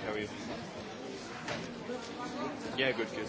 how are you? Yeah, good, good.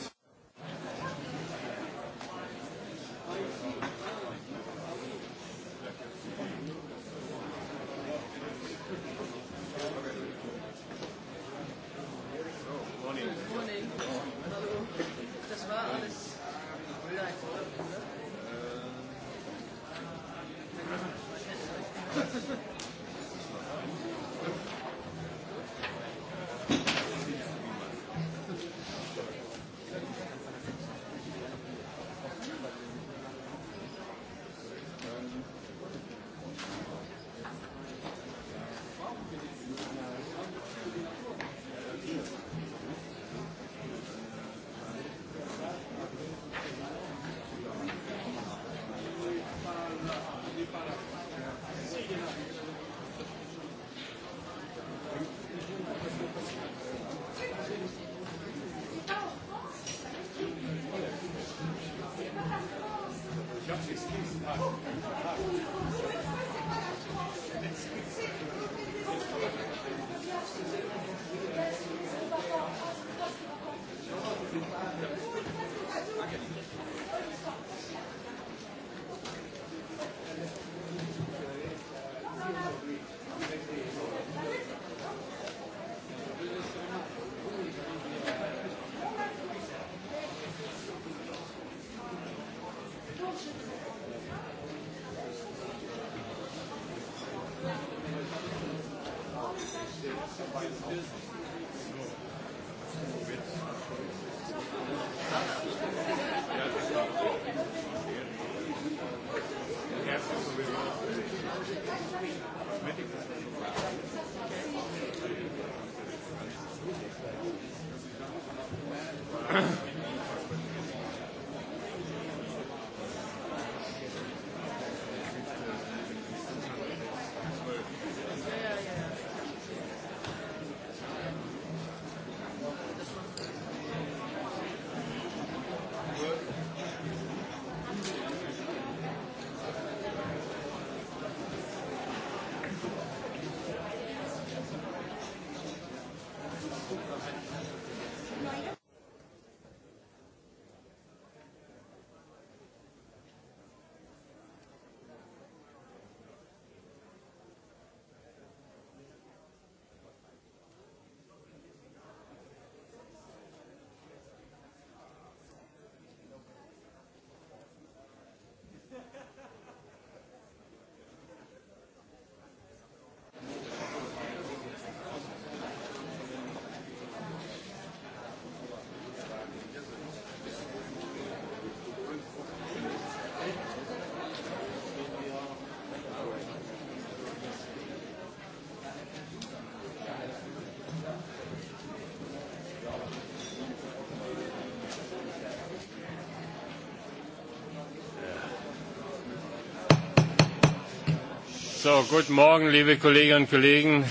So, good morning, liebe Kolleginnen und Kollegen.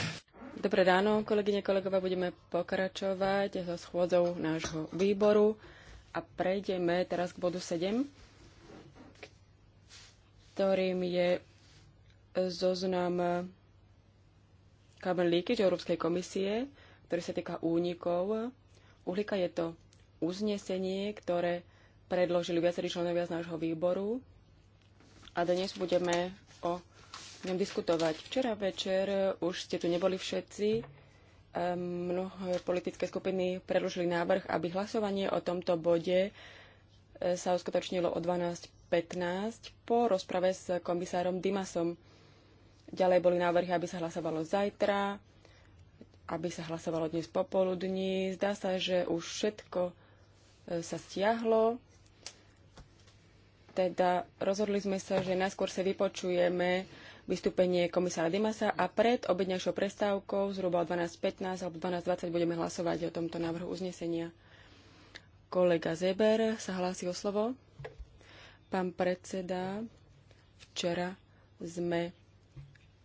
Dobré ráno, kolegyne, kolegova, budeme pokračovať so schôdzou nášho výboru a prejdeme teraz k bodu 7, ktorým je zoznam carbon leakage Európskej komisie, ktorý sa týka únikov. Uhlíka je to uznesenie, ktoré predložili viacerí členovia z nášho výboru a dnes budeme o ňom diskutovať. Včera večer už ste tu neboli všetci. Mnohé politické skupiny predložili návrh, aby hlasovanie o tomto bode e, sa uskutočnilo o 12.15 po rozprave s komisárom Dimasom. Ďalej boli návrhy, aby sa hlasovalo zajtra, aby sa hlasovalo dnes popoludní. Zdá sa, že už všetko e, sa stiahlo. Teda rozhodli sme sa, že najskôr sa vypočujeme vystúpenie komisára Dimasa a pred obedňajšou prestávkou zhruba o 12.15 alebo 12.20 budeme hlasovať o tomto návrhu uznesenia. Kolega Zeber sa hlási o slovo. Pán predseda, včera sme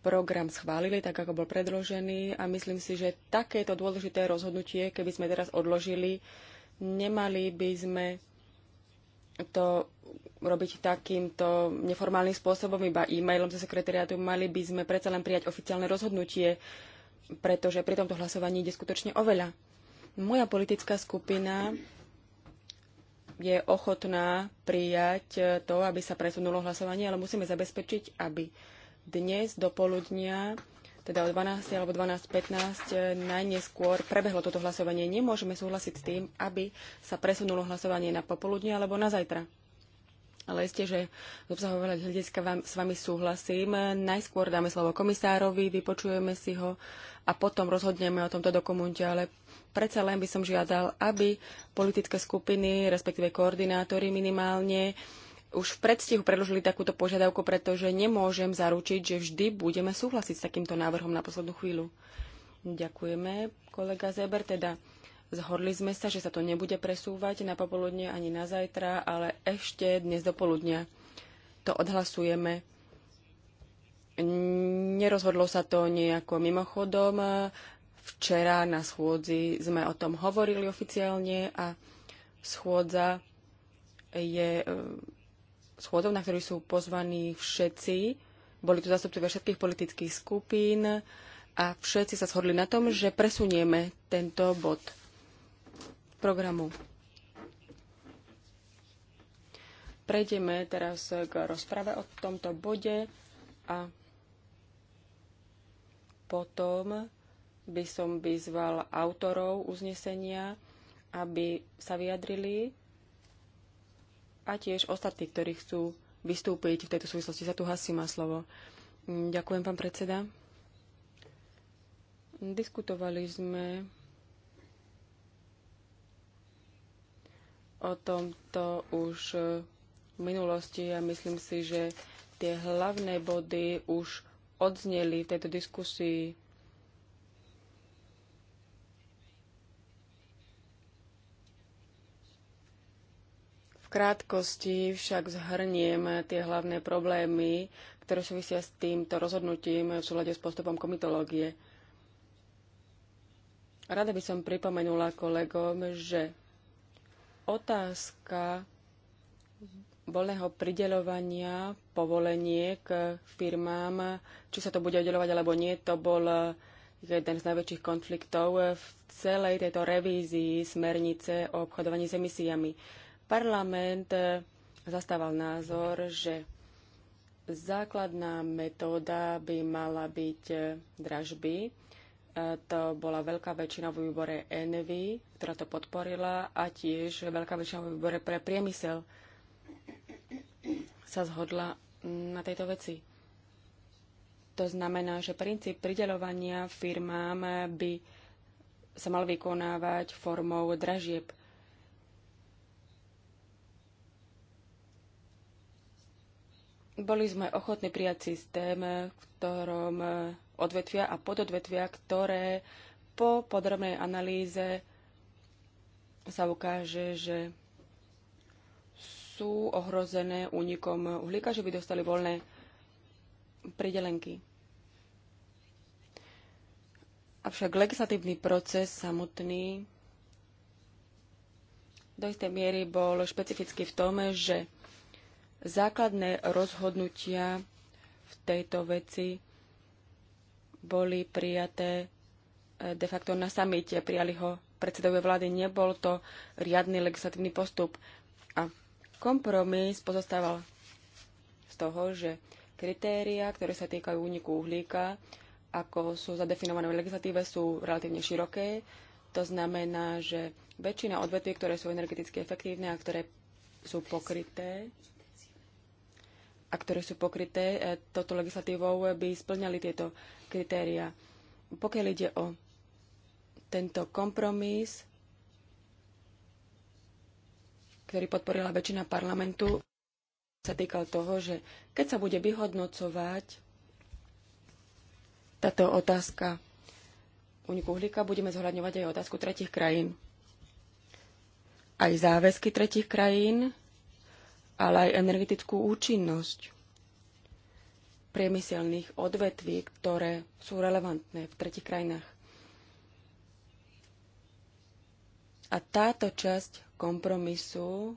program schválili, tak ako bol predložený a myslím si, že takéto dôležité rozhodnutie, keby sme teraz odložili, nemali by sme to robiť takýmto neformálnym spôsobom, iba e-mailom zo sekretariátu, mali by sme predsa len prijať oficiálne rozhodnutie, pretože pri tomto hlasovaní ide skutočne o veľa. Moja politická skupina je ochotná prijať to, aby sa presunulo hlasovanie, ale musíme zabezpečiť, aby dnes do poludnia teda o 12 alebo 12.15 eh, najneskôr prebehlo toto hlasovanie. Nemôžeme súhlasiť s tým, aby sa presunulo hlasovanie na popoludne alebo na zajtra. Ale ste, že z obsahového hľadiska vám, s vami súhlasím. Najskôr dáme slovo komisárovi, vypočujeme si ho a potom rozhodneme o tomto dokumente, ale predsa len by som žiadal, aby politické skupiny, respektíve koordinátori minimálne, uh, už v predstihu predložili takúto požiadavku, pretože nemôžem zaručiť, že vždy budeme súhlasiť s takýmto návrhom na poslednú chvíľu. Ďakujeme, kolega Zeber. Teda zhodli sme sa, že sa to nebude presúvať na popoludne ani na zajtra, ale ešte dnes do poludnia to odhlasujeme. Nerozhodlo sa to nejako mimochodom. Včera na schôdzi sme o tom hovorili oficiálne a schôdza je schôdov, na ktorých sú pozvaní všetci. Boli tu zastupcovia všetkých politických skupín a všetci sa shodli na tom, že presunieme tento bod programu. Prejdeme teraz k rozprave o tomto bode a potom by som vyzval autorov uznesenia, aby sa vyjadrili a tiež ostatní, ktorí chcú vystúpiť v tejto súvislosti. Za tu hasi má slovo. Ďakujem, pán predseda. Diskutovali sme o tomto už v minulosti a myslím si, že tie hlavné body už odzneli v tejto diskusii krátkosti však zhrniem tie hlavné problémy, ktoré súvisia s týmto rozhodnutím v súlade s postupom komitológie. Rada by som pripomenula kolegom, že otázka voľného prideľovania povoleniek firmám, či sa to bude oddelovať alebo nie, to bol jeden z najväčších konfliktov v celej tejto revízii smernice o obchodovaní s emisiami Parlament e, zastával názor, že základná metóda by mala byť e, dražby. E, to bola veľká väčšina v výbore ENVY, ktorá to podporila a tiež veľká väčšina v výbore pre priemysel sa zhodla na tejto veci. To znamená, že princíp prideľovania firmám by sa mal vykonávať formou dražieb. Boli sme ochotní prijať systém, v ktorom e, odvetvia a pododvetvia, ktoré po podrobnej analýze sa ukáže, že sú ohrozené únikom uhlíka, že by dostali voľné pridelenky. Avšak legislatívny proces samotný do istej miery bol špecifický v tom, že Základné rozhodnutia v tejto veci boli prijaté e, de facto na samite. Prijali ho predsedovia vlády. Nebol to riadny legislatívny postup. A kompromis pozostával z toho, že kritéria, ktoré sa týkajú úniku uhlíka, ako sú zadefinované v legislatíve, sú relatívne široké. To znamená, že väčšina odvetví, ktoré sú energeticky efektívne a ktoré sú pokryté, a ktoré sú pokryté e, touto legislatívou, by splňali tieto kritéria. Pokiaľ ide o tento kompromis, ktorý podporila väčšina parlamentu, sa týkal toho, že keď sa bude vyhodnocovať táto otázka uniku uhlíka, budeme zohľadňovať aj otázku tretich krajín. Aj záväzky tretich krajín ale aj energetickú účinnosť priemyselných odvetví, ktoré sú relevantné v tretich krajinách. A táto časť kompromisu,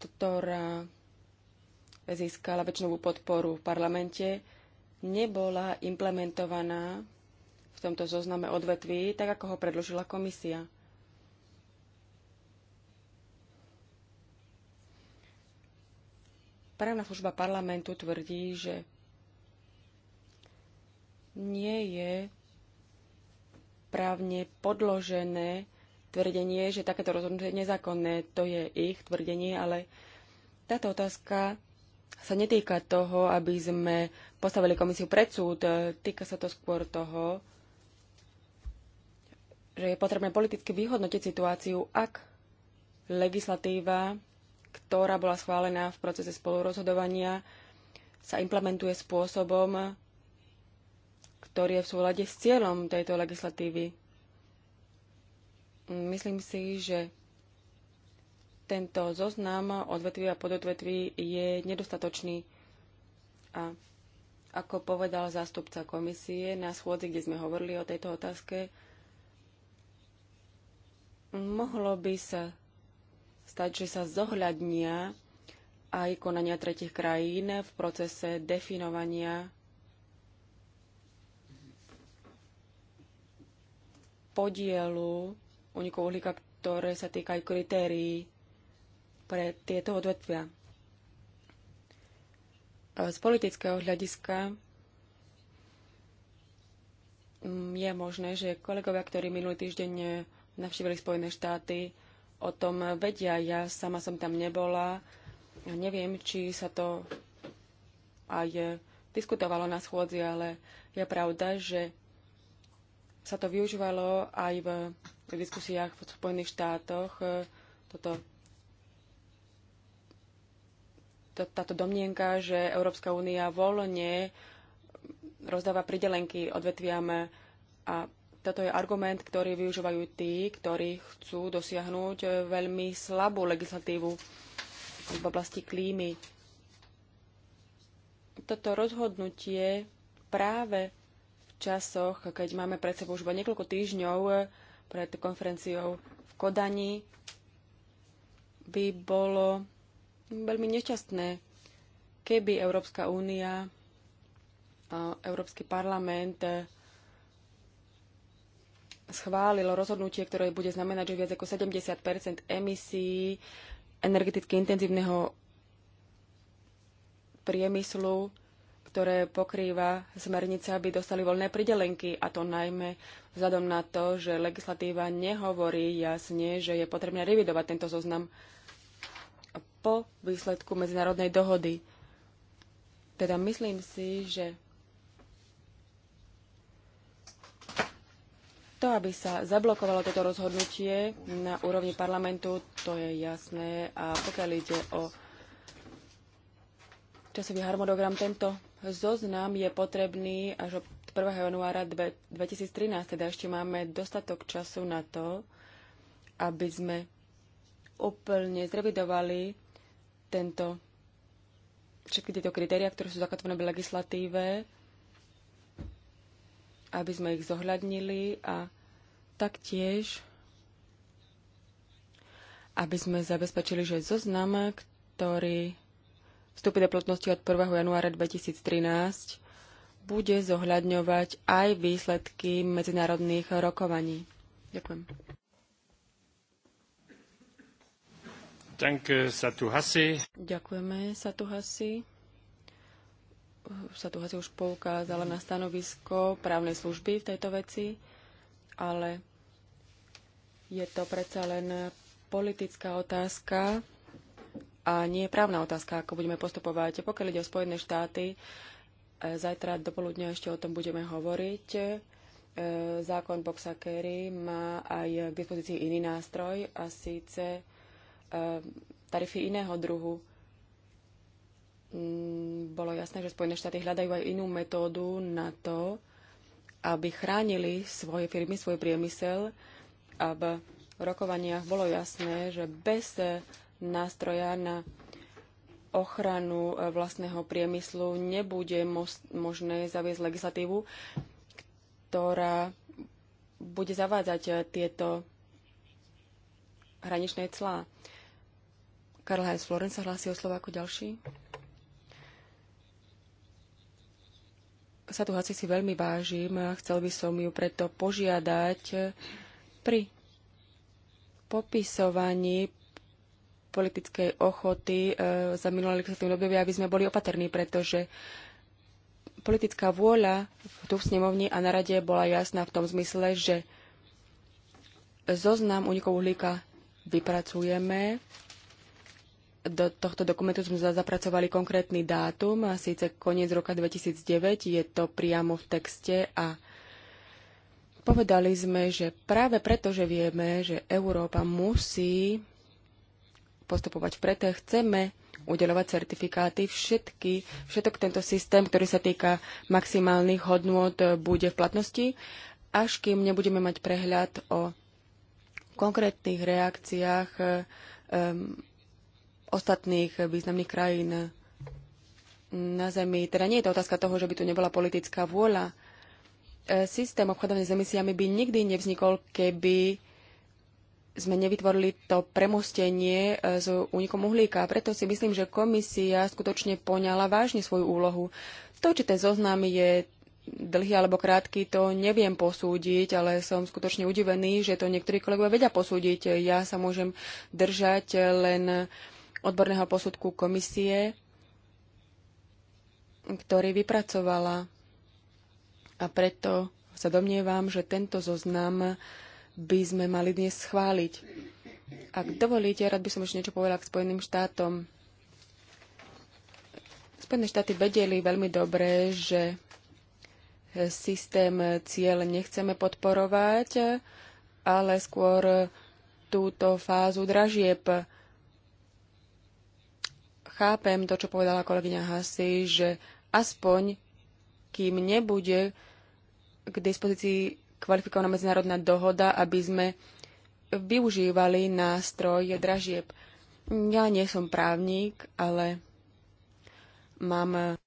ktorá získala väčšinovú podporu v parlamente, nebola implementovaná v tomto zozname odvetví, tak ako ho predložila komisia. Právna služba parlamentu tvrdí, že nie je právne podložené tvrdenie, že takéto rozhodnutie je nezákonné. To je ich tvrdenie, ale táto otázka sa netýka toho, aby sme postavili komisiu pred súd. Týka sa to skôr toho, že je potrebné politicky vyhodnotiť situáciu, ak legislatíva ktorá bola schválená v procese spolurozhodovania, sa implementuje spôsobom, ktorý je v súlade s cieľom tejto legislatívy. Myslím si, že tento zoznam odvetví a podotvetví je nedostatočný. A ako povedal zástupca komisie na schôdzi, kde sme hovorili o tejto otázke, mohlo by sa stať, že sa zohľadnia aj konania tretich krajín v procese definovania podielu unikov uhlíka, ktoré sa týkajú kritérií pre tieto odvetvia. Z politického hľadiska mm, je možné, že kolegovia, ktorí minulý týždeň navštívili Spojené štáty, o tom vedia. Ja sama som tam nebola. Ja neviem, či sa to aj diskutovalo na schôdzi, ale je pravda, že sa to využívalo aj v, diskusiách v Spojených štátoch. Toto, to, táto domnienka, že Európska únia voľne rozdáva pridelenky odvetviam a toto je argument, ktorý využívajú tí, ktorí chcú dosiahnuť eh, veľmi slabú legislatívu v oblasti klímy. Toto rozhodnutie práve v časoch, keď máme pred sebou už iba niekoľko týždňov eh, pred konferenciou v Kodani, by bolo veľmi nešťastné, keby Európska únia, eh, Európsky parlament schválil rozhodnutie, ktoré bude znamenať, že viac ako 70 emisí energeticky intenzívneho priemyslu, ktoré pokrýva smernica, aby dostali voľné pridelenky. A to najmä vzhľadom na to, že legislatíva nehovorí jasne, že je potrebné revidovať tento zoznam po výsledku medzinárodnej dohody. Teda myslím si, že To, aby sa zablokovalo toto rozhodnutie na úrovni parlamentu, to je jasné. A pokiaľ ide o časový harmonogram, tento zoznam je potrebný až od 1. januára 2013, teda ešte máme dostatok času na to, aby sme úplne zrevidovali tento, všetky tieto kritéria, ktoré sú zakotvené v legislatíve, aby sme ich zohľadnili a taktiež, aby sme zabezpečili, že zoznam, ktorý vstúpi do platnosti od 1. januára 2013, bude zohľadňovať aj výsledky medzinárodných rokovaní. Ďakujem. Ďakujeme, Satuhasi sa tu asi už poukázala na stanovisko právnej služby v tejto veci, ale je to predsa len politická otázka a nie právna otázka, ako budeme postupovať. Pokiaľ ide o Spojené štáty, e, zajtra do poludnia ešte o tom budeme hovoriť. E, zákon Boxa Kerry má aj k dispozícii iný nástroj a síce e, tarify iného druhu. Mm, bolo jasné, že Spojené štáty hľadajú aj inú metódu na to, aby chránili svoje firmy, svoj priemysel a v rokovaniach bolo jasné, že bez nástroja na ochranu e, vlastného priemyslu nebude možné zaviesť legislatívu, ktorá bude zavádzať e, tieto hraničné clá. Karl Heinz Florenc sa hlási o slovo ako ďalší. sa tu si veľmi vážim a chcel by som ju preto požiadať pri popisovaní politickej ochoty e, za minulé legislatívne obdobie, aby sme boli opatrní, pretože politická vôľa tu v snemovni a na rade bola jasná v tom zmysle, že zoznam unikov uhlíka vypracujeme do tohto dokumentu sme zapracovali konkrétny dátum, a síce koniec roka 2009, je to priamo v texte a povedali sme, že práve preto, že vieme, že Európa musí postupovať vpred, chceme udelovať certifikáty. Všetky, všetok tento systém, ktorý sa týka maximálnych hodnôt, bude v platnosti, až kým nebudeme mať prehľad o konkrétnych reakciách um, ostatných významných krajín na Zemi. Teda nie je to otázka toho, že by tu nebola politická vôľa. E, systém obchodovania s emisiami by nikdy nevznikol, keby sme nevytvorili to premostenie e, s únikom uhlíka. Preto si myslím, že komisia skutočne poňala vážne svoju úlohu. To, či ten zoznam je dlhý alebo krátky, to neviem posúdiť, ale som skutočne udivený, že to niektorí kolegovia vedia posúdiť. Ja sa môžem držať len odborného posudku komisie, ktorý vypracovala. A preto sa domnievam, že tento zoznam by sme mali dnes schváliť. Ak dovolíte, rád by som ešte niečo povedala k Spojeným štátom. Spojené štáty vedeli veľmi dobre, že systém cieľ nechceme podporovať, ale skôr túto fázu dražieb chápem to, čo povedala kolegyňa Hasi, že aspoň kým nebude k dispozícii kvalifikovaná medzinárodná dohoda, aby sme využívali nástroj dražieb. Ja nie som právnik, ale mám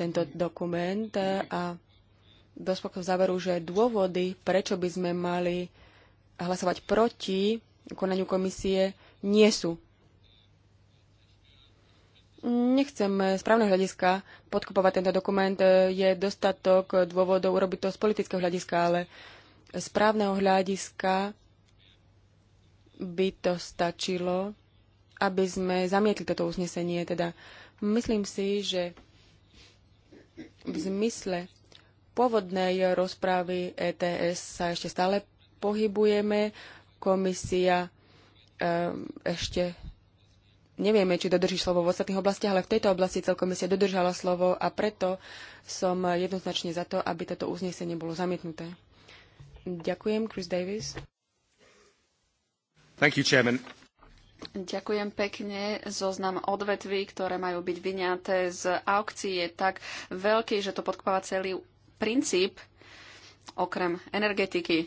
tento dokument a dospokoj záveru, že dôvody, prečo by sme mali hlasovať proti konaniu komisie nie sú. Nechcem z právneho hľadiska podkupovať tento dokument. Je dostatok dôvodov urobiť to z politického hľadiska, ale z právneho hľadiska by to stačilo, aby sme zamietli toto uznesenie. Teda myslím si, že v zmysle pôvodnej rozprávy ETS sa ešte stále pohybujeme komisia ehm, ešte nevieme, či dodrží slovo v ostatných oblastiach, ale v tejto oblasti celkom komisia dodržala slovo a preto som jednoznačne za to, aby toto uznesenie bolo zamietnuté. Ďakujem, Chris Davis. Thank you, Chairman. Ďakujem pekne. Zoznam odvetví, ktoré majú byť vyňaté z aukcií, je tak veľký, že to podkopáva celý princíp okrem energetiky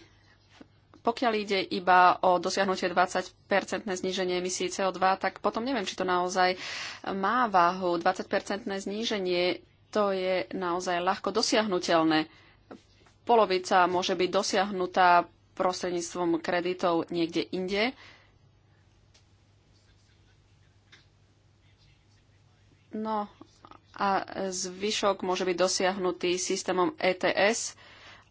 pokiaľ ide iba o dosiahnutie 20-percentné zníženie emisí CO2, tak potom neviem, či to naozaj má váhu. 20-percentné zníženie to je naozaj ľahko dosiahnutelné. Polovica môže byť dosiahnutá prostredníctvom kreditov niekde inde. No a zvyšok môže byť dosiahnutý systémom ETS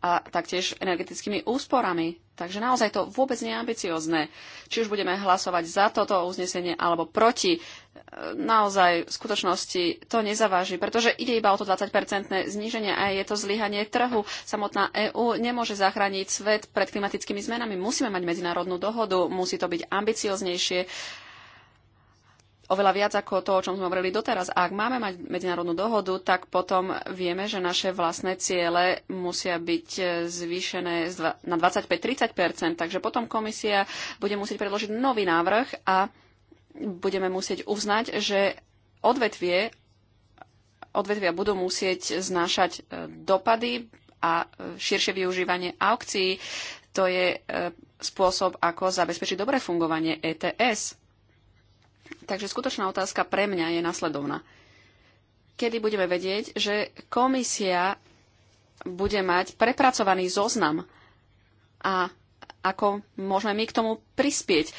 a taktiež energetickými úsporami Takže naozaj to vôbec nie je ambiciozne. Či už budeme hlasovať za toto uznesenie alebo proti, e, naozaj v skutočnosti to nezaváži, pretože ide iba o to 20-percentné zníženie a je to zlyhanie trhu. Samotná EÚ nemôže zachrániť svet pred klimatickými zmenami. Musíme mať medzinárodnú dohodu, musí to byť ambicioznejšie oveľa viac ako to, o čom sme hovorili doteraz. ak máme mať medzinárodnú dohodu, tak potom vieme, že naše vlastné ciele musia byť e, zvýšené na 25-30 Takže potom komisia bude musieť predložiť nový návrh a budeme musieť uznať, že odvetvie, odvetvia budú musieť znášať e, dopady a e, širšie využívanie aukcií. To je spôsob, ako zabezpečiť dobré fungovanie ETS Takže skutočná otázka pre mňa je nasledovná. Kedy budeme vedieť, že komisia bude mať prepracovaný zoznam a ako môžeme my k tomu prispieť?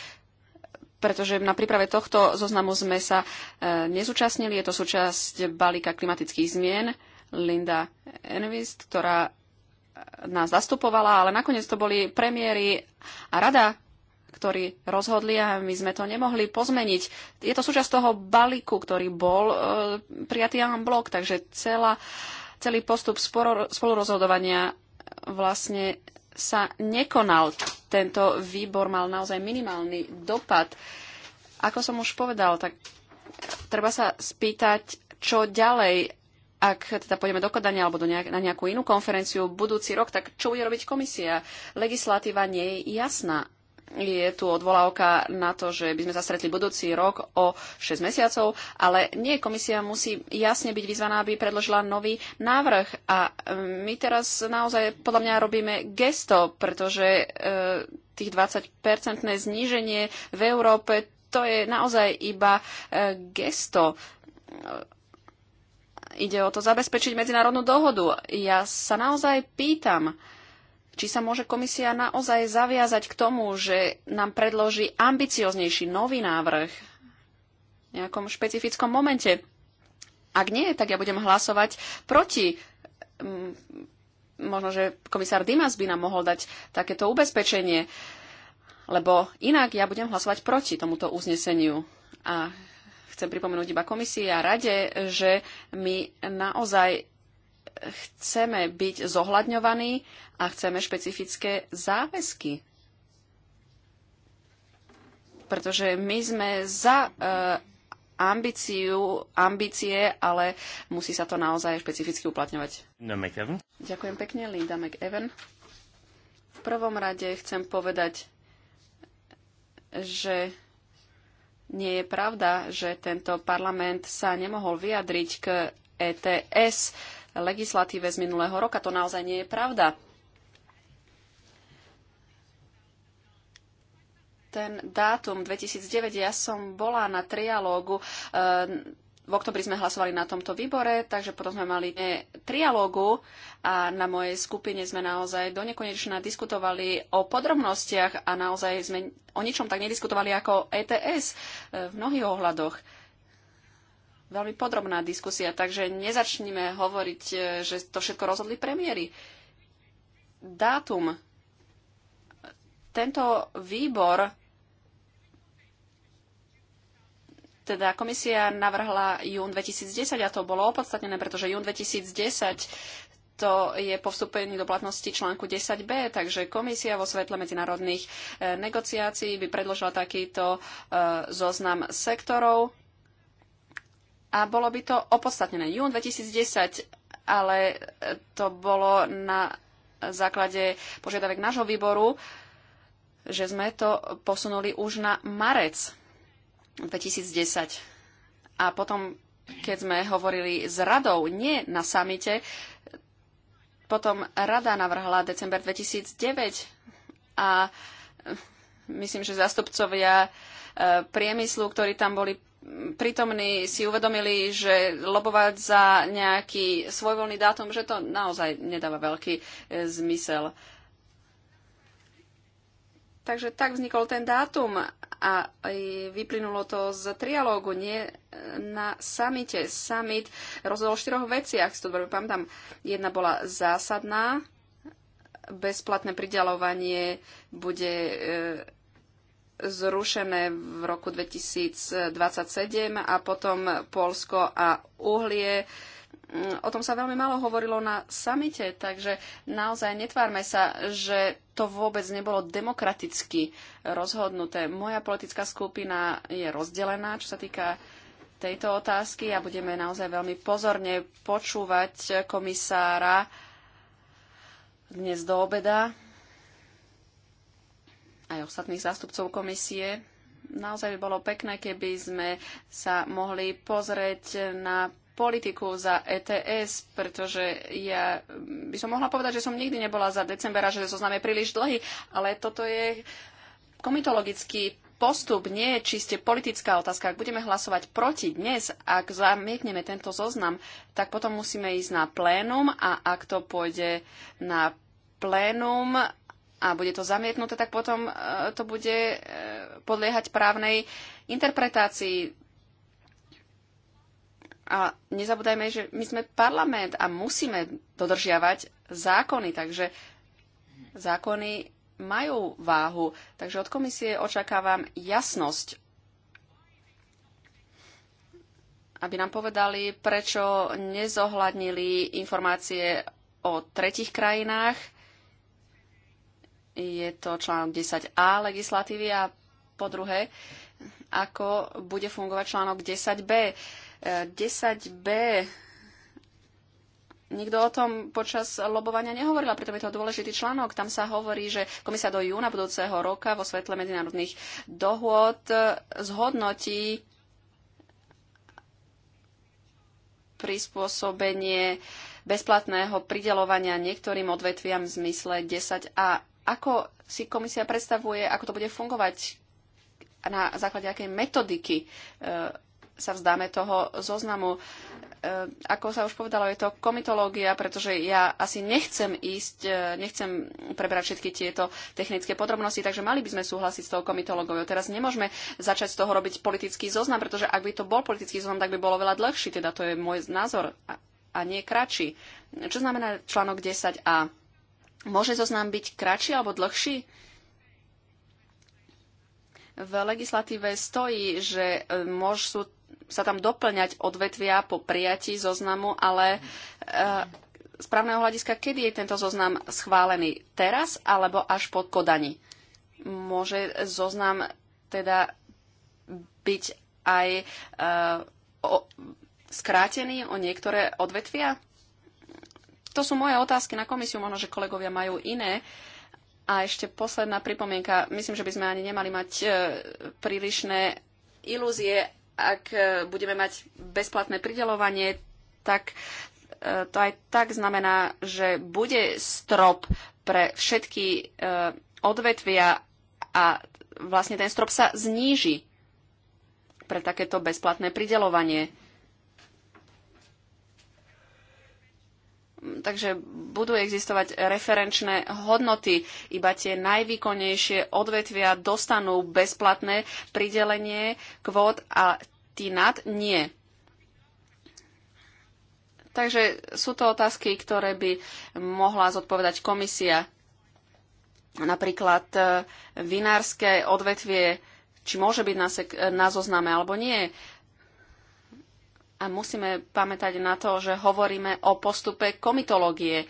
Pretože na príprave tohto zoznamu sme sa e, nezúčastnili. Je to súčasť balíka klimatických zmien. Linda Envist, ktorá nás zastupovala, ale nakoniec to boli premiéry a rada, ktorí rozhodli a my sme to nemohli pozmeniť. Je to súčasť toho balíku, ktorý bol e, prijatý en blok, takže celá, celý postup sporo, spolurozhodovania vlastne sa nekonal. Tento výbor mal naozaj minimálny dopad. Ako som už povedal, tak treba sa spýtať, čo ďalej, ak teda pôjdeme do Kodania alebo do nejak, na nejakú inú konferenciu budúci rok, tak čo bude robiť komisia? Legislatíva nie je jasná je tu odvolávka na to, že by sme sa stretli budúci rok o 6 mesiacov, ale nie, komisia musí jasne byť vyzvaná, aby predložila nový návrh. A e, my teraz naozaj podľa mňa robíme gesto, pretože e, tých 20-percentné zníženie v Európe to je naozaj iba e, gesto. E, ide o to zabezpečiť medzinárodnú dohodu. Ja sa naozaj pýtam, e, či sa môže komisia naozaj zaviazať k tomu, že nám predloží ambicioznejší nový návrh v nejakom špecifickom momente. Ak nie, tak ja budem hlasovať proti. Mm, možno, že komisár Dimas by nám mohol dať takéto ubezpečenie, lebo inak ja budem hlasovať proti tomuto uzneseniu. A chcem pripomenúť iba komisii a rade, že my naozaj chceme byť zohľadňovaní a chceme špecifické záväzky. Pretože my sme za eh, ambíciu, ambície, ale musí sa to naozaj špecificky uplatňovať. No, Ďakujem pekne, Linda McEwen. V prvom rade chcem povedať, že nie je pravda, že tento parlament sa nemohol vyjadriť k ETS legislatíve z minulého roka. To naozaj nie je pravda. Ten dátum 2009, ja som bola na trialógu eh, v oktobri sme hlasovali na tomto výbore, takže potom sme mali eh, trialógu a na mojej skupine sme naozaj donekonečna diskutovali o podrobnostiach a naozaj sme o ničom tak nediskutovali ako ETS eh, v mnohých ohľadoch veľmi podrobná diskusia, takže nezačníme hovoriť, e, že to všetko rozhodli premiéry. Dátum. Tento výbor, teda komisia navrhla jún 2010 a to bolo opodstatnené, pretože jún 2010 to je po vstúpení do platnosti článku 10b, takže komisia vo svetle medzinárodných e, negociácií by predložila takýto e, zoznam sektorov a bolo by to opodstatnené. Jún 2010, ale e, to bolo na základe požiadavek nášho výboru, že sme to posunuli už na marec 2010. A potom, keď sme hovorili s radou, nie na samite, potom rada navrhla december 2009 a e, myslím, že zastupcovia e, priemyslu, ktorí tam boli prítomní si uvedomili, že lobovať za nejaký svojvoľný dátum, že to naozaj nedáva veľký e, zmysel. Takže tak vznikol ten dátum a vyplynulo to z trialógu, nie na samite. Summit rozhodol v štyroch veciach, si to dobre pamätám. Jedna bola zásadná, bezplatné pridelovanie bude e, zrušené v roku 2027 a potom Polsko a uhlie. Mm, o tom sa veľmi málo hovorilo na samite, takže naozaj netvárme sa, že to vôbec nebolo demokraticky rozhodnuté. Moja politická skupina je rozdelená, čo sa týka tejto otázky a budeme naozaj veľmi pozorne počúvať komisára dnes do obeda aj ostatných zástupcov komisie. Naozaj by bolo pekné, keby sme sa mohli pozrieť na politiku za ETS, pretože ja by som mohla povedať, že som nikdy nebola za decembera, že zoznam je príliš dlhý, ale toto je komitologický postup nie je čiste politická otázka. Ak budeme hlasovať proti dnes, ak zamietneme tento zoznam, tak potom musíme ísť na plénum a ak to pôjde na plénum, a bude to zamietnuté, tak potom e, to bude e, podliehať právnej interpretácii. A nezabúdajme, že my sme parlament a musíme dodržiavať zákony, takže zákony majú váhu. Takže od komisie očakávam jasnosť, aby nám povedali, prečo nezohľadnili informácie o tretich krajinách, je to článok 10a legislatívy a po druhé, ako bude fungovať článok 10b. 10b e, Nikto o tom počas lobovania nehovoril, a preto je to dôležitý článok. Tam sa hovorí, že komisia do júna budúceho roka vo svetle medzinárodných dohôd e, zhodnotí prispôsobenie bezplatného pridelovania niektorým odvetviam v zmysle 10 a ako si komisia predstavuje, ako to bude fungovať? Na základe akej metodiky e, sa vzdáme toho zoznamu? E, ako sa už povedalo, je to komitológia, pretože ja asi nechcem ísť, e, nechcem prebrať všetky tieto technické podrobnosti, takže mali by sme súhlasiť s tou komitológiou. Teraz nemôžeme začať z toho robiť politický zoznam, pretože ak by to bol politický zoznam, tak by bolo veľa dlhší, teda to je môj názor a nie kratší. Čo znamená článok 10a? Môže zoznam byť kratší alebo dlhší? V legislatíve stojí, že e, môžu sa tam doplňať odvetvia po prijatí zoznamu, ale e, z právneho hľadiska, kedy je tento zoznam schválený? Teraz alebo až po kodaní? Môže zoznam teda byť aj e, o, skrátený o niektoré odvetvia? To sú moje otázky na komisiu, možno, že kolegovia majú iné. A ešte posledná pripomienka. Myslím, že by sme ani nemali mať e, prílišné ilúzie. Ak e, budeme mať bezplatné pridelovanie, tak e, to aj tak znamená, že bude strop pre všetky odvetvia a vlastne ten strop sa zníži pre takéto bezplatné pridelovanie. Takže budú existovať referenčné hodnoty. Iba tie najvýkonnejšie odvetvia dostanú bezplatné pridelenie kvót a tí nad nie. Takže sú to otázky, ktoré by mohla zodpovedať komisia. Napríklad eh, vinárske odvetvie, či môže byť na, na zozname alebo nie. A musíme pamätať na to, že hovoríme o postupe komitológie.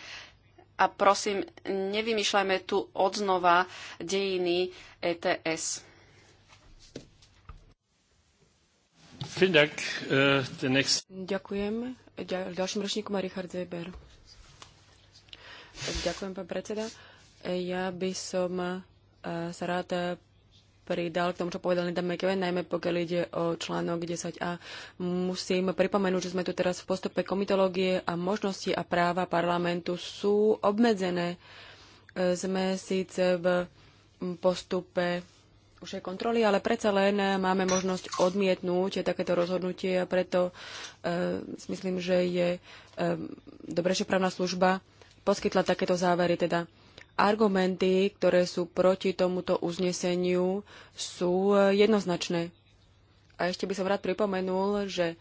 A prosím, nevymýšľajme tu odznova dejiny ETS. Äh, Ďakujem. Ďalším ročníkom je Richard Zeber. Ďakujem, pán predseda. Ja by som äh, sa rád pridal k tomu, čo povedal Linda McEwen, najmä pokiaľ ide o článok 10a. Musím pripomenúť, že sme tu teraz v postupe komitológie a možnosti a práva parlamentu sú obmedzené. E, sme síce v postupe aj kontroly, ale predsa len máme možnosť odmietnúť takéto rozhodnutie a preto e, myslím, že je e, dobrejšia právna služba poskytla takéto závery. Teda argumenty, ktoré sú proti tomuto uzneseniu, sú e, jednoznačné. A ešte by som rád pripomenul, že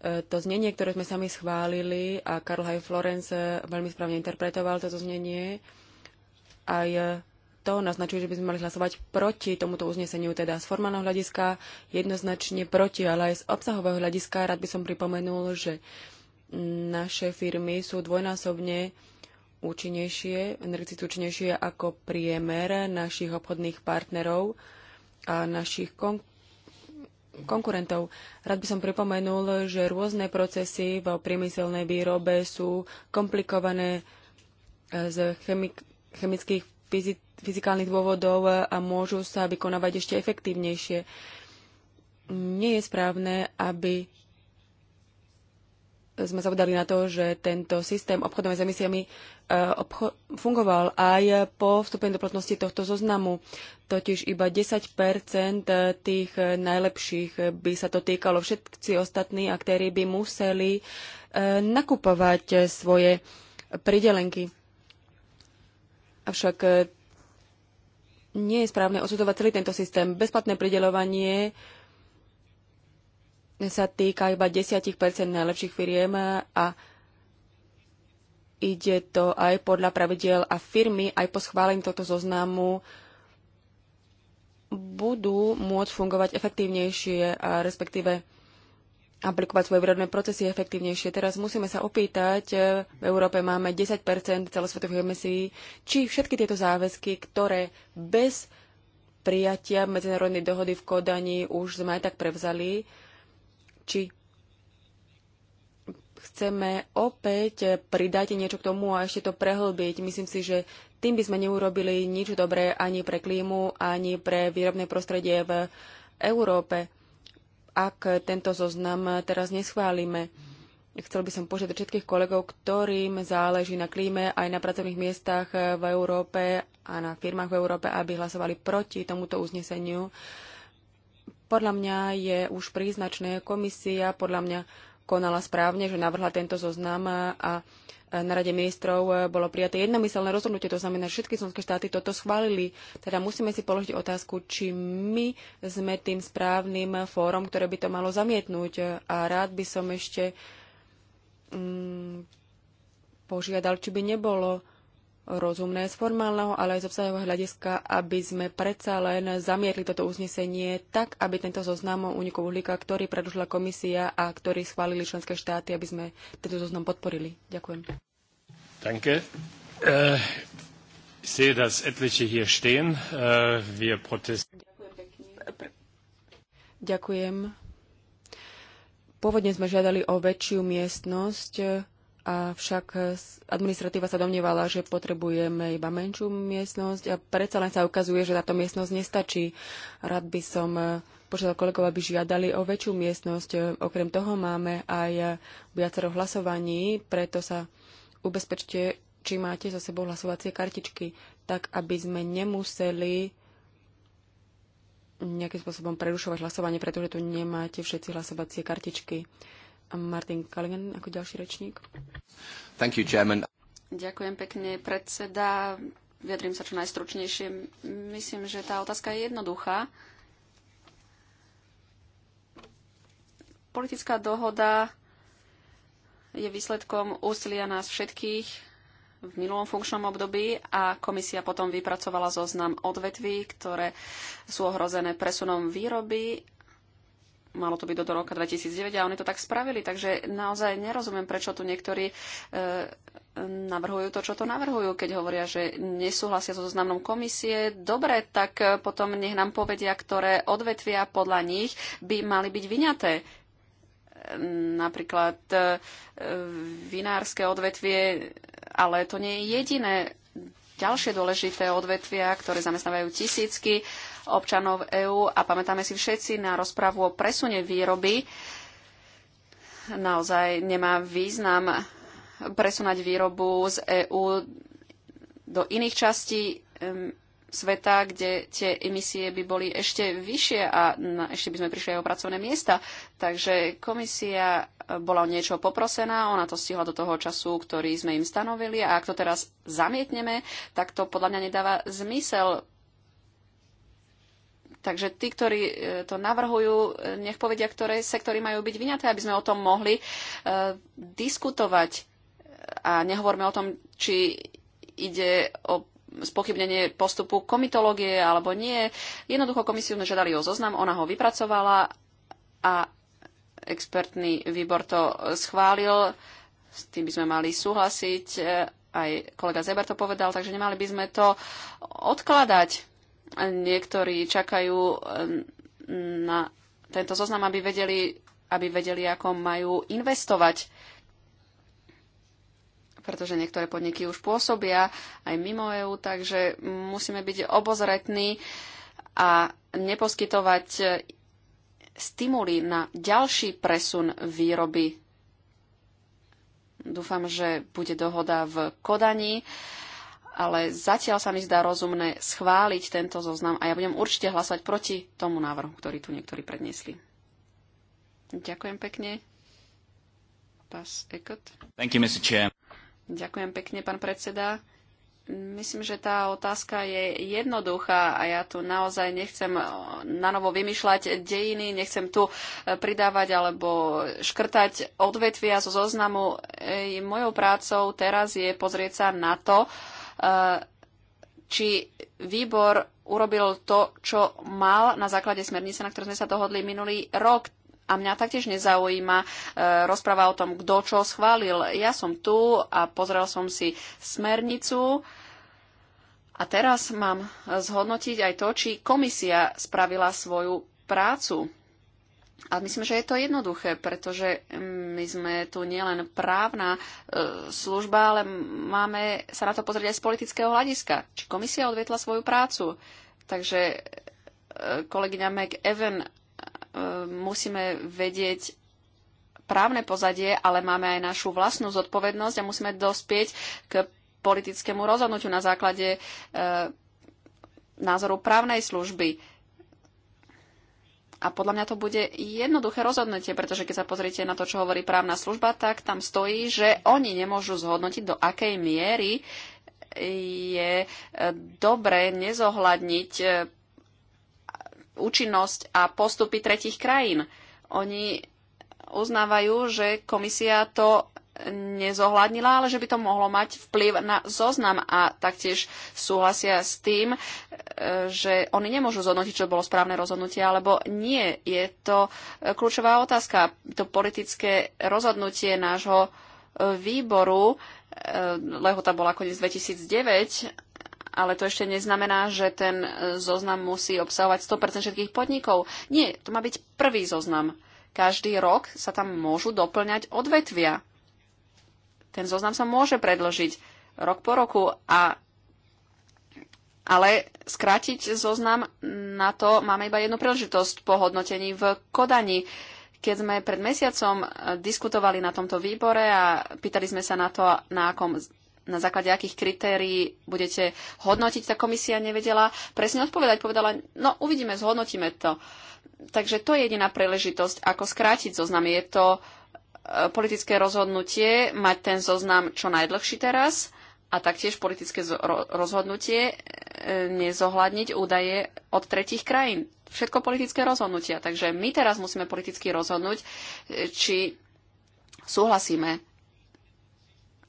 e, to znenie, ktoré sme sami schválili a Karl Haj Florence veľmi správne interpretoval toto znenie, aj e, to naznačuje, že by sme mali hlasovať proti tomuto uzneseniu, teda z formálneho hľadiska jednoznačne proti, ale aj z obsahového hľadiska rád by som pripomenul, že naše firmy sú dvojnásobne účinnejšie, energeticky účinnejšie ako priemer našich obchodných partnerov a našich kon- konkurentov. Rád by som pripomenul, že rôzne procesy v priemyselnej výrobe sú komplikované e, z chemik- chemických fyzi- fyzikálnych dôvodov a môžu sa vykonávať ešte efektívnejšie. Nie je správne, aby sme zavodali na to, že tento systém obchodov s emisiami eh, obcho- fungoval aj po vstúpení do platnosti tohto zoznamu. Totiž iba 10 eh, tých eh, najlepších by sa to týkalo. Všetci ostatní aktéry by museli nakupovať svoje pridelenky. Avšak nie je správne odsudovať celý tento systém. Bezplatné pridelovanie uh, sa týka iba 10 najlepších firiem a ide to aj podľa pravidiel a firmy aj po schválení tohto zoznamu budú môcť fungovať efektívnejšie a respektíve aplikovať svoje výrobné procesy efektívnejšie. Teraz musíme sa opýtať, v Európe máme 10 celosvetových emisí, či všetky tieto záväzky, ktoré bez prijatia medzinárodnej dohody v Kodani už sme aj tak prevzali, či chceme opäť pridať niečo k tomu a ešte to prehlbiť. Myslím si, že tým by sme neurobili nič dobré ani pre klímu, ani pre výrobné prostredie v Európe, ak tento zoznam teraz neschválime. Chcel by som požiadať všetkých kolegov, ktorým záleží na klíme aj na pracovných miestach v Európe a na firmách v Európe, aby hlasovali proti tomuto uzneseniu. Podľa mňa je už príznačné, komisia podľa mňa konala správne, že navrhla tento zoznam a na Rade ministrov bolo prijaté jednomyselné rozhodnutie, to znamená, že všetky členské štáty toto schválili. Teda musíme si položiť otázku, či my sme tým správnym fórom, ktoré by to malo zamietnúť. A rád by som ešte mm, požiadal, či by nebolo rozumné z formálneho, ale aj z obsahového hľadiska, aby sme predsa len zamietli toto uznesenie tak, aby tento zoznam úniku uhlíka, ktorý predložila komisia a ktorý schválili členské štáty, aby sme tento zoznam podporili. Ďakujem. Danke. Uh, sehe, dass etliche hier stehen. Uh, wir protest- Ďakujem. Pôvodne sme žiadali o väčšiu miestnosť. Avšak administratíva sa domnievala, že potrebujeme iba menšiu miestnosť a predsa len sa ukazuje, že táto miestnosť nestačí. Rád by som eh, požiadal kolegov, aby žiadali o väčšiu miestnosť. Okrem toho máme aj viacero hlasovaní, preto sa ubezpečte, či máte so sebou hlasovacie kartičky, tak aby sme nemuseli nejakým spôsobom prerušovať hlasovanie, pretože tu nemáte všetci hlasovacie kartičky. Martin Kalingen ako ďalší rečník. Thank you, Chairman. Ďakujem pekne, predseda. Vyjadrím sa čo najstručnejšie. Myslím, že tá otázka je jednoduchá. Politická dohoda je výsledkom úsilia nás všetkých v minulom funkčnom období a komisia potom vypracovala zoznam odvetví, ktoré sú ohrozené presunom výroby malo to byť do roka 2009 a oni to tak spravili, takže naozaj nerozumiem, prečo tu niektorí e, navrhujú to, čo to navrhujú, keď hovoria, že nesúhlasia so zoznamom komisie. Dobre, tak potom nech nám povedia, ktoré odvetvia podľa nich by mali byť vyňaté napríklad e, vinárske odvetvie, ale to nie je jediné. Ďalšie dôležité odvetvia, ktoré zamestnávajú tisícky, občanov EÚ a pamätáme si všetci na rozpravu o presune výroby. Naozaj nemá význam presunať výrobu z EÚ do iných častí sveta, kde tie emisie by boli ešte vyššie a ešte by sme prišli aj o pracovné miesta. Takže komisia bola o niečo poprosená, ona to stihla do toho času, ktorý sme im stanovili a ak to teraz zamietneme, tak to podľa mňa nedáva zmysel. Takže tí, ktorí e, to navrhujú, e, nech povedia, ktoré sektory majú byť vyňaté, aby sme o tom mohli e, diskutovať. A nehovorme o tom, či ide o spochybnenie postupu komitológie alebo nie. Jednoducho komisiu žiadali o zoznam, ona ho vypracovala a expertný výbor to schválil. S tým by sme mali súhlasiť. Aj kolega Zeber to povedal, takže nemali by sme to odkladať Niektorí čakajú na tento zoznam, aby vedeli, aby vedeli, ako majú investovať pretože niektoré podniky už pôsobia aj mimo EÚ, takže musíme byť obozretní a neposkytovať stimuly na ďalší presun výroby. Dúfam, že bude dohoda v Kodani ale zatiaľ sa mi zdá rozumné schváliť tento zoznam a ja budem určite hlasovať proti tomu návrhu, ktorý tu niektorí predniesli. Ďakujem pekne. Pás Ekot. Thank you, Mr. Chair. Ďakujem pekne, pán predseda. Myslím, že tá otázka je jednoduchá a ja tu naozaj nechcem eh, na novo vymýšľať dejiny, nechcem tu eh, pridávať alebo škrtať odvetvia zo zoznamu. Mojou prácou teraz je pozrieť sa na to, Eh, či výbor urobil to, čo mal na základe smernice, na ktorej sme sa dohodli minulý rok. A mňa taktiež nezaujíma eh, rozpráva o tom, kto čo schválil. Ja som tu a pozrel som si smernicu. A teraz mám zhodnotiť aj to, či komisia spravila svoju prácu. A myslím, že je to jednoduché, pretože my sme tu nielen právna e, služba, ale máme sa na to pozrieť aj z politického hľadiska. Či komisia odvietla svoju prácu. Takže e, kolegyňa McEwen e, musíme vedieť právne pozadie, ale máme aj našu vlastnú zodpovednosť a musíme dospieť k politickému rozhodnutiu na základe názoru právnej služby a podľa mňa to bude jednoduché rozhodnutie, pretože keď sa pozriete na to, čo hovorí právna služba, tak tam stojí, že oni nemôžu zhodnotiť, do akej miery je e, dobre nezohľadniť e, účinnosť a postupy tretich krajín. Oni uznávajú, že komisia to nezohľadnila, ale že by to mohlo mať vplyv na zoznam a taktiež súhlasia s tým, e, že oni nemôžu zhodnotiť, čo bolo správne rozhodnutie alebo nie. Je to e, kľúčová otázka. To politické rozhodnutie nášho e, výboru, lehota bola koniec 2009, ale to ešte neznamená, že ten zoznam musí obsahovať 100% všetkých podnikov. Nie, to má byť prvý zoznam. Každý rok sa tam môžu doplňať odvetvia ten zoznam sa môže predložiť rok po roku, a, ale skrátiť zoznam na to máme iba jednu príležitosť po hodnotení v Kodani. Keď sme pred mesiacom eh, diskutovali na tomto výbore a pýtali sme sa na to, na akom na základe akých kritérií budete hodnotiť, tá komisia nevedela presne odpovedať. Povedala, no uvidíme, zhodnotíme to. Takže to je jediná príležitosť, ako skrátiť zoznam. Je to E, politické rozhodnutie mať ten zoznam čo najdlhší teraz a taktiež politické rozhodnutie e, nezohľadniť údaje od tretich krajín. Všetko politické rozhodnutia. Takže my teraz musíme politicky rozhodnúť, e, či súhlasíme.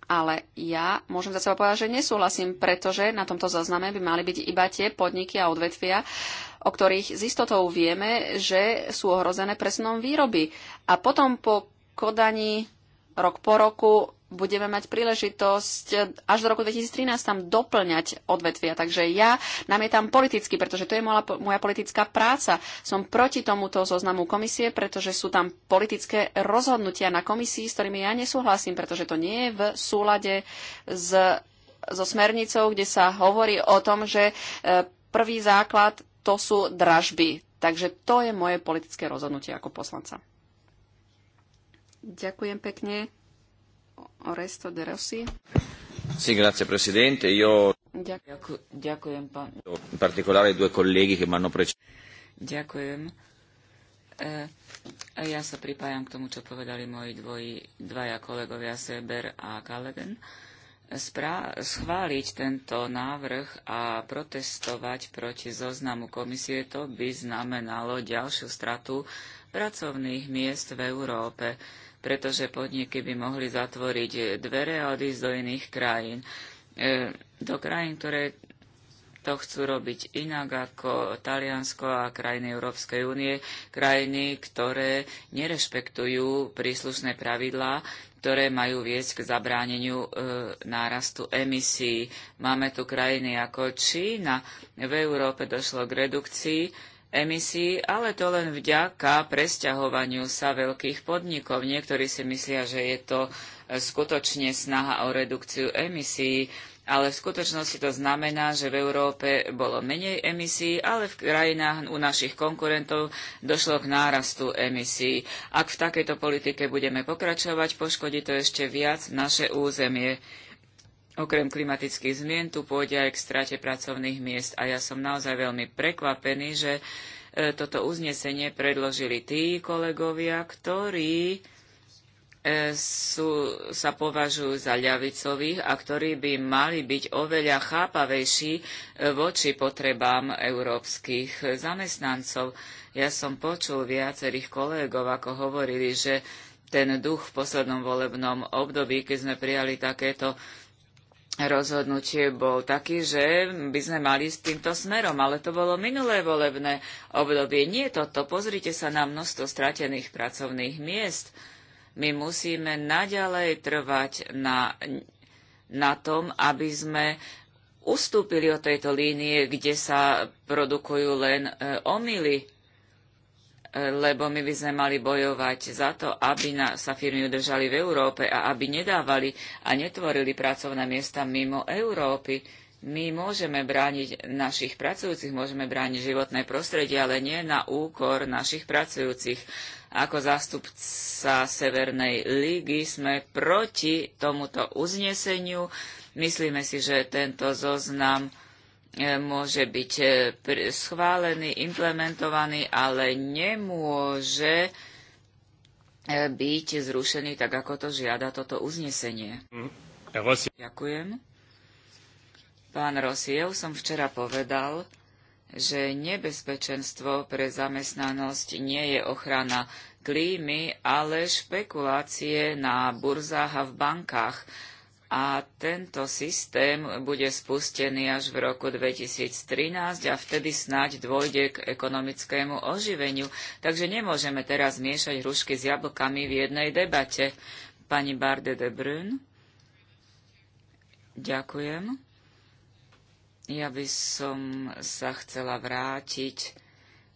Ale ja môžem za seba povedať, že nesúhlasím, pretože na tomto zozname by mali byť iba tie podniky a odvetvia, o ktorých z istotou vieme, že sú ohrozené presunom výroby. A potom po Kodani rok po roku budeme mať príležitosť až do roku 2013 tam doplňať odvetvia. Takže ja namietam politicky, pretože to je moja, moja politická práca. Som proti tomuto zoznamu komisie, pretože sú tam politické rozhodnutia na komisii, s ktorými ja nesúhlasím, pretože to nie je v súlade s, so smernicou, kde sa hovorí o tom, že e, prvý základ to sú dražby. Takže to je moje politické rozhodnutie ako poslanca. Ďakujem pekne. Oresto de Rossi. Sì, grazie Presidente. Io... Ďakujem, pán. In particolare due colleghi che preceduto. Ďakujem. E, ja sa pripájam k tomu, čo povedali moji dvoji, dvaja kolegovia Seber a Kalegen. schváliť tento návrh a protestovať proti zoznamu komisie, to by znamenalo ďalšiu stratu pracovných miest v Európe pretože podniky by mohli zatvoriť dvere a odísť do iných krajín. E, do krajín, ktoré to chcú robiť inak ako Taliansko a krajiny Európskej únie, krajiny, ktoré nerešpektujú príslušné pravidlá, ktoré majú viesť k zabráneniu e, nárastu emisí. Máme tu krajiny ako Čína. V Európe došlo k redukcii emisí, ale to len vďaka presťahovaniu sa veľkých podnikov. Niektorí si myslia, že je to e, skutočne snaha o redukciu emisí, ale v skutočnosti to znamená, že v Európe bolo menej emisí, ale v krajinách u našich konkurentov došlo k nárastu emisí. Ak v takejto politike budeme pokračovať, poškodí to ešte viac naše územie. Okrem klimatických zmien tu pôjde aj k strate pracovných miest a ja som naozaj veľmi prekvapený, že e, toto uznesenie predložili tí kolegovia, ktorí e, sú, sa považujú za ľavicových a ktorí by mali byť oveľa chápavejší e, voči potrebám európskych zamestnancov. Ja som počul viacerých kolegov, ako hovorili, že ten duch v poslednom volebnom období, keď sme prijali takéto rozhodnutie bol taký, že by sme mali s týmto smerom, ale to bolo minulé volebné obdobie. Nie toto. Pozrite sa na množstvo stratených pracovných miest. My musíme naďalej trvať na, na tom, aby sme ustúpili od tejto línie, kde sa produkujú len e, omily lebo my by sme mali bojovať za to, aby na, sa firmy udržali v Európe a aby nedávali a netvorili pracovné miesta mimo Európy. My môžeme brániť našich pracujúcich, môžeme brániť životné prostredie, ale nie na úkor našich pracujúcich. Ako zástupca Severnej ligy sme proti tomuto uzneseniu. Myslíme si, že tento zoznam E, môže byť e, schválený, implementovaný, ale nemôže e, byť zrušený tak, ako to žiada toto uznesenie. Mm, Ďakujem. Pán Rosiev som včera povedal, že nebezpečenstvo pre zamestnanosť nie je ochrana klímy, ale špekulácie na burzách a v bankách a tento systém bude spustený až v roku 2013 a vtedy snáď dôjde k ekonomickému oživeniu. Takže nemôžeme teraz miešať hrušky s jablkami v jednej debate. Pani Barde de Brun. Ďakujem. Ja by som sa chcela vrátiť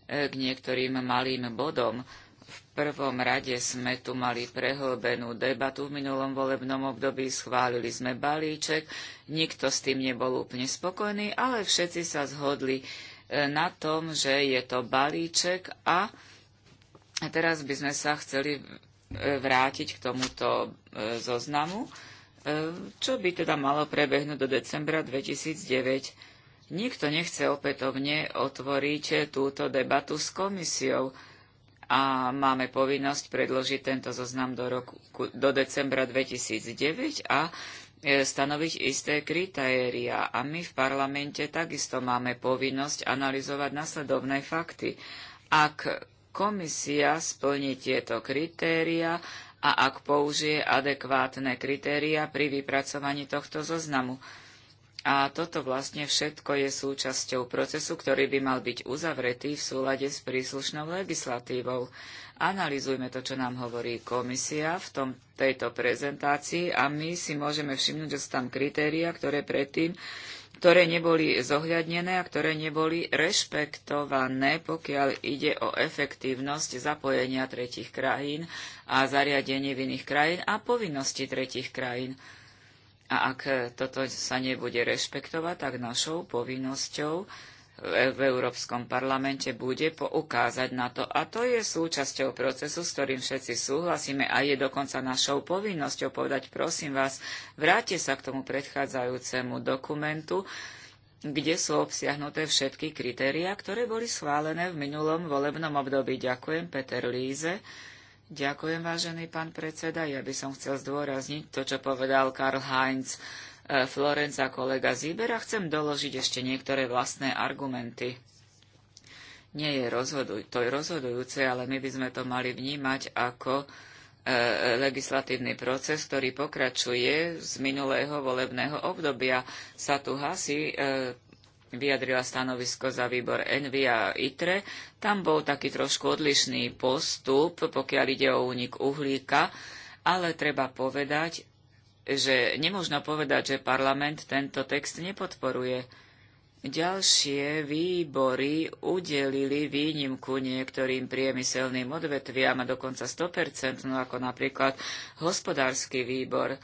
eh, k niektorým malým bodom v prvom rade sme tu mali prehlbenú debatu v minulom volebnom období, schválili sme balíček, nikto s tým nebol úplne spokojný, ale všetci sa zhodli e, na tom, že je to balíček a teraz by sme sa chceli e, vrátiť k tomuto e, zoznamu, čo by teda malo prebehnúť do decembra 2009. Nikto nechce opätovne otvoriť túto debatu s komisiou a máme povinnosť predložiť tento zoznam do, roku, do decembra 2009 a e, stanoviť isté kritéria. A my v parlamente takisto máme povinnosť analyzovať nasledovné fakty. Ak komisia splní tieto kritéria a ak použije adekvátne kritéria pri vypracovaní tohto zoznamu. A toto vlastne všetko je súčasťou procesu, ktorý by mal byť uzavretý v súlade s príslušnou legislatívou. Analizujme to, čo nám hovorí komisia v tom, tejto prezentácii a my si môžeme všimnúť, že sú tam kritéria, ktoré predtým ktoré neboli zohľadnené a ktoré neboli rešpektované, pokiaľ ide o efektívnosť zapojenia tretich krajín a zariadenie v iných krajín a povinnosti tretich krajín. A ak toto sa nebude rešpektovať, tak našou povinnosťou v Európskom parlamente bude poukázať na to. A to je súčasťou procesu, s ktorým všetci súhlasíme a je dokonca našou povinnosťou povedať, prosím vás, vráte sa k tomu predchádzajúcemu dokumentu, kde sú obsiahnuté všetky kritériá, ktoré boli schválené v minulom volebnom období. Ďakujem, Peter Líze. Ďakujem, vážený pán predseda. Ja by som chcel zdôrazniť to, čo povedal Karl Heinz e, Florenc a kolega Zíber a chcem doložiť ešte niektoré vlastné argumenty. Nie je rozhoduj, to je rozhodujúce, ale my by sme to mali vnímať ako e, legislatívny proces, ktorý pokračuje z minulého volebného obdobia. Sa tu hasí e, vyjadrila stanovisko za výbor Envy a ITRE. Tam bol taký trošku odlišný postup, pokiaľ ide o únik uhlíka, ale treba povedať, že nemôžno povedať, že parlament tento text nepodporuje. Ďalšie výbory udelili výnimku niektorým priemyselným odvetviam a dokonca 100%, no ako napríklad hospodársky výbor,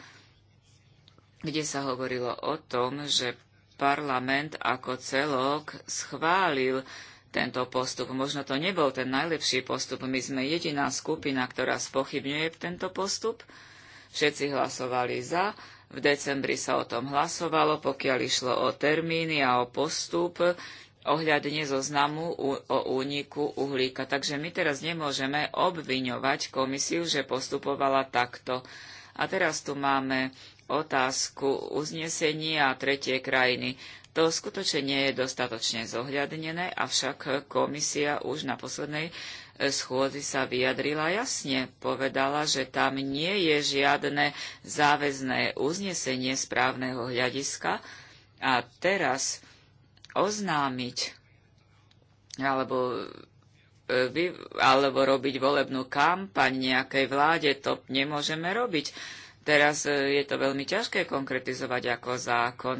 kde sa hovorilo o tom, že parlament ako celok schválil tento postup. Možno to nebol ten najlepší postup. My sme jediná skupina, ktorá spochybňuje tento postup. Všetci hlasovali za. V decembri sa o tom hlasovalo, pokiaľ išlo o termíny a o postup ohľadne zoznamu o úniku uhlíka. Takže my teraz nemôžeme obviňovať komisiu, že postupovala takto. A teraz tu máme otázku uznesení a tretie krajiny. To skutočne nie je dostatočne zohľadnené, avšak komisia už na poslednej e, schôdzi sa vyjadrila jasne. Povedala, že tam nie je žiadne záväzné uznesenie správneho hľadiska a teraz oznámiť alebo, e, alebo robiť volebnú kampaň nejakej vláde, to nemôžeme robiť Teraz e, je to veľmi ťažké konkretizovať ako zákon.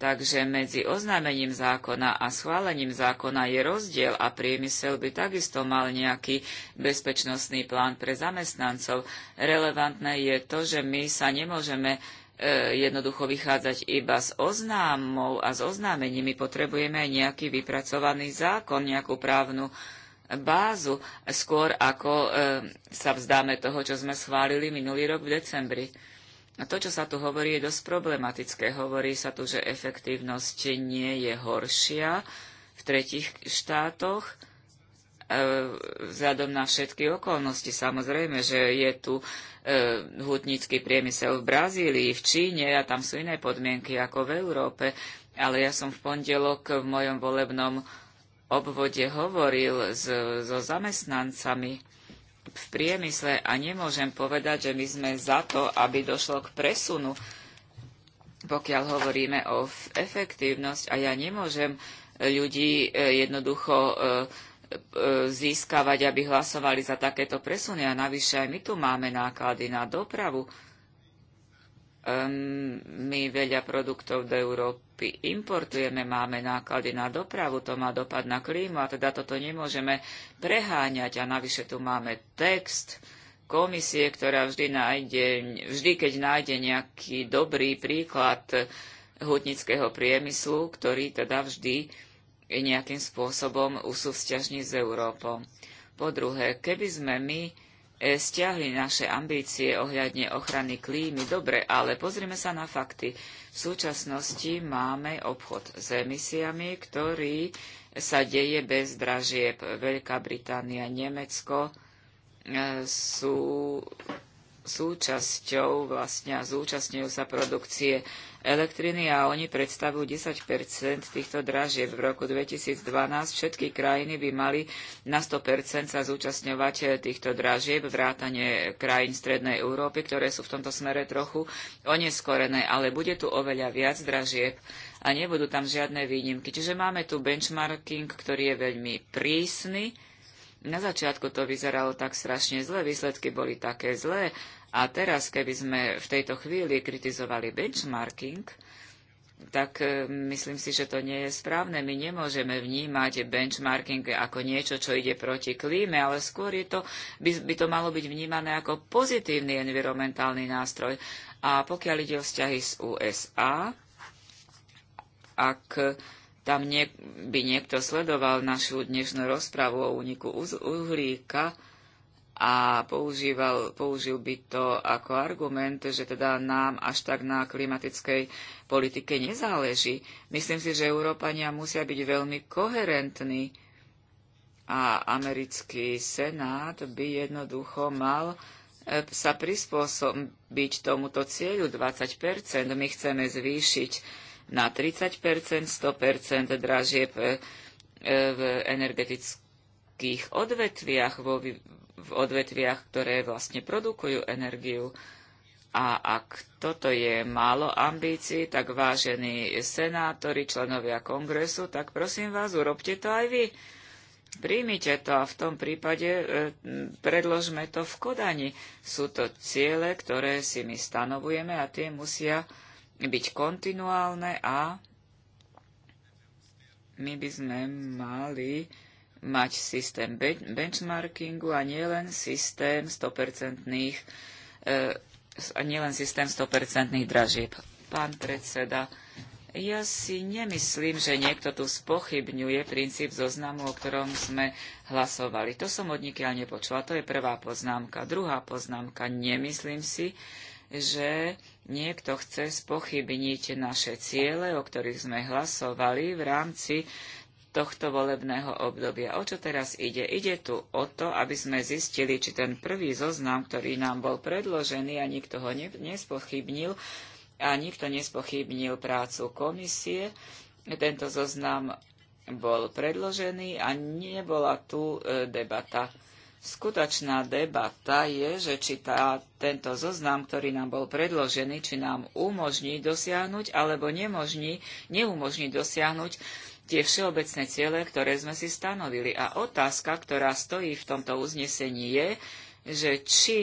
Takže medzi oznámením zákona a schválením zákona je rozdiel a priemysel by takisto mal nejaký bezpečnostný plán pre zamestnancov. Relevantné je to, že my sa nemôžeme e, jednoducho vychádzať iba z oznámou a s oznámením My potrebujeme nejaký vypracovaný zákon, nejakú právnu bázu, skôr ako e, sa vzdáme toho, čo sme schválili minulý rok v decembri. A to, čo sa tu hovorí, je dosť problematické. Hovorí sa tu, že efektívnosť nie je horšia v tretich štátoch, e, vzhľadom na všetky okolnosti. Samozrejme, že je tu e, hutnícky priemysel v Brazílii, v Číne a tam sú iné podmienky ako v Európe. Ale ja som v pondelok v mojom volebnom obvode hovoril s, so zamestnancami v priemysle a nemôžem povedať, že my sme za to, aby došlo k presunu, pokiaľ hovoríme o efektívnosť a ja nemôžem e, ľudí e, jednoducho e, získavať, aby hlasovali za takéto presuny. A navyše aj my tu máme náklady na dopravu my veľa produktov do Európy importujeme, máme náklady na dopravu, to má dopad na klímu a teda toto nemôžeme preháňať a navyše tu máme text komisie, ktorá vždy nájde, vždy keď nájde nejaký dobrý príklad hutnického priemyslu, ktorý teda vždy nejakým spôsobom usúvzťažní s Európou. Po druhé, keby sme my E, stiahli naše ambície ohľadne ochrany klímy. Dobre, ale pozrime sa na fakty. V súčasnosti máme obchod s emisiami, ktorý sa deje bez dražieb. Veľká Británia, Nemecko e, sú súčasťou vlastne a zúčastňujú sa produkcie elektriny a oni predstavujú 10 týchto dražieb. V roku 2012 všetky krajiny by mali na 100 sa zúčastňovať týchto dražieb, vrátane krajín Strednej Európy, ktoré sú v tomto smere trochu oneskorené, ale bude tu oveľa viac dražieb a nebudú tam žiadne výnimky. Čiže máme tu benchmarking, ktorý je veľmi prísny, na začiatku to vyzeralo tak strašne zle, výsledky boli také zlé a teraz, keby sme v tejto chvíli kritizovali benchmarking, tak e, myslím si, že to nie je správne. My nemôžeme vnímať benchmarking ako niečo, čo ide proti klíme, ale skôr je to, by, by to malo byť vnímané ako pozitívny environmentálny nástroj. A pokiaľ ide o vzťahy z USA, ak tam niek- by niekto sledoval našu dnešnú rozprávu o úniku uhlíka a používal, použil by to ako argument, že teda nám až tak na klimatickej politike nezáleží. Myslím si, že Európania musia byť veľmi koherentní a americký senát by jednoducho mal e, sa prispôsobiť tomuto cieľu 20 My chceme zvýšiť na 30 100 dražieb e, v energetických odvetviach, vo, v odvetviach, ktoré vlastne produkujú energiu. A ak toto je málo ambícií, tak vážení senátori, členovia kongresu, tak prosím vás, urobte to aj vy. Príjmite to a v tom prípade e, predložme to v Kodani. Sú to ciele, ktoré si my stanovujeme a tie musia byť kontinuálne a my by sme mali mať systém benchmarkingu a nielen systém 100% e, nielen systém 100% dražieb. Pán predseda, ja si nemyslím, že niekto tu spochybňuje princíp zoznamu, o ktorom sme hlasovali. To som od nikiaľ nepočula. To je prvá poznámka. Druhá poznámka. Nemyslím si, že niekto chce spochybniť naše ciele, o ktorých sme hlasovali v rámci tohto volebného obdobia. O čo teraz ide? Ide tu o to, aby sme zistili, či ten prvý zoznam, ktorý nám bol predložený a nikto ho ne- nespochybnil a nikto nespochybnil prácu komisie, tento zoznam bol predložený a nebola tu e, debata. Skutočná debata je, že či tá, tento zoznam, ktorý nám bol predložený, či nám umožní dosiahnuť alebo nemožní, neumožní dosiahnuť tie všeobecné ciele, ktoré sme si stanovili. A otázka, ktorá stojí v tomto uznesení je, že či,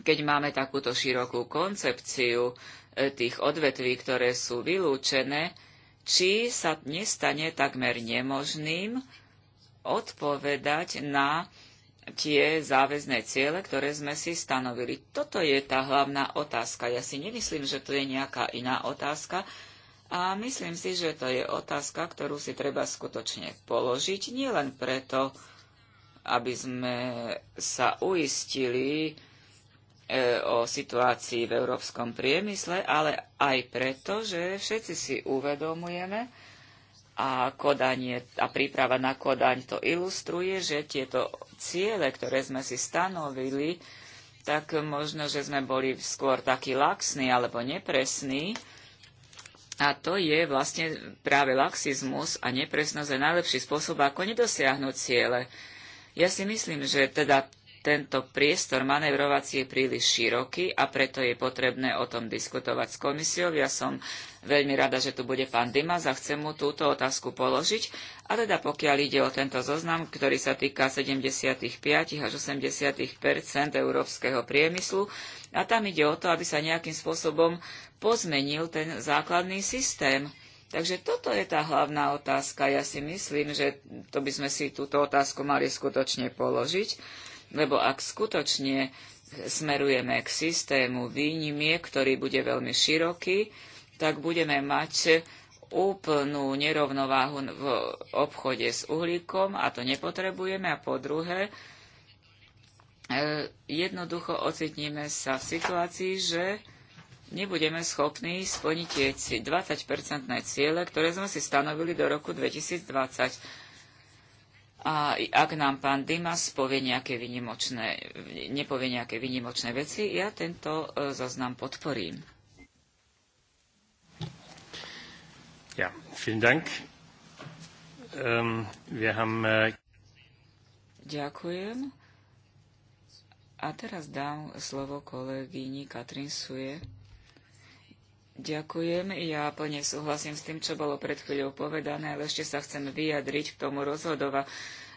keď máme takúto širokú koncepciu e, tých odvetví, ktoré sú vylúčené, či sa nestane takmer nemožným odpovedať na tie záväzné ciele, ktoré sme si stanovili. Toto je tá hlavná otázka. Ja si nemyslím, že to je nejaká iná otázka a myslím si, že to je otázka, ktorú si treba skutočne položiť, nielen preto, aby sme sa uistili e, o situácii v európskom priemysle, ale aj preto, že všetci si uvedomujeme, a, kodanie, a príprava na kodaň to ilustruje, že tieto ciele, ktoré sme si stanovili, tak možno, že sme boli skôr takí laxní alebo nepresní. A to je vlastne práve laxizmus a nepresnosť je najlepší spôsob, ako nedosiahnuť ciele. Ja si myslím, že teda tento priestor manevrovací je príliš široký a preto je potrebné o tom diskutovať s komisiou. Ja som veľmi rada, že tu bude pán Dimas a chcem mu túto otázku položiť. A teda pokiaľ ide o tento zoznam, ktorý sa týka 75 až 80 európskeho priemyslu, a tam ide o to, aby sa nejakým spôsobom pozmenil ten základný systém. Takže toto je tá hlavná otázka. Ja si myslím, že to by sme si túto otázku mali skutočne položiť lebo ak skutočne smerujeme k systému výnimiek, ktorý bude veľmi široký, tak budeme mať úplnú nerovnováhu v obchode s uhlíkom a to nepotrebujeme. A po druhé, e, jednoducho ocitníme sa v situácii, že nebudeme schopní splniť tie 20-percentné ciele, ktoré sme si stanovili do roku 2020. A ak nám pán Dimas povie nejaké vynimočné, nepovie nejaké vynimočné veci, ja tento e, zoznam podporím. Ja, vielen Dank. Um, wir haben, uh... Ďakujem. A teraz dám slovo kolegyni Katrin Suje. Ďakujem. Ja plne súhlasím s tým, čo bolo pred chvíľou povedané, ale ešte sa chcem vyjadriť k tomu rozhodova,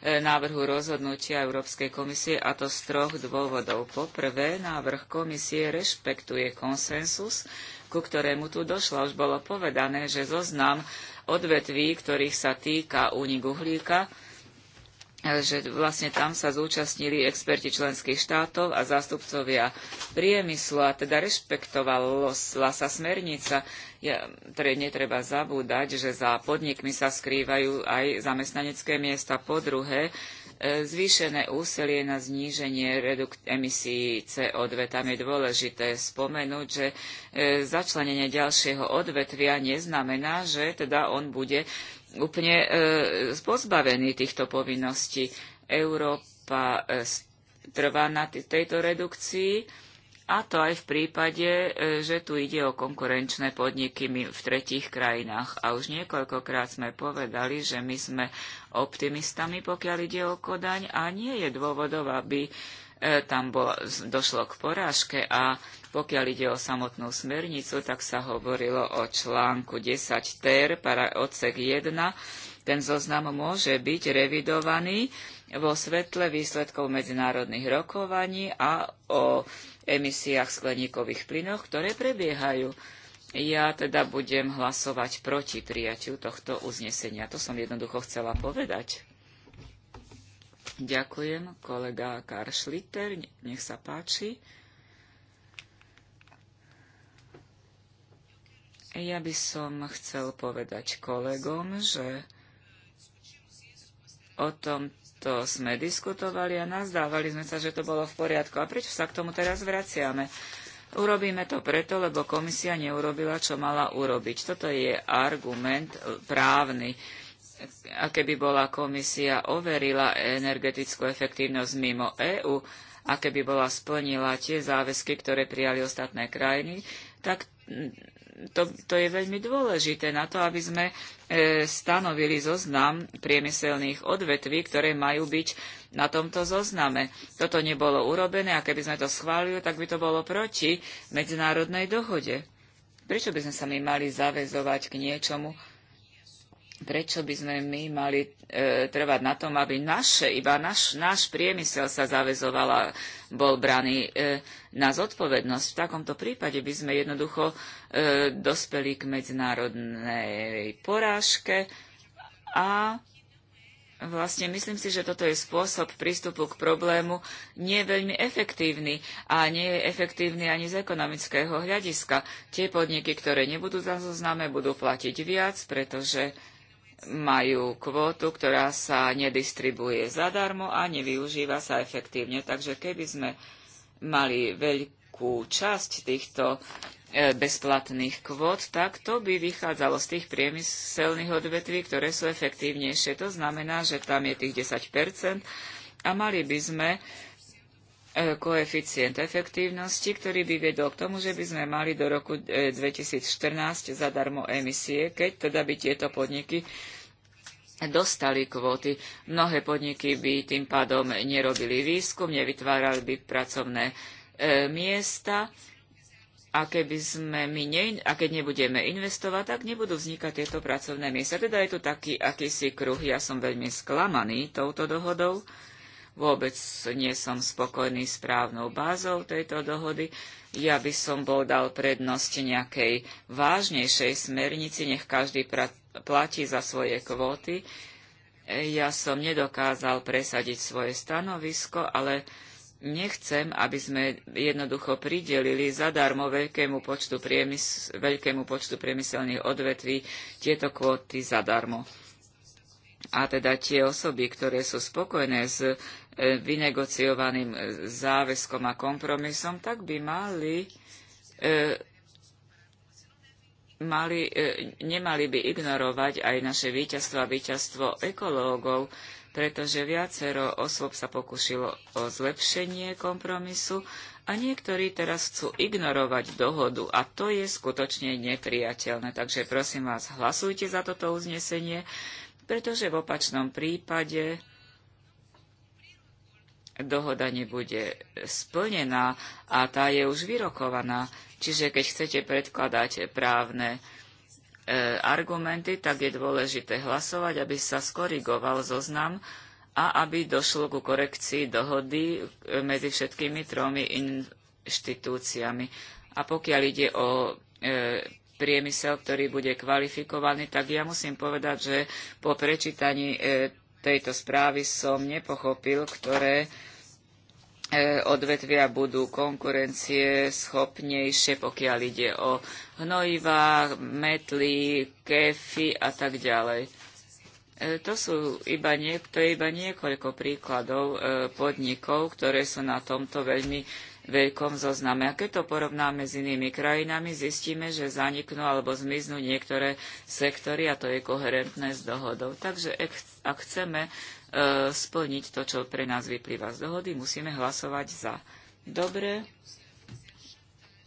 eh, návrhu rozhodnutia Európskej komisie a to z troch dôvodov. Po prvé, návrh komisie rešpektuje konsensus, ku ktorému tu došlo. Už bolo povedané, že zoznam odvetví, ktorých sa týka únik uhlíka, E, že vlastne tam sa zúčastnili experti členských štátov a zástupcovia priemyslu a teda rešpektovala sa smernica. Ja, netreba zabúdať, že za podnikmi sa skrývajú aj zamestnanecké miesta. Po druhé, e, zvýšené úsilie na zníženie emisí CO2. Tam je dôležité spomenúť, že e, začlenenie ďalšieho odvetvia neznamená, že teda on bude úplne e, pozbavení týchto povinností. Európa e, trvá na tejto redukcii a to aj v prípade, e, že tu ide o konkurenčné podniky v tretích krajinách. A už niekoľkokrát sme povedali, že my sme optimistami, pokiaľ ide o Kodaň a nie je dôvodov, aby E, tam bolo, došlo k porážke a pokiaľ ide o samotnú smernicu, tak sa hovorilo o článku 10 TER, para odsek 1. Ten zoznam môže byť revidovaný vo svetle výsledkov medzinárodných rokovaní a o emisiách skleníkových plynov, ktoré prebiehajú. Ja teda budem hlasovať proti prijatiu tohto uznesenia. To som jednoducho chcela povedať. Ďakujem, kolega Karl nech sa páči. Ja by som chcel povedať kolegom, že o tomto sme diskutovali a nazdávali sme sa, že to bolo v poriadku. A prečo sa k tomu teraz vraciame? Urobíme to preto, lebo komisia neurobila, čo mala urobiť. Toto je argument právny a keby bola komisia overila energetickú efektívnosť mimo EÚ, a keby bola splnila tie záväzky, ktoré prijali ostatné krajiny, tak mm, to, to je veľmi dôležité na to, aby sme e, stanovili zoznam priemyselných odvetví, ktoré majú byť na tomto zozname. Toto nebolo urobené a keby sme to schválili, tak by to bolo proti medzinárodnej dohode. Prečo by sme sa my mali zavezovať k niečomu, prečo by sme my mali e, trvať na tom, aby naše, iba naš, náš priemysel sa zavezoval a bol braný e, na zodpovednosť. V takomto prípade by sme jednoducho e, dospeli k medzinárodnej porážke a vlastne myslím si, že toto je spôsob prístupu k problému nie veľmi efektívny a nie je efektívny ani z ekonomického hľadiska. Tie podniky, ktoré nebudú za zozname, budú platiť viac, pretože majú kvótu, ktorá sa nedistribuje zadarmo a nevyužíva sa efektívne. Takže keby sme mali veľkú časť týchto e, bezplatných kvót, tak to by vychádzalo z tých priemyselných odvetví, ktoré sú efektívnejšie. To znamená, že tam je tých 10 a mali by sme E, koeficient efektívnosti, ktorý by viedol k tomu, že by sme mali do roku 2014 e, zadarmo emisie, keď teda by tieto podniky dostali kvóty. Mnohé podniky by tým pádom nerobili výskum, nevytvárali by pracovné e, miesta a, keby sme my ne, a keď nebudeme investovať, tak nebudú vznikať tieto pracovné miesta. Teda je tu taký akýsi kruh. Ja som veľmi sklamaný touto dohodou. Vôbec nie som spokojný s právnou bázou tejto dohody. Ja by som bol dal prednosť nejakej vážnejšej smernici, nech každý platí za svoje kvóty. Ja som nedokázal presadiť svoje stanovisko, ale nechcem, aby sme jednoducho pridelili zadarmo veľkému počtu, priemys- veľkému počtu priemyselných odvetví tieto kvóty zadarmo. A teda tie osoby, ktoré sú spokojné s E, vynegociovaným e, záväzkom a kompromisom, tak by mali, e, mali nemali by ignorovať aj naše víťazstvo a víťazstvo ekológov, pretože viacero osôb sa pokúšilo o zlepšenie kompromisu a niektorí teraz chcú ignorovať dohodu a to je skutočne nepriateľné. Takže prosím vás, hlasujte za toto uznesenie, pretože v opačnom prípade dohoda nebude splnená a tá je už vyrokovaná. Čiže keď chcete predkladať právne e, argumenty, tak je dôležité hlasovať, aby sa skorigoval zoznam a aby došlo ku korekcii dohody e, medzi všetkými tromi inštitúciami. A pokiaľ ide o e, priemysel, ktorý bude kvalifikovaný, tak ja musím povedať, že po prečítaní e, tejto správy som nepochopil, ktoré E, odvetvia budú konkurencie schopnejšie, pokiaľ ide o hnojivá, metly, kefy a tak ďalej. E, to sú iba, niek- to je iba niekoľko príkladov e, podnikov, ktoré sú na tomto veľmi veľkom zozname. A keď to porovnáme s inými krajinami, zistíme, že zaniknú alebo zmiznú niektoré sektory a to je koherentné s dohodou. Takže ak chceme E, splniť to, čo pre nás vyplýva z dohody, musíme hlasovať za. Dobre,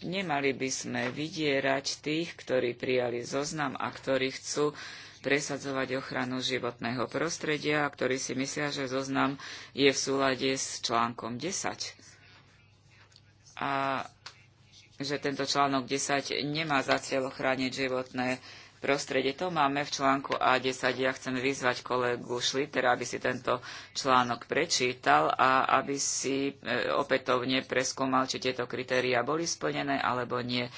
nemali by sme vydierať tých, ktorí prijali zoznam a ktorí chcú presadzovať ochranu životného prostredia a ktorí si myslia, že zoznam je v súlade s článkom 10. A že tento článok 10 nemá za cieľ ochrániť životné prostredie prostredie. To máme v článku A10. Ja chcem vyzvať kolegu Šlitera, aby si tento článok prečítal a aby si e, opätovne preskúmal, či tieto kritéria boli splnené alebo nie.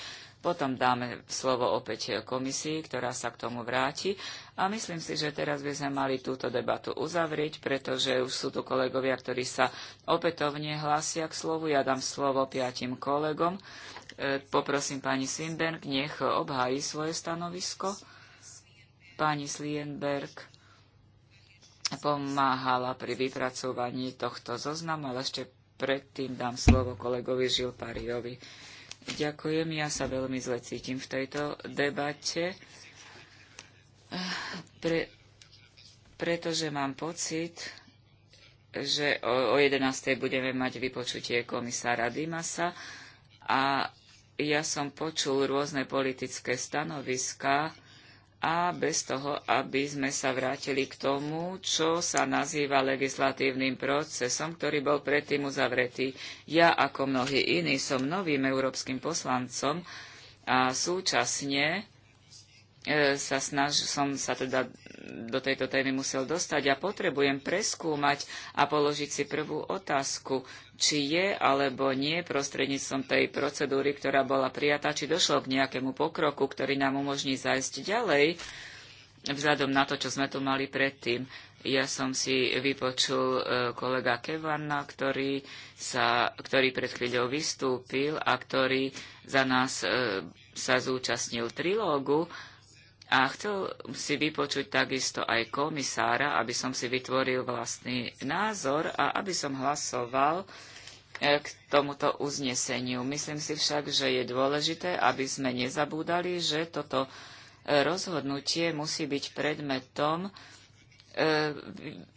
Potom dáme slovo opäť komisii, ktorá sa k tomu vráti. A myslím si, že teraz by sme mali túto debatu uzavrieť, pretože už sú tu kolegovia, ktorí sa opätovne hlásia k slovu. Ja dám slovo piatim kolegom. E, poprosím pani Svinberg, nech obhájí svoje stanovisko. Pani Slienberg pomáhala pri vypracovaní tohto zoznamu, ale ešte predtým dám slovo kolegovi Žilpariovi. Ďakujem, ja sa veľmi zle cítim v tejto debate, pre, pretože mám pocit, že o, o 11. budeme mať vypočutie komisára Dimasa a ja som počul rôzne politické stanoviská, a bez toho, aby sme sa vrátili k tomu, čo sa nazýva legislatívnym procesom, ktorý bol predtým uzavretý. Ja, ako mnohí iní, som novým európskym poslancom a súčasne e, sa snaž, som sa teda do tejto témy musel dostať a potrebujem preskúmať a položiť si prvú otázku, či je alebo nie prostredníctvom tej procedúry, ktorá bola prijatá, či došlo k nejakému pokroku, ktorý nám umožní zajsť ďalej vzhľadom na to, čo sme tu mali predtým. Ja som si vypočul e, kolega Kevana, ktorý, sa, ktorý pred chvíľou vystúpil a ktorý za nás e, sa zúčastnil trilógu a chcel si vypočuť takisto aj komisára, aby som si vytvoril vlastný názor a aby som hlasoval e, k tomuto uzneseniu. Myslím si však, že je dôležité, aby sme nezabúdali, že toto e, rozhodnutie musí byť predmetom e,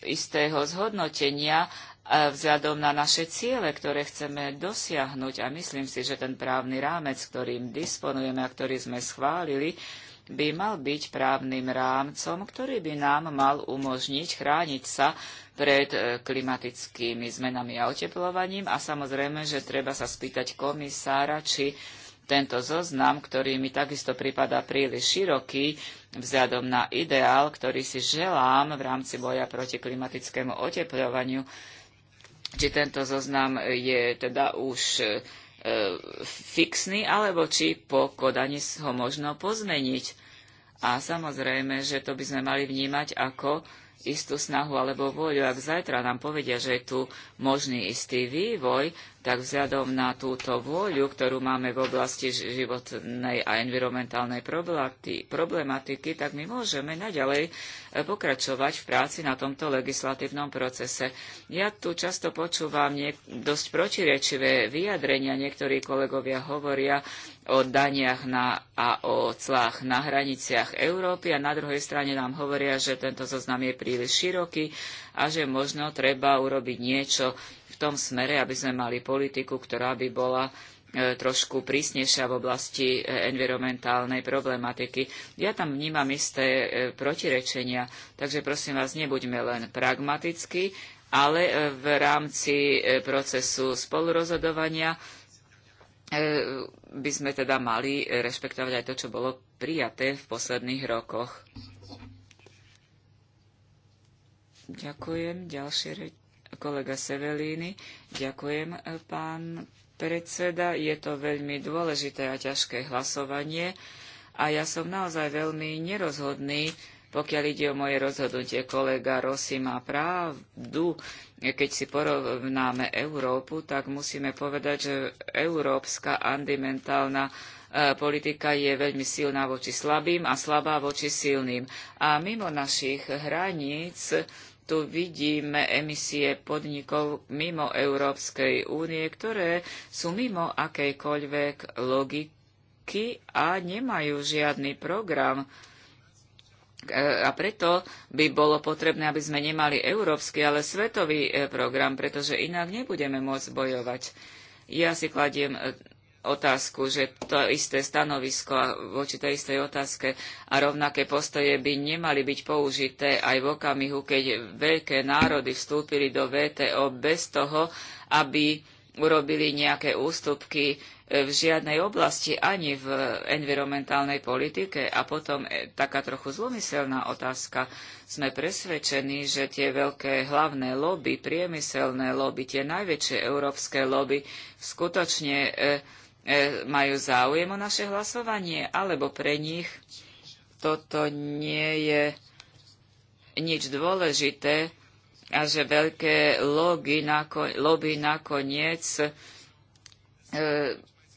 istého zhodnotenia vzhľadom na naše ciele, ktoré chceme dosiahnuť. A myslím si, že ten právny rámec, ktorým disponujeme a ktorý sme schválili, by mal byť právnym rámcom, ktorý by nám mal umožniť chrániť sa pred e, klimatickými zmenami a oteplovaním a samozrejme, že treba sa spýtať komisára, či tento zoznam, ktorý mi takisto pripadá príliš široký, vzhľadom na ideál, ktorý si želám v rámci boja proti klimatickému oteplovaniu, či tento zoznam je teda už e, fixný, alebo či po kodaní ho možno pozmeniť. A samozrejme, že to by sme mali vnímať ako istú snahu alebo voľu. Ak zajtra nám povedia, že je tu možný istý vývoj, tak vzhľadom na túto vôľu, ktorú máme v oblasti životnej a environmentálnej problematiky, tak my môžeme naďalej e, pokračovať v práci na tomto legislatívnom procese. Ja tu často počúvam dosť protirečivé vyjadrenia. Niektorí kolegovia hovoria o daniach na, a o clách na hraniciach Európy a na druhej strane nám hovoria, že tento zoznam je príliš široký a že možno treba urobiť niečo tom smere, aby sme mali politiku, ktorá by bola e, trošku prísnejšia v oblasti e, environmentálnej problematiky. Ja tam vnímam isté e, protirečenia, takže prosím vás, nebuďme len pragmatickí, ale v rámci procesu spolurozhodovania by sme teda mali rešpektovať aj to, čo bolo prijaté v posledných rokoch. Ďakujem. ďalšie reč kolega Sevelíny. Ďakujem, e, pán predseda. Je to veľmi dôležité a ťažké hlasovanie a ja som naozaj veľmi nerozhodný, pokiaľ ide o moje rozhodnutie, kolega Rossi má pravdu. Keď si porovnáme Európu, tak musíme povedať, že európska antimentálna e, politika je veľmi silná voči slabým a slabá voči silným. A mimo našich hraníc tu vidíme emisie podnikov mimo Európskej únie, ktoré sú mimo akejkoľvek logiky a nemajú žiadny program. E, a preto by bolo potrebné, aby sme nemali európsky, ale svetový e, program, pretože inak nebudeme môcť bojovať. Ja si kladiem e, otázku, že to isté stanovisko voči tej istej otázke a rovnaké postoje by nemali byť použité aj v okamihu, keď veľké národy vstúpili do VTO bez toho, aby urobili nejaké ústupky e, v žiadnej oblasti, ani v environmentálnej politike. A potom e, taká trochu zlomyselná otázka. Sme presvedčení, že tie veľké hlavné lobby, priemyselné lobby, tie najväčšie európske lobby skutočne e, E, majú záujem o naše hlasovanie, alebo pre nich toto nie je nič dôležité a že veľké lobby, nako, lobby nakoniec e,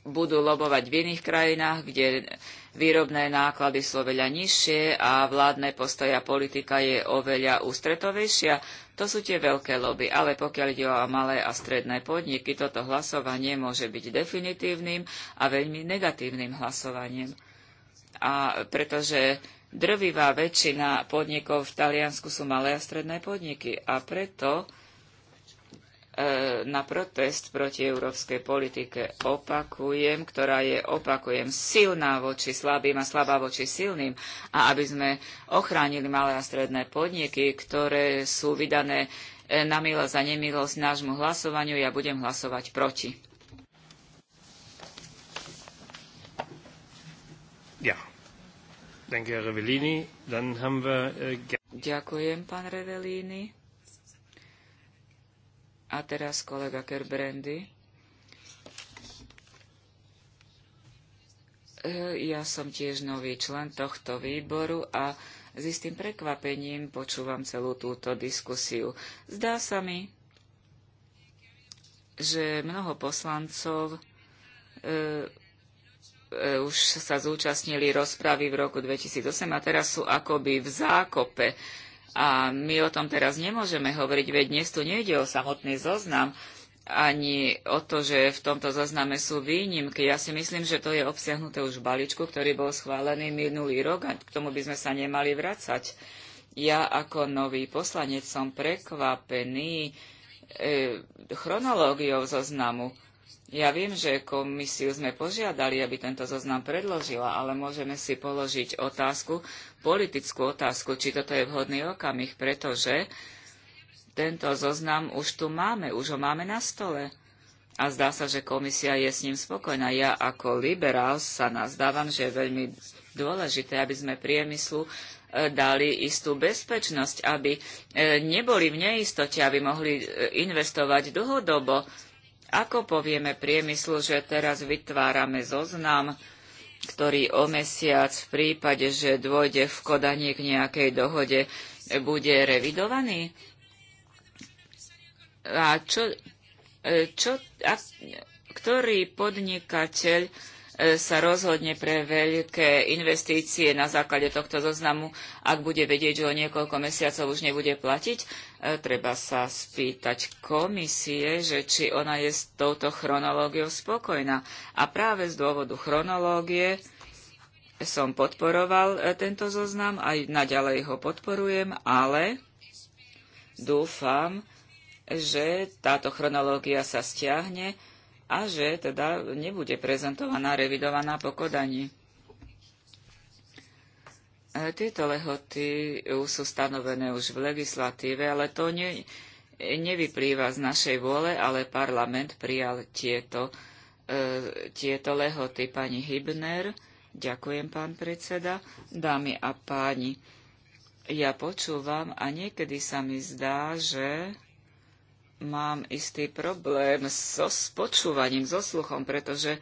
budú lobovať v iných krajinách, kde výrobné náklady sú oveľa nižšie a vládne postoja politika je oveľa ústretovejšia. To sú tie veľké lobby, ale pokiaľ ide o malé a stredné podniky, toto hlasovanie môže byť definitívnym a veľmi negatívnym hlasovaním. A pretože drvivá väčšina podnikov v Taliansku sú malé a stredné podniky a preto E, na protest proti európskej politike, opakujem, ktorá je, opakujem, silná voči slabým a slabá voči silným a aby sme ochránili malé a stredné podniky, ktoré sú vydané e, na milosť a nemilosť nášmu hlasovaniu, ja budem hlasovať proti. Ja. Dann haben wir, äh... Ďakujem, pán Revellini. A teraz kolega Kerbrandy. E, ja som tiež nový člen tohto výboru a s istým prekvapením počúvam celú túto diskusiu. Zdá sa mi, že mnoho poslancov e, e, už sa zúčastnili rozpravy v roku 2008 a teraz sú akoby v zákope. A my o tom teraz nemôžeme hovoriť, veď dnes tu nejde o samotný zoznam, ani o to, že v tomto zozname sú výnimky. Ja si myslím, že to je obsiahnuté už v balíčku, ktorý bol schválený minulý rok a k tomu by sme sa nemali vracať. Ja ako nový poslanec som prekvapený e, chronológiou zoznamu. Ja viem, že komisiu sme požiadali, aby tento zoznam predložila, ale môžeme si položiť otázku, politickú otázku, či toto je vhodný okamih, pretože tento zoznam už tu máme, už ho máme na stole. A zdá sa, že komisia je s ním spokojná. Ja ako liberál sa nazdávam, že je veľmi dôležité, aby sme priemyslu e, dali istú bezpečnosť, aby e, neboli v neistote, aby mohli e, investovať dlhodobo ako povieme priemyslu, že teraz vytvárame zoznam, ktorý o mesiac v prípade, že dôjde v Kodani k nejakej dohode, bude revidovaný? A čo, e, čo a ktorý podnikateľ E, sa rozhodne pre veľké investície na základe tohto zoznamu, ak bude vedieť, že o niekoľko mesiacov už nebude platiť, e, treba sa spýtať komisie, že či ona je s touto chronológiou spokojná. A práve z dôvodu chronológie som podporoval e, tento zoznam, aj naďalej ho podporujem, ale dúfam, že táto chronológia sa stiahne a že teda nebude prezentovaná revidovaná po Kodani. E, tieto lehoty e, sú stanovené už v legislatíve, ale to ne, nevyplýva z našej vôle, ale parlament prijal tieto, e, tieto lehoty. Pani Hibner, ďakujem pán predseda, dámy a páni. Ja počúvam a niekedy sa mi zdá, že mám istý problém so spočúvaním, so sluchom, pretože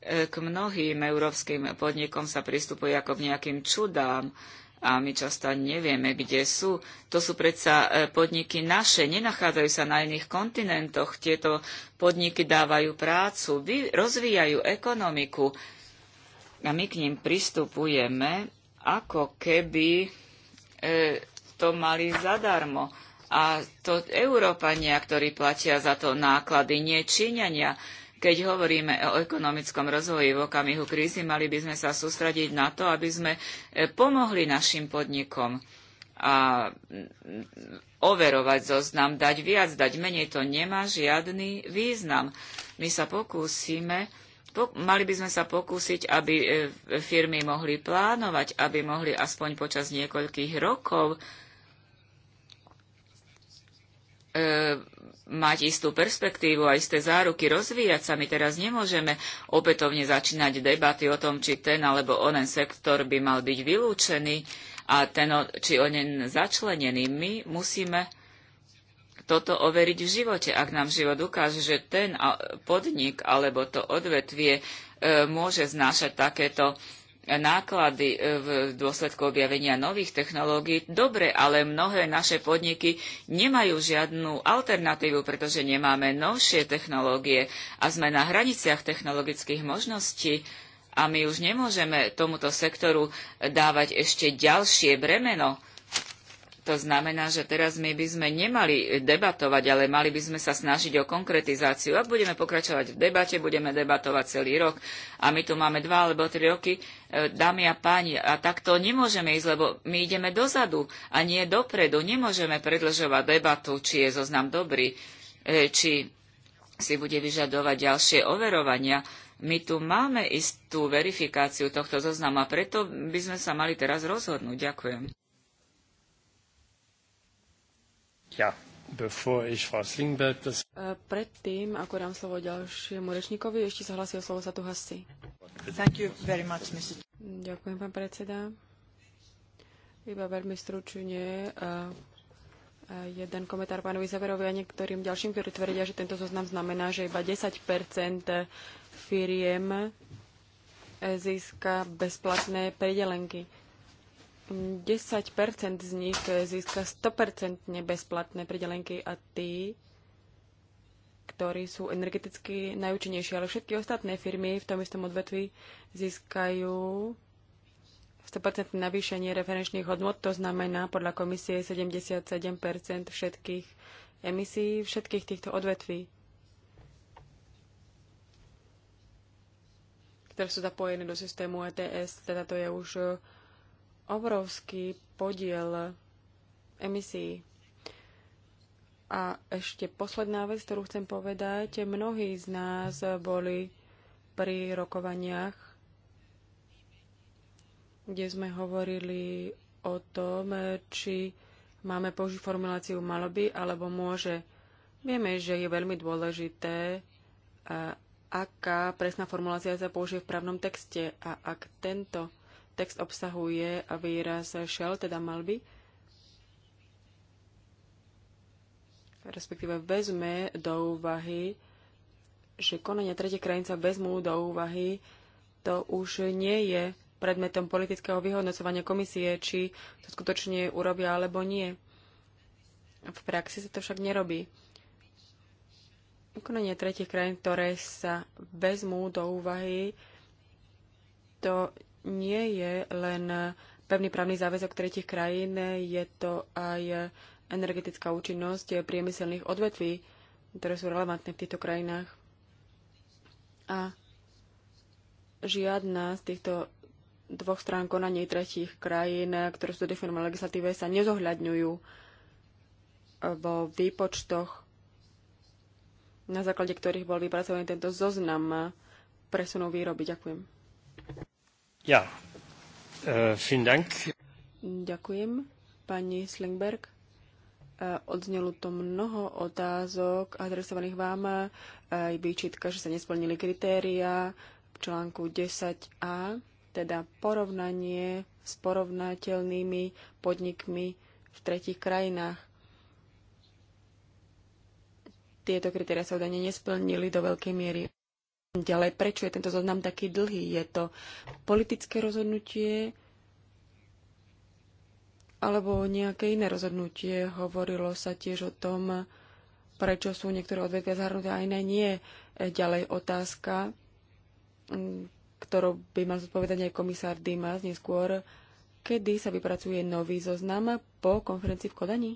e, k mnohým európskym podnikom sa pristupuje ako k nejakým čudám a my často nevieme, kde sú. To sú predsa e, podniky naše, nenachádzajú sa na iných kontinentoch. Tieto podniky dávajú prácu, rozvíjajú ekonomiku a my k ním pristupujeme ako keby e, to mali zadarmo. A to Európania, ktorí platia za to náklady, nie Číňania. Keď hovoríme o ekonomickom rozvoji v okamihu krízy, mali by sme sa sústrediť na to, aby sme e, pomohli našim podnikom a mm, overovať zoznam, dať viac, dať menej, to nemá žiadny význam. My sa pokúsime mali by sme sa pokúsiť, aby e, firmy mohli plánovať, aby mohli aspoň počas niekoľkých rokov E, mať istú perspektívu a isté záruky, rozvíjať sa. My teraz nemôžeme opätovne začínať debaty o tom, či ten alebo onen sektor by mal byť vylúčený a ten, či onen začlenený. My musíme toto overiť v živote. Ak nám život ukáže, že ten podnik alebo to odvetvie e, môže znášať takéto náklady e, v dôsledku objavenia nových technológií. Dobre, ale mnohé naše podniky nemajú žiadnu alternatívu, pretože nemáme novšie technológie a sme na hraniciach technologických možností a my už nemôžeme tomuto sektoru dávať ešte ďalšie bremeno. To znamená, že teraz my by sme nemali debatovať, ale mali by sme sa snažiť o konkretizáciu. Ak budeme pokračovať v debate, budeme debatovať celý rok a my tu máme dva alebo tri roky, e, dámy a páni, a takto nemôžeme ísť, lebo my ideme dozadu a nie dopredu. Nemôžeme predlžovať debatu, či je zoznam dobrý, e, či si bude vyžadovať ďalšie overovania. My tu máme istú verifikáciu tohto zoznamu a preto by sme sa mali teraz rozhodnúť. Ďakujem. Ja, bevor ich Frau Slingberg das... E, predtým, ako dám slovo ďalšiemu rečníkovi, ešte sa hlasí o slovo Satu tu Thank you very much, Mr. Ďakujem, pán predseda. Iba veľmi stručne. E, e, jeden komentár pánovi Zaverovi a niektorým ďalším, ktorí tvrdia, že tento zoznam znamená, že iba 10 firiem získa bezplatné predelenky. 10% z nich získa 100% bezplatné pridelenky a tí, ktorí sú energeticky najúčinnejší, ale všetky ostatné firmy v tom istom odvetvi získajú 100% navýšenie referenčných hodnot, to znamená podľa komisie 77% všetkých emisí všetkých týchto odvetví, ktoré sú zapojené do systému ETS, teda to je už obrovský podiel emisí. A ešte posledná vec, ktorú chcem povedať. Mnohí z nás boli pri rokovaniach, kde sme hovorili o tom, či máme použiť formuláciu maloby alebo môže. Vieme, že je veľmi dôležité, aká presná formulácia sa použije v právnom texte a ak tento Text obsahuje výraz šel, teda mal by, respektíve vezme do úvahy, že konania tretie krajín sa vezmú do úvahy, to už nie je predmetom politického vyhodnocovania komisie, či to skutočne urobia alebo nie. V praxi sa to však nerobí. Konanie tretich krajín, ktoré sa vezmú do úvahy, to nie je len pevný právny záväzok tretich krajín, je to aj energetická účinnosť priemyselných odvetví, ktoré sú relevantné v týchto krajinách. A žiadna z týchto dvoch strán konaní tretích krajín, ktoré sú definované v legislatíve, sa nezohľadňujú vo výpočtoch, na základe ktorých bol vypracovaný tento zoznam presunov výroby. Ďakujem. Ja. Äh, vielen Dank. Ďakujem, pani Slingberg. Äh, odznelo to mnoho otázok adresovaných vám, äh, aj výčitka, že sa nesplnili kritéria v článku 10a, teda porovnanie s porovnateľnými podnikmi v tretich krajinách. Tieto kritéria sa údajne nesplnili do veľkej miery. Ďalej, prečo je tento zoznam taký dlhý? Je to politické rozhodnutie alebo nejaké iné rozhodnutie? Hovorilo sa tiež o tom, prečo sú niektoré odvetvia zahrnuté a iné nie. Ďalej otázka, ktorú by mal zodpovedať aj komisár Dimas neskôr, kedy sa vypracuje nový zoznam po konferencii v Kodani?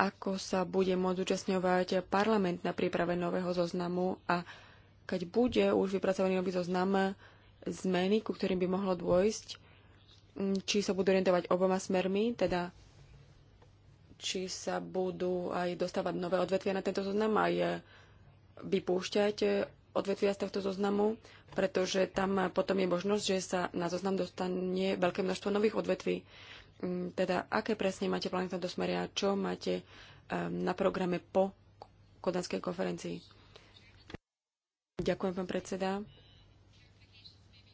ako sa bude môcť zúčastňovať parlament na príprave nového zoznamu a keď bude už vypracovaný nový zoznam zmeny, ku ktorým by mohlo dôjsť, či sa budú orientovať oboma smermi, teda či sa budú aj dostávať nové odvetvia na tento zoznam, aj vypúšťať odvetvia z tohto zoznamu, pretože tam potom je možnosť, že sa na zoznam dostane veľké množstvo nových odvetví. Mm, teda aké presne máte plány v tomto smere a čo máte ehm, na programe po kodanskej konferencii. Ďakujem, pán predseda.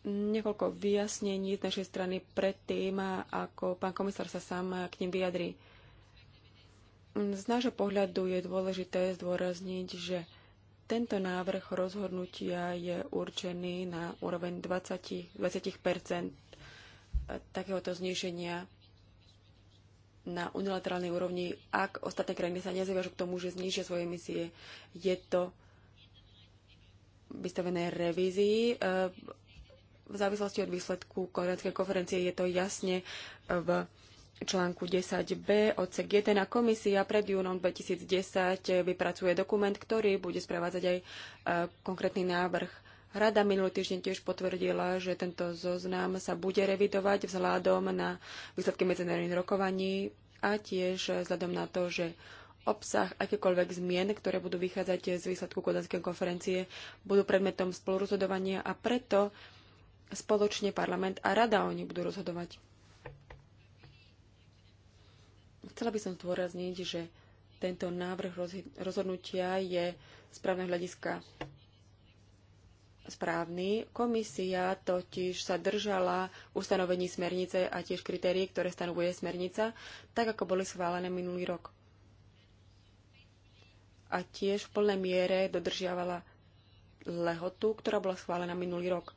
Niekoľko vyjasnení z našej strany predtým, ako pán komisár sa sám k ním vyjadrí. Mm, z nášho pohľadu je dôležité zdôrazniť, že tento návrh rozhodnutia je určený na úroveň 20, 20 takéhoto zníženia na unilaterálnej úrovni, ak ostatné krajiny sa nezaviažu k tomu, že znižia svoje emisie. Je to vystavené revízii. E, v závislosti od výsledku konvenskej konferencie je to jasne v článku 10b odsek 1 a komisia pred júnom 2010 vypracuje dokument, ktorý bude sprevádzať aj e, konkrétny návrh Rada minulý týždeň tiež potvrdila, že tento zoznam sa bude revidovať vzhľadom na výsledky medzinárodných rokovaní a tiež vzhľadom na to, že obsah akékoľvek zmien, ktoré budú vychádzať z výsledku Kodanskej konferencie, budú predmetom spolurozhodovania a preto spoločne parlament a rada o nich budú rozhodovať. Chcela by som zdôrazniť, že tento návrh rozhodnutia je z právneho hľadiska správny. Komisia totiž sa držala ustanovení smernice a tiež kritérií, ktoré stanovuje smernica, tak ako boli schválené minulý rok. A tiež v plnej miere dodržiavala lehotu, ktorá bola schválená minulý rok.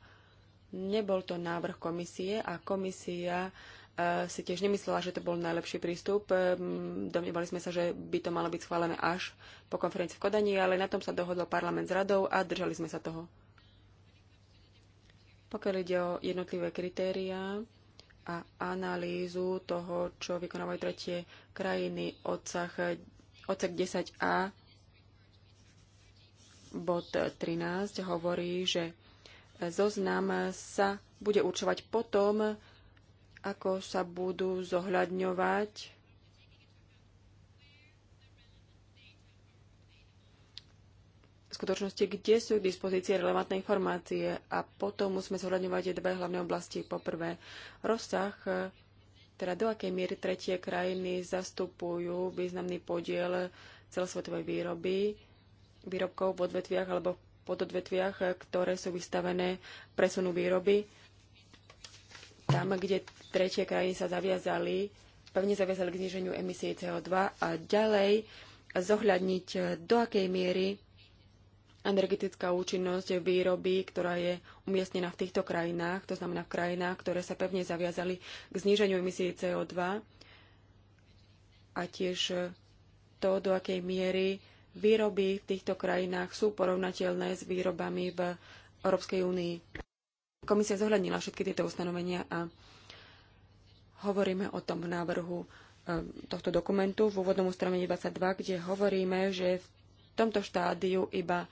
Nebol to návrh komisie a komisia e, si tiež nemyslela, že to bol najlepší prístup. E, domnievali sme sa, že by to malo byť schválené až po konferencii v Kodani, ale na tom sa dohodol parlament s radou a držali sme sa toho. Pokiaľ ide o jednotlivé kritériá a analýzu toho, čo vykonávajú tretie krajiny, odsah, odsek 10a bod 13 hovorí, že zoznam sa bude určovať potom, ako sa budú zohľadňovať V skutočnosti, kde sú k dispozícii relevantné informácie a potom musíme zohľadňovať dve hlavné oblasti. Po prvé, rozsah, e, teda do akej miery tretie krajiny zastupujú významný podiel celosvetovej výroby, výrobkov v odvetviach alebo v pododvetviach, e, ktoré sú vystavené presunu výroby. Tam, kde tretie krajiny sa zaviazali, pevne zaviazali k zniženiu emisie CO2 a ďalej zohľadniť, e, do akej miery energetická účinnosť výroby, ktorá je umiestnená v týchto krajinách, to znamená v krajinách, ktoré sa pevne zaviazali k zníženiu emisí CO2 a tiež to, do akej miery výroby v týchto krajinách sú porovnateľné s výrobami v Európskej únii. Komisia zohľadnila všetky tieto ustanovenia a hovoríme o tom v návrhu e, tohto dokumentu v úvodnom ustanovení 22, kde hovoríme, že v tomto štádiu iba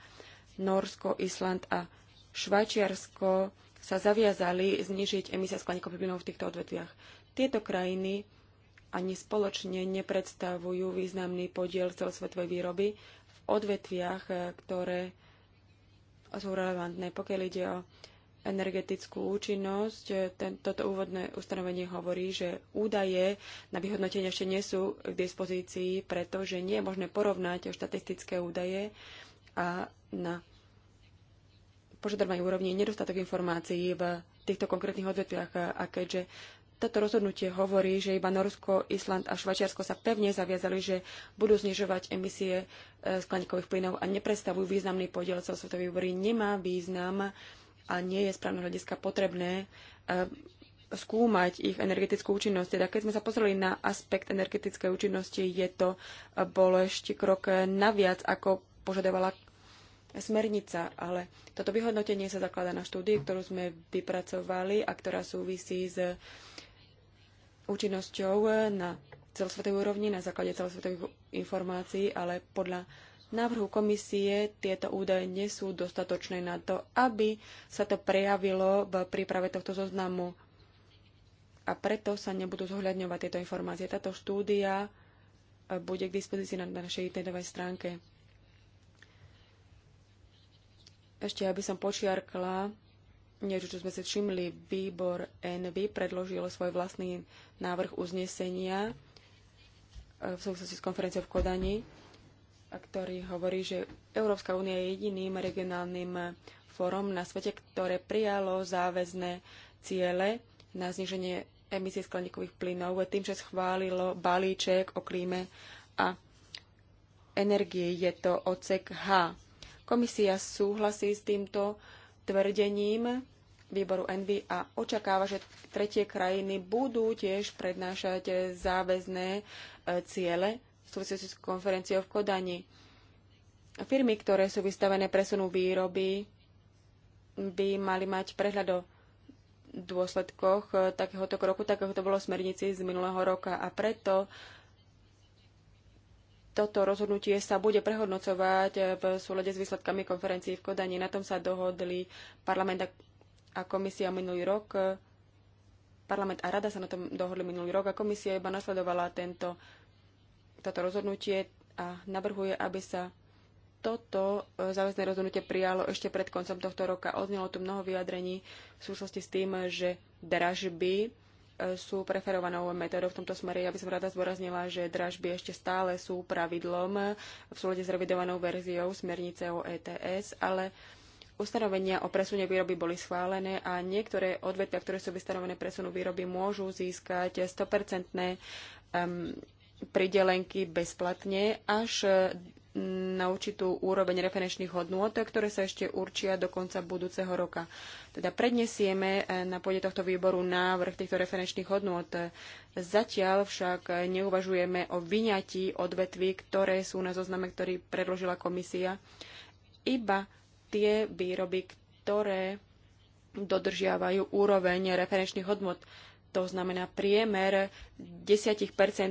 Norsko, Island a Švajčiarsko sa zaviazali znižiť emisia skleníkových plynov v týchto odvetviach. Tieto krajiny ani spoločne nepredstavujú významný podiel celosvetovej výroby v odvetviach, eh, ktoré sú relevantné. Pokiaľ ide o energetickú účinnosť, eh, ten, toto úvodné ustanovenie hovorí, že údaje na vyhodnotenie ešte nie sú k dispozícii, pretože nie je možné porovnať štatistické údaje a na požadovanej úrovni nedostatok informácií v týchto konkrétnych odvetviach a keďže toto rozhodnutie hovorí, že iba Norsko, Island a Švajčiarsko sa pevne zaviazali, že budú znižovať emisie e, skleníkových plynov a neprestavujú významný podiel celosvetovej úbory. Nemá význam a nie je správne hľadiska potrebné e, skúmať ich energetickú účinnosť. Teda keď sme sa pozreli na aspekt energetickej účinnosti, je to e, bol ešte krok naviac, ako požadovala smernica, ale toto vyhodnotenie sa zaklada na štúdii, ktorú sme vypracovali a ktorá súvisí s účinnosťou na celosvetovej úrovni na základe celosvetových informácií, ale podľa návrhu komisie tieto údaje nie sú dostatočné na to, aby sa to prejavilo v príprave tohto zoznamu a preto sa nebudú zohľadňovať tieto informácie. Táto štúdia bude k dispozícii na našej internetovej stránke. Ešte aby som počiarkla niečo, čo sme si všimli. Výbor NV predložil svoj vlastný návrh uznesenia e, v súvislosti s konferenciou v Kodani, ktorý hovorí, že Európska únia je jediným regionálnym fórom na svete, ktoré prijalo záväzné ciele na zniženie emisie skleníkových plynov tým, že schválilo balíček o klíme a energii. Je to ocek H Komisia súhlasí s týmto tvrdením výboru Envy a očakáva, že tretie krajiny budú tiež prednášať záväzné e, ciele v súvislosti s konferenciou v Kodani. Firmy, ktoré sú vystavené presunu výroby, by mali mať prehľad o dôsledkoch e, takéhoto kroku, tak ako to bolo v smernici z minulého roka. A preto toto rozhodnutie sa bude prehodnocovať v súlade s výsledkami konferencií v Kodani. Na tom sa dohodli parlament a komisia minulý rok. Parlament a rada sa na tom dohodli minulý rok a komisia iba nasledovala tento, toto rozhodnutie a navrhuje, aby sa toto e, záväzné rozhodnutie prijalo ešte pred koncom tohto roka. Odznelo tu mnoho vyjadrení v súvislosti s tým, že dražby sú preferovanou metódou v tomto smere. Ja by som rada zdôraznila, že dražby ešte stále sú pravidlom v súlade s revidovanou verziou smernice o ETS, ale ustanovenia o presune výroby boli schválené a niektoré odvetvia, ktoré sú vystanovené presunu výroby, môžu získať 100% um, pridelenky bezplatne až na určitú úroveň referenčných hodnôt, ktoré sa ešte určia do konca budúceho roka. Teda prednesieme e, na pôde tohto výboru návrh týchto referenčných hodnôt. Zatiaľ však neuvažujeme o vyňatí odvetví, ktoré sú na zozname, ktorý predložila komisia, iba tie výroby, ktoré dodržiavajú úroveň referenčných hodnot. To znamená priemer 10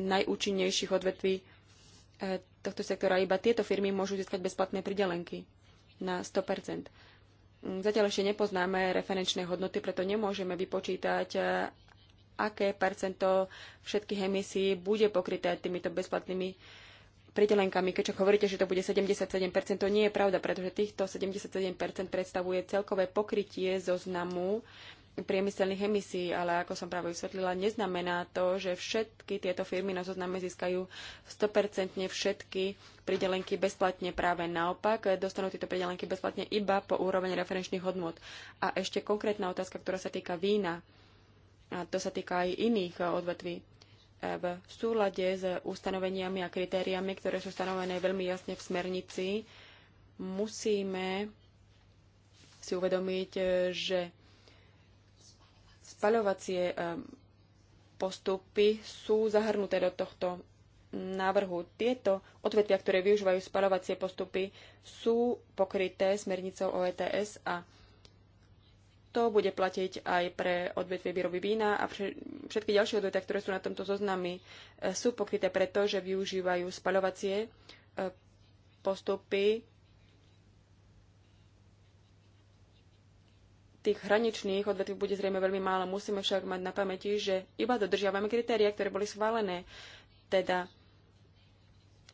najúčinnejších odvetví e, tohto sektora. Iba tieto firmy môžu získať bezplatné pridelenky na 100 Zatiaľ ešte nepoznáme referenčné hodnoty, preto nemôžeme vypočítať, e, aké percento všetkých emisí bude pokryté týmito bezplatnými pridelenkami. Keď hovoríte, že to bude 77%, to nie je pravda, pretože týchto 77% predstavuje celkové pokrytie zoznamu priemyselných emisí, ale ako som práve vysvetlila, neznamená to, že všetky tieto firmy na zozname získajú 100% všetky pridelenky bezplatne. Práve naopak, dostanú tieto pridelenky bezplatne iba po úroveň referenčných hodnot. A ešte konkrétna otázka, ktorá sa týka vína. A to sa týka aj iných odvetví v súlade s ustanoveniami a kritériami, ktoré sú stanovené veľmi jasne v smernici, musíme si uvedomiť, že spaľovacie eh, postupy sú zahrnuté do tohto návrhu. Tieto odvetvia, ktoré využívajú spaľovacie postupy, sú pokryté smernicou o ETS a to bude platiť aj pre odvetvie výroby vína a všetky ďalšie odvetvia, ktoré sú na tomto zoznami, eh, sú pokryté preto, že využívajú spaľovacie eh, postupy tých hraničných odvetví bude zrejme veľmi málo. Musíme však mať na pamäti, že iba dodržiavame kritéria, ktoré boli schválené. Teda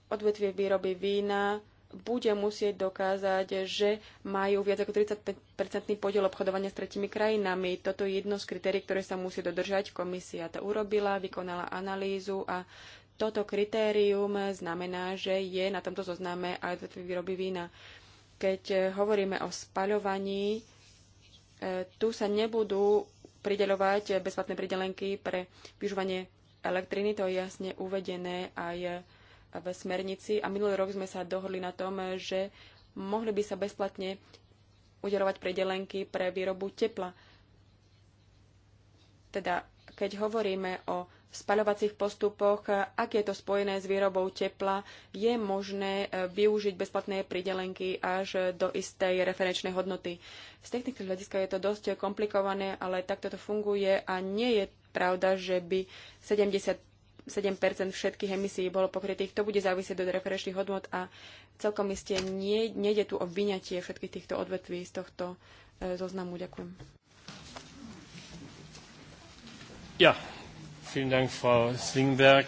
odvetvie výroby vína bude musieť dokázať, že majú viac ako 30-percentný podiel obchodovania s tretimi krajinami. Toto je jedno z kritérií, ktoré sa musí dodržať. Komisia to urobila, vykonala analýzu a toto kritérium znamená, že je na tomto zozname aj odvetvie výroby vína. Keď hovoríme o spaľovaní, tu sa nebudú prideľovať bezplatné pridelenky pre vyžovanie elektriny, to je jasne uvedené aj v smernici. A minulý rok sme sa dohodli na tom, že mohli by sa bezplatne udelovať pridelenky pre výrobu tepla. Teda, keď hovoríme o spaľovacích postupoch, ak je to spojené s výrobou tepla, je možné e, využiť bezplatné pridelenky až do istej referenčnej hodnoty. Z technického hľadiska je to dosť komplikované, ale takto to funguje a nie je pravda, že by 70 7 všetkých emisí bolo pokrytých. To bude závisieť od referenčných hodnot a celkom iste nie, nejde tu o vyňatie všetkých týchto odvetví z tohto e, zoznamu. Ďakujem. Ja, Dank, Frau Slingberg.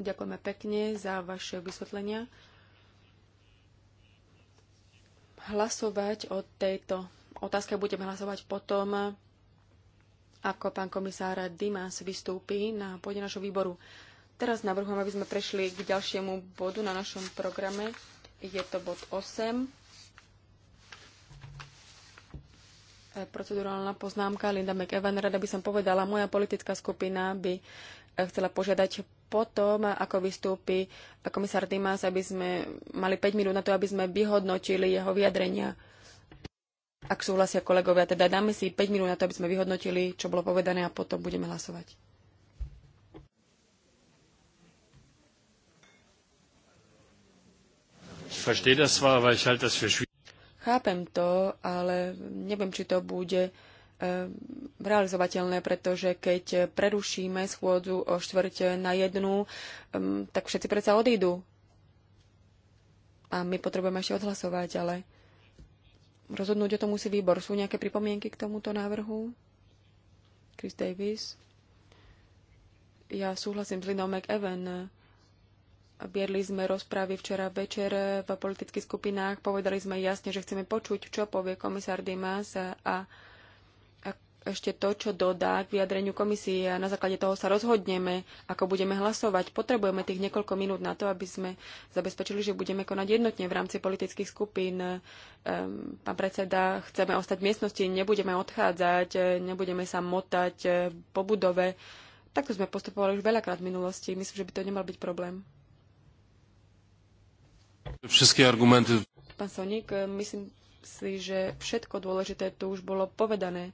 Ďakujeme pekne za vaše vysvetlenia. Hlasovať o tejto otázke budeme hlasovať potom, ako pán komisár Dimas vystúpi na pôde našho výboru. Teraz navrhujem, aby sme prešli k ďalšiemu bodu na našom programe. Je to bod 8 procedurálna poznámka Linda McEwan. Rada by som povedala, moja politická skupina by eh, chcela požiadať potom, ako vystúpi komisár Dimas, aby sme mali 5 minút na to, aby sme vyhodnotili jeho vyjadrenia. Ak súhlasia kolegovia, teda dáme si 5 minút na to, aby sme vyhodnotili, čo bolo povedané a potom budeme hlasovať. Ich verstehe das zwar, aber ich halte das für schwierig. Chápem to, ale neviem, či to bude eh, realizovateľné, pretože keď prerušíme schôdzu o štvrť na jednu, tak všetci predsa odídu. A my potrebujeme ešte odhlasovať, ale rozhodnúť o tom musí výbor. Sú nejaké pripomienky k tomuto návrhu? Chris Davis? Ja súhlasím s Linou McEwen Viedli sme rozprávy včera večer v politických skupinách. Povedali sme jasne, že chceme počuť, čo povie komisár Dimas a, a ešte to, čo dodá k vyjadreniu komisie a na základe toho sa rozhodneme, ako budeme hlasovať. Potrebujeme tých niekoľko minút na to, aby sme zabezpečili, že budeme konať jednotne v rámci politických skupín. Ehm, pán predseda, chceme ostať v miestnosti, nebudeme odchádzať, nebudeme sa motať eh, po budove. Takto sme postupovali už veľakrát v minulosti. Myslím, že by to nemal byť problém. Všetky argumenty. Pán Sonik, myslím si, že všetko dôležité tu už bolo povedané.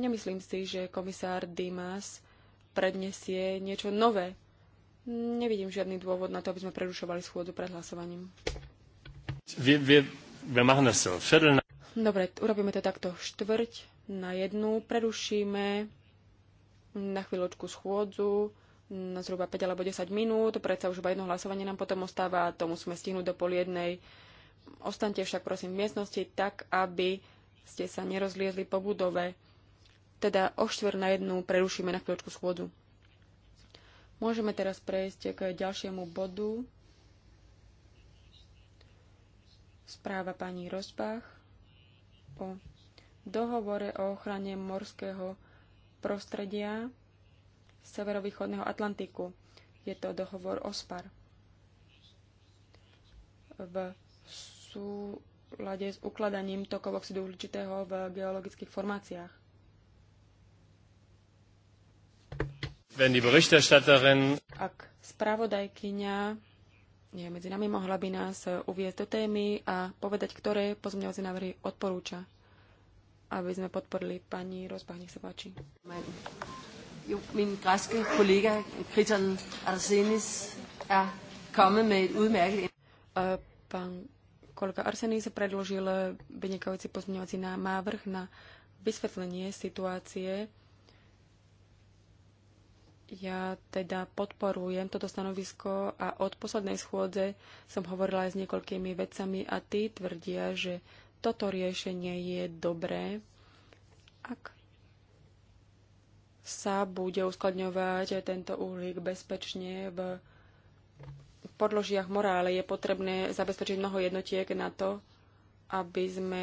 Nemyslím si, že komisár Dimas prednesie niečo nové. Nevidím žiadny dôvod na to, aby sme prerušovali schôdu pred hlasovaním. Dobre, urobíme to takto. Štvrť na jednu, prerušíme na chvíľočku schôdzu, na zhruba 5 alebo 10 minút, predsa už iba jedno hlasovanie nám potom ostáva a to musíme stihnúť do poliednej. Ostaňte však prosím v miestnosti tak, aby ste sa nerozliezli po budove. Teda o štvr na jednu prerušíme na chvíľočku schôdzu. Môžeme teraz prejsť k ďalšiemu bodu. Správa pani Rozbach o dohovore o ochrane morského prostredia severovýchodného Atlantiku. Je to dohovor OSPAR. V súlade s ukladaním tokov oxidu uhličitého v geologických formáciách. Ak spravodajkyňa nie medzi nami, mohla by nás uvieť do témy a povedať, ktoré pozmeňovacie návrhy odporúča, aby sme podporili pani Rozbach. Nech sa páči. Jo, min græske kollega Kriton Arsenis er kommet med et udmærket... pán kolega Arsenis predložil vynikajúci pozmeňovací návrh na vysvetlenie situácie. Ja teda podporujem toto stanovisko a od poslednej schôdze som hovorila aj s niekoľkými vecami a tí tvrdia, že toto riešenie je dobré, ak sa bude uskladňovať tento uhlík bezpečne v podložiach morále, je potrebné zabezpečiť mnoho jednotiek na to, aby sme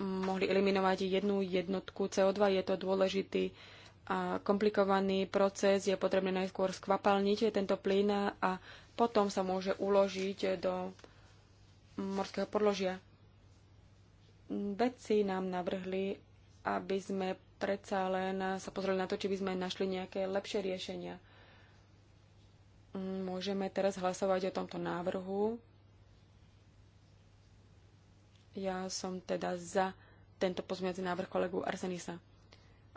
mohli eliminovať jednu jednotku CO2. Je to dôležitý a komplikovaný proces. Je potrebné najskôr skvapalniť tento plyn a potom sa môže uložiť do morského podložia. Vedci nám navrhli, aby sme predsa len sa pozreli na to, či by sme našli nejaké lepšie riešenia. Môžeme teraz hlasovať o tomto návrhu. Ja som teda za tento pozmiaci návrh kolegu Arsenisa.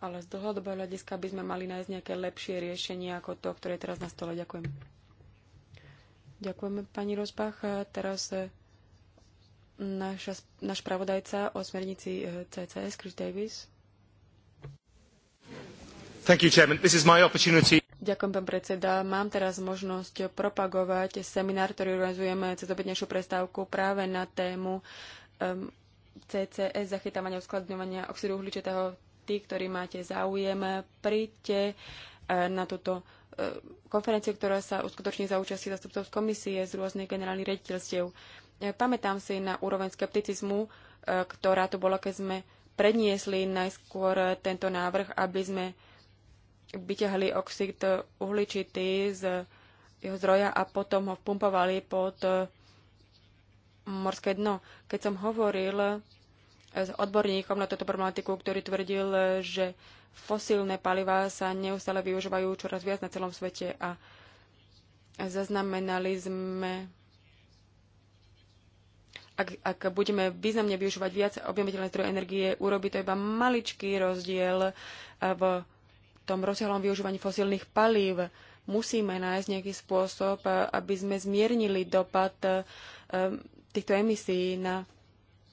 Ale z dlhodobého hľadiska by sme mali nájsť nejaké lepšie riešenie ako to, ktoré je teraz na stole. Ďakujem. Ďakujeme, pani Rozbach. Teraz eh, náš, náš pravodajca o smernici eh, CCS, Chris Davis. Ďakujem, pán predseda. Mám teraz možnosť propagovať seminár, ktorý organizujeme cez obednejšiu prestávku práve na tému um, CCS, zachytávania a uskladňovania oxidu uhličitého. Tí, ktorí máte záujem, príďte uh, na túto uh, konferenciu, ktorá sa uskutoční za účasti zastupcov z komisie z rôznych generálnych rediteľstiev. pamätám si na úroveň skepticizmu, uh, ktorá tu bola, keď sme predniesli najskôr tento návrh, aby sme vyťahli oxid uhličitý z jeho zdroja a potom ho vpumpovali pod e, morské dno. Keď som hovoril e, s odborníkom na túto problematiku, ktorý tvrdil, že fosílne paliva sa neustále využívajú čoraz viac na celom svete a zaznamenali sme ak, ak budeme významne využívať viac obnoviteľné zdroje energie, urobí to iba maličký rozdiel e, v tom rozsiahlom využívaní fosílnych palív. Musíme nájsť nejaký spôsob, aby sme zmiernili dopad eh, týchto emisí na,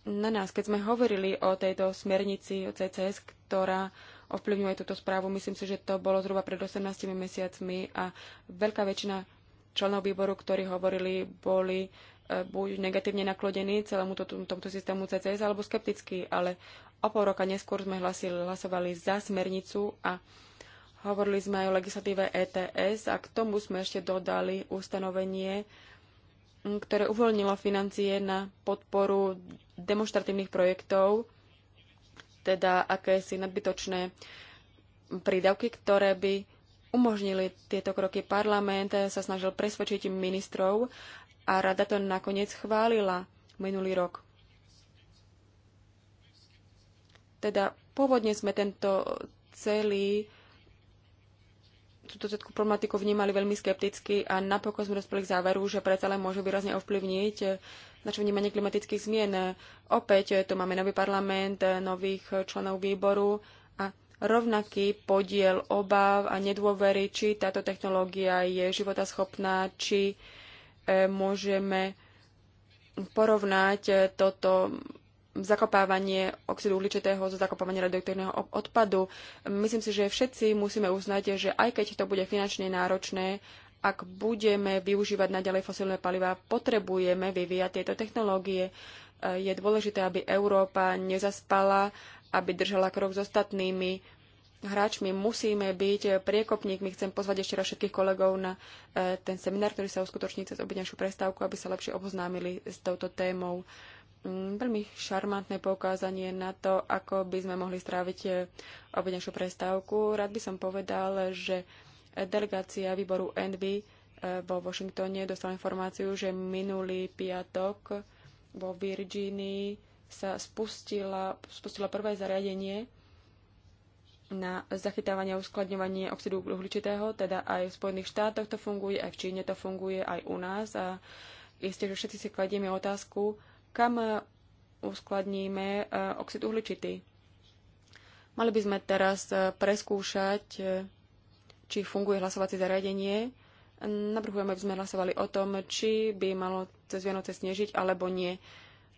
na nás. Keď sme hovorili o tejto smernici, o CCS, ktorá ovplyvňuje túto správu, myslím si, že to bolo zhruba pred 18 mesiacmi a veľká väčšina členov výboru, ktorí hovorili, boli eh, buď negatívne naklonení celému to, tomto systému CCS alebo skeptickí, ale o pol roka neskôr sme hlasili, hlasovali za smernicu a Hovorili sme aj o legislatíve ETS a k tomu sme ešte dodali ustanovenie, ktoré uvoľnilo financie na podporu demonstratívnych projektov, teda akési nadbytočné prídavky, ktoré by umožnili tieto kroky. Parlament sa snažil presvedčiť ministrov a rada to nakoniec chválila minulý rok. Teda pôvodne sme tento celý túto všetku problematiku vnímali veľmi skepticky a napokon sme dospeli k záveru, že predsa len môžu výrazne ovplyvniť eh, naše vnímanie klimatických zmien. Opäť eh, tu máme nový parlament, eh, nových členov výboru a rovnaký podiel obáv a nedôvery, či táto technológia je životaschopná, či môžeme porovnať toto zakopávanie oxidu uhličitého, zo zakopávanie radioaktívneho odpadu. Myslím si, že všetci musíme uznať, že aj keď to bude finančne náročné, ak budeme využívať naďalej fosílne palivá, potrebujeme vyvíjať tieto technológie. Eh, je dôležité, aby Európa nezaspala, aby držala krok s ostatnými hráčmi. Musíme byť priekopníkmi. Chcem pozvať ešte raz všetkých kolegov na eh, ten seminár, ktorý sa uskutoční cez obedňajšiu prestávku, aby sa lepšie oboznámili s touto témou. Mm, veľmi šarmantné poukázanie na to, ako by sme mohli stráviť eh, obednejšiu prestávku. Rád by som povedal, že delegácia výboru Envy eh, vo Washingtone dostala informáciu, že minulý piatok vo Virginii sa spustila, spustilo prvé zariadenie na zachytávanie a uskladňovanie oxidu uhličitého, teda aj v Spojených štátoch to funguje, aj v Číne to funguje, aj u nás. A isté, že všetci si kladieme otázku, kam e, uskladníme e, oxid uhličitý. Mali by sme teraz e, preskúšať, či funguje hlasovacie zariadenie. Navrhujeme, aby sme hlasovali o tom, či by malo cez Vianoce snežiť alebo nie.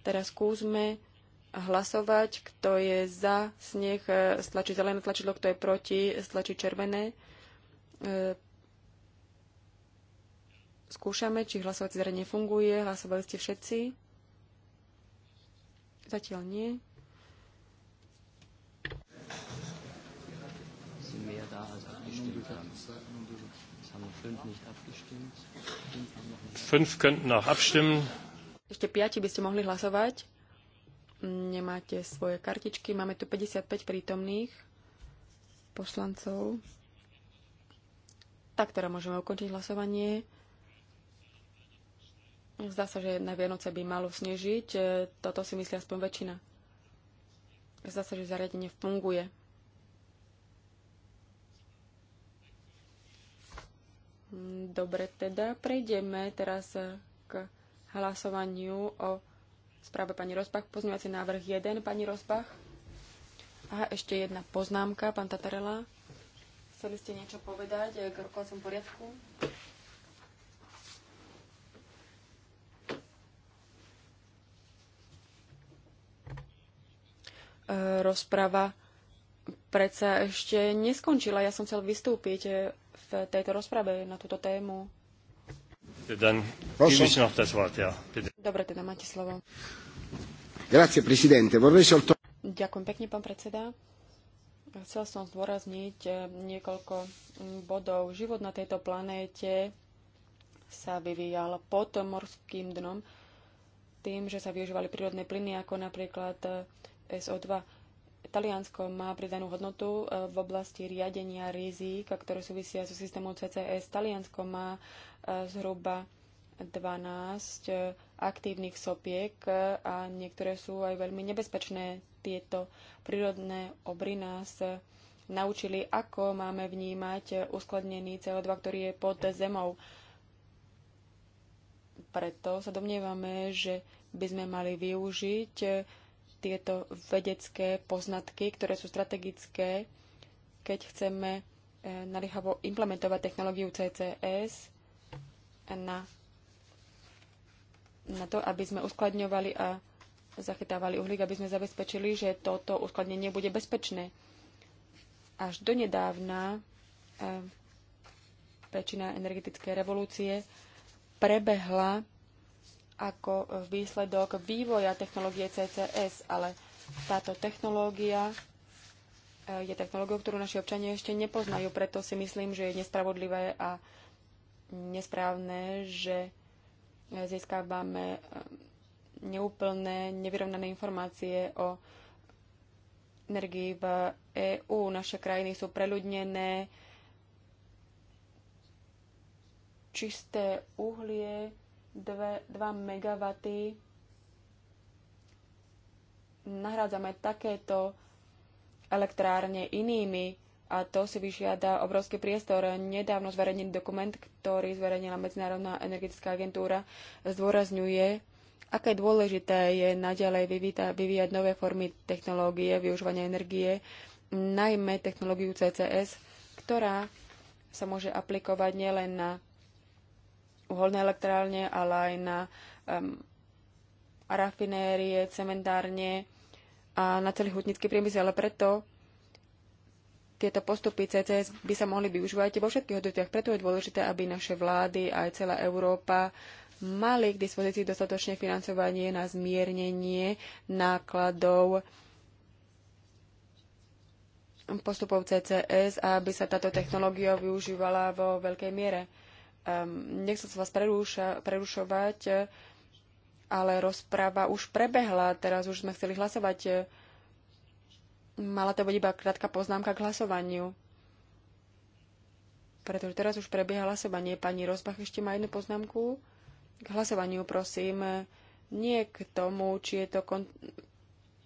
Teraz skúsme hlasovať, kto je za sneh, stlačí zelené tlačidlo, kto je proti, stlačí červené. Skúšame, či hlasovacie zariadenie funguje. Hlasovali ste všetci. Zatiaľ nie. Fünf könnten noch abstimmen. Ešte piati by ste mohli hlasovať. Nemáte svoje kartičky. Máme tu 55 prítomných poslancov. Tak teda môžeme ukončiť hlasovanie. Zdá sa, že na Vianoce by malo snežiť. Toto si myslí aspoň väčšina. Zdá sa, že zariadenie funguje. Dobre, teda prejdeme teraz k hlasovaniu o správe pani Rozbach. Pozňovací návrh 1, pani Rozbach. A ešte jedna poznámka, pán Tatarela. Chceli ste niečo povedať k rokovacom poriadku? rozprava predsa ešte neskončila. Ja som chcel vystúpiť eh, v tejto rozprave na túto tému. Dobre, teda máte slovo. Ďakujem pekne, pán predseda. Chcel som zdôrazniť eh, niekoľko bodov. Život na tejto planéte sa vyvíjal pod morským dnom tým, že sa využívali prírodné plyny, ako napríklad eh, SO2. Taliansko má pridanú hodnotu e, v oblasti riadenia rizík, ktoré súvisia so systémom CCS. Taliansko má e, zhruba 12 e, aktívnych sopiek a niektoré sú aj veľmi nebezpečné. Tieto prírodné obry nás naučili, ako máme vnímať uskladnený CO2, ktorý je pod zemou. Preto sa domnievame, že by sme mali využiť tieto vedecké poznatky, ktoré sú strategické, keď chceme e, naliehavo implementovať technológiu CCS na, na to, aby sme uskladňovali a zachytávali uhlík, aby sme zabezpečili, že toto uskladnenie bude bezpečné. Až donedávna e, väčšina energetickej revolúcie prebehla ako e, výsledok vývoja technológie CCS, ale táto technológia e, je technológiou, ktorú naši občania ešte nepoznajú, preto si myslím, že je nespravodlivé a nesprávne, že e, získávame neúplné, nevyrovnané informácie o energii v EÚ. Naše krajiny sú preľudnené, čisté uhlie 2, 2 MW nahrádzame takéto elektrárne inými a to si vyžiada obrovský priestor. Nedávno zverejnený dokument, ktorý zverejnila Medzinárodná energetická agentúra, zdôrazňuje, aké dôležité je naďalej vyvíjať nové formy technológie využívania energie, najmä technológiu CCS, ktorá sa môže aplikovať nielen na uholné elektrárne, ale aj na um, rafinérie, cementárne a na celý hutnický priemysel. Ale preto tieto postupy CCS by sa mohli využívať vo všetkých odvetviach. Preto je dôležité, aby naše vlády aj celá Európa mali k dispozícii dostatočné financovanie na zmiernenie nákladov postupov CCS a aby sa táto technológia využívala vo veľkej miere. Um, ehm, nechcel vás prerúša, prerušovať, ale rozpráva už prebehla, teraz už sme chceli hlasovať. Mala to byť iba krátka poznámka k hlasovaniu. Pretože teraz už prebieha hlasovanie. Pani Rozbach ešte má jednu poznámku. K hlasovaniu, prosím. Nie k tomu, či je to kon-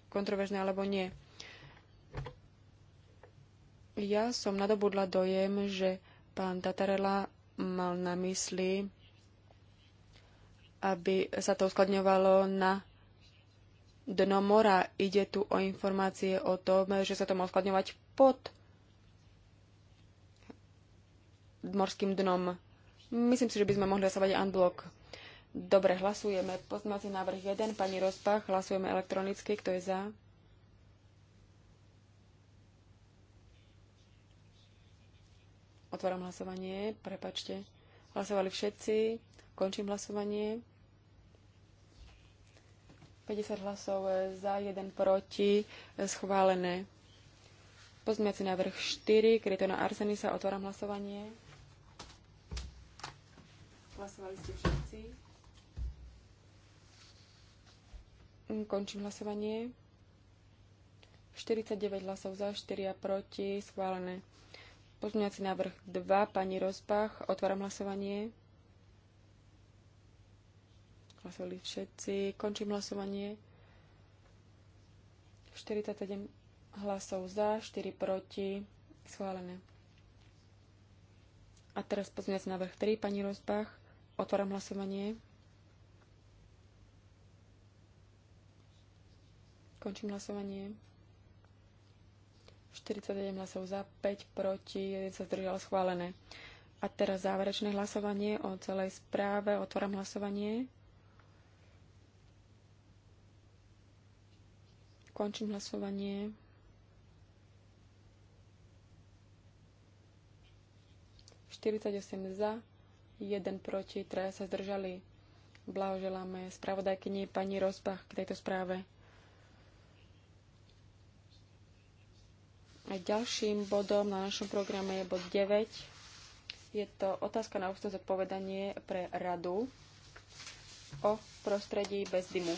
kontroverzné alebo nie. Ja som nadobudla dojem, že pán Tatarela mal na mysli, aby sa to uskladňovalo na dno mora. Ide tu o informácie o tom, že sa to má uskladňovať pod morským dnom. Myslím si, že by sme mohli hlasovať unblock. Dobre, hlasujeme. Poznáte návrh 1, pani Rozpach, hlasujeme elektronicky. Kto je za? Otváram hlasovanie. Prepačte. Hlasovali všetci. Končím hlasovanie. 50 hlasov za, 1 proti. Schválené. Pozmiaci návrh 4, na Arsenisa. Otváram hlasovanie. Hlasovali ste všetci. Končím hlasovanie. 49 hlasov za, 4 proti. Schválené. Pozmeňovací návrh 2, pani Rozpach. Otváram hlasovanie. Hlasovali všetci. Končím hlasovanie. 47 hlasov za, 4 proti. Schválené. A teraz pozmeňovací návrh 3, pani Rozbach. Otváram hlasovanie. Končím hlasovanie. 41 hlasov za, 5 proti, 1 sa zdržal schválené. A teraz záverečné hlasovanie o celej správe. Otváram hlasovanie. Končím hlasovanie. za, 1 proti, 3 sa zdržali. Blahoželáme spravodajkyni pani Rozbach k tejto správe. A ďalším bodom na našom programe je bod 9. Je to otázka na ústne zodpovedanie pre radu o prostredí bez dymu.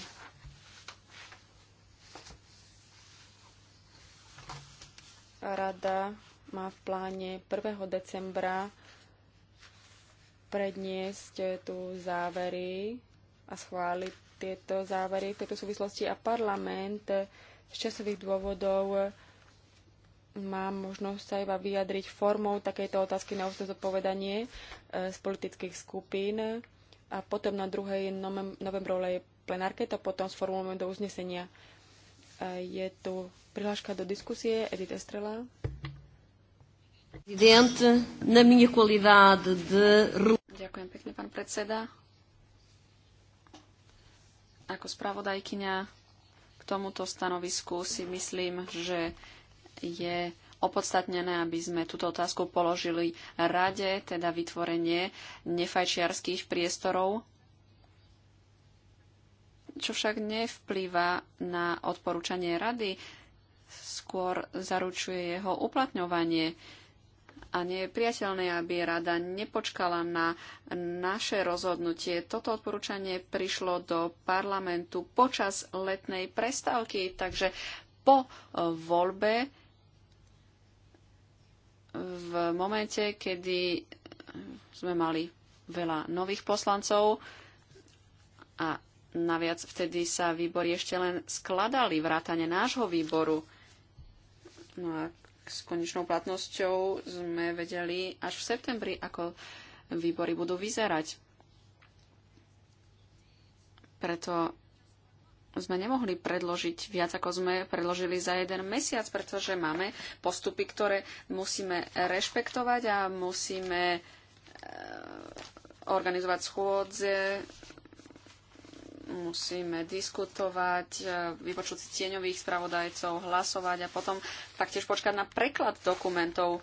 Rada má v pláne 1. decembra predniesť tu závery a schváliť tieto závery v tejto súvislosti a parlament z časových dôvodov mám možnosť sa iba vyjadriť formou takejto otázky na ústne zodpovedanie e, z politických skupín a potom na druhej novembrovej plenárke to potom sformulujeme do uznesenia. E, je tu prihláška do diskusie. Edith Estrela. Ďakujem pekne, pán predseda. Ako spravodajkyňa k tomuto stanovisku si myslím, že je opodstatnené, aby sme túto otázku položili rade, teda vytvorenie nefajčiarských priestorov, čo však nevplýva na odporúčanie rady, skôr zaručuje jeho uplatňovanie. A nie je priateľné, aby rada nepočkala na naše rozhodnutie. Toto odporúčanie prišlo do parlamentu počas letnej prestávky, takže po voľbe v momente, kedy sme mali veľa nových poslancov a naviac vtedy sa výbory ešte len skladali vrátane nášho výboru. No a s konečnou platnosťou sme vedeli až v septembri, ako výbory budú vyzerať. Preto sme nemohli predložiť viac, ako sme predložili za jeden mesiac, pretože máme postupy, ktoré musíme rešpektovať a musíme e, organizovať schôdze, musíme diskutovať, e, vypočuť tieňových spravodajcov, hlasovať a potom taktiež počkať na preklad dokumentov.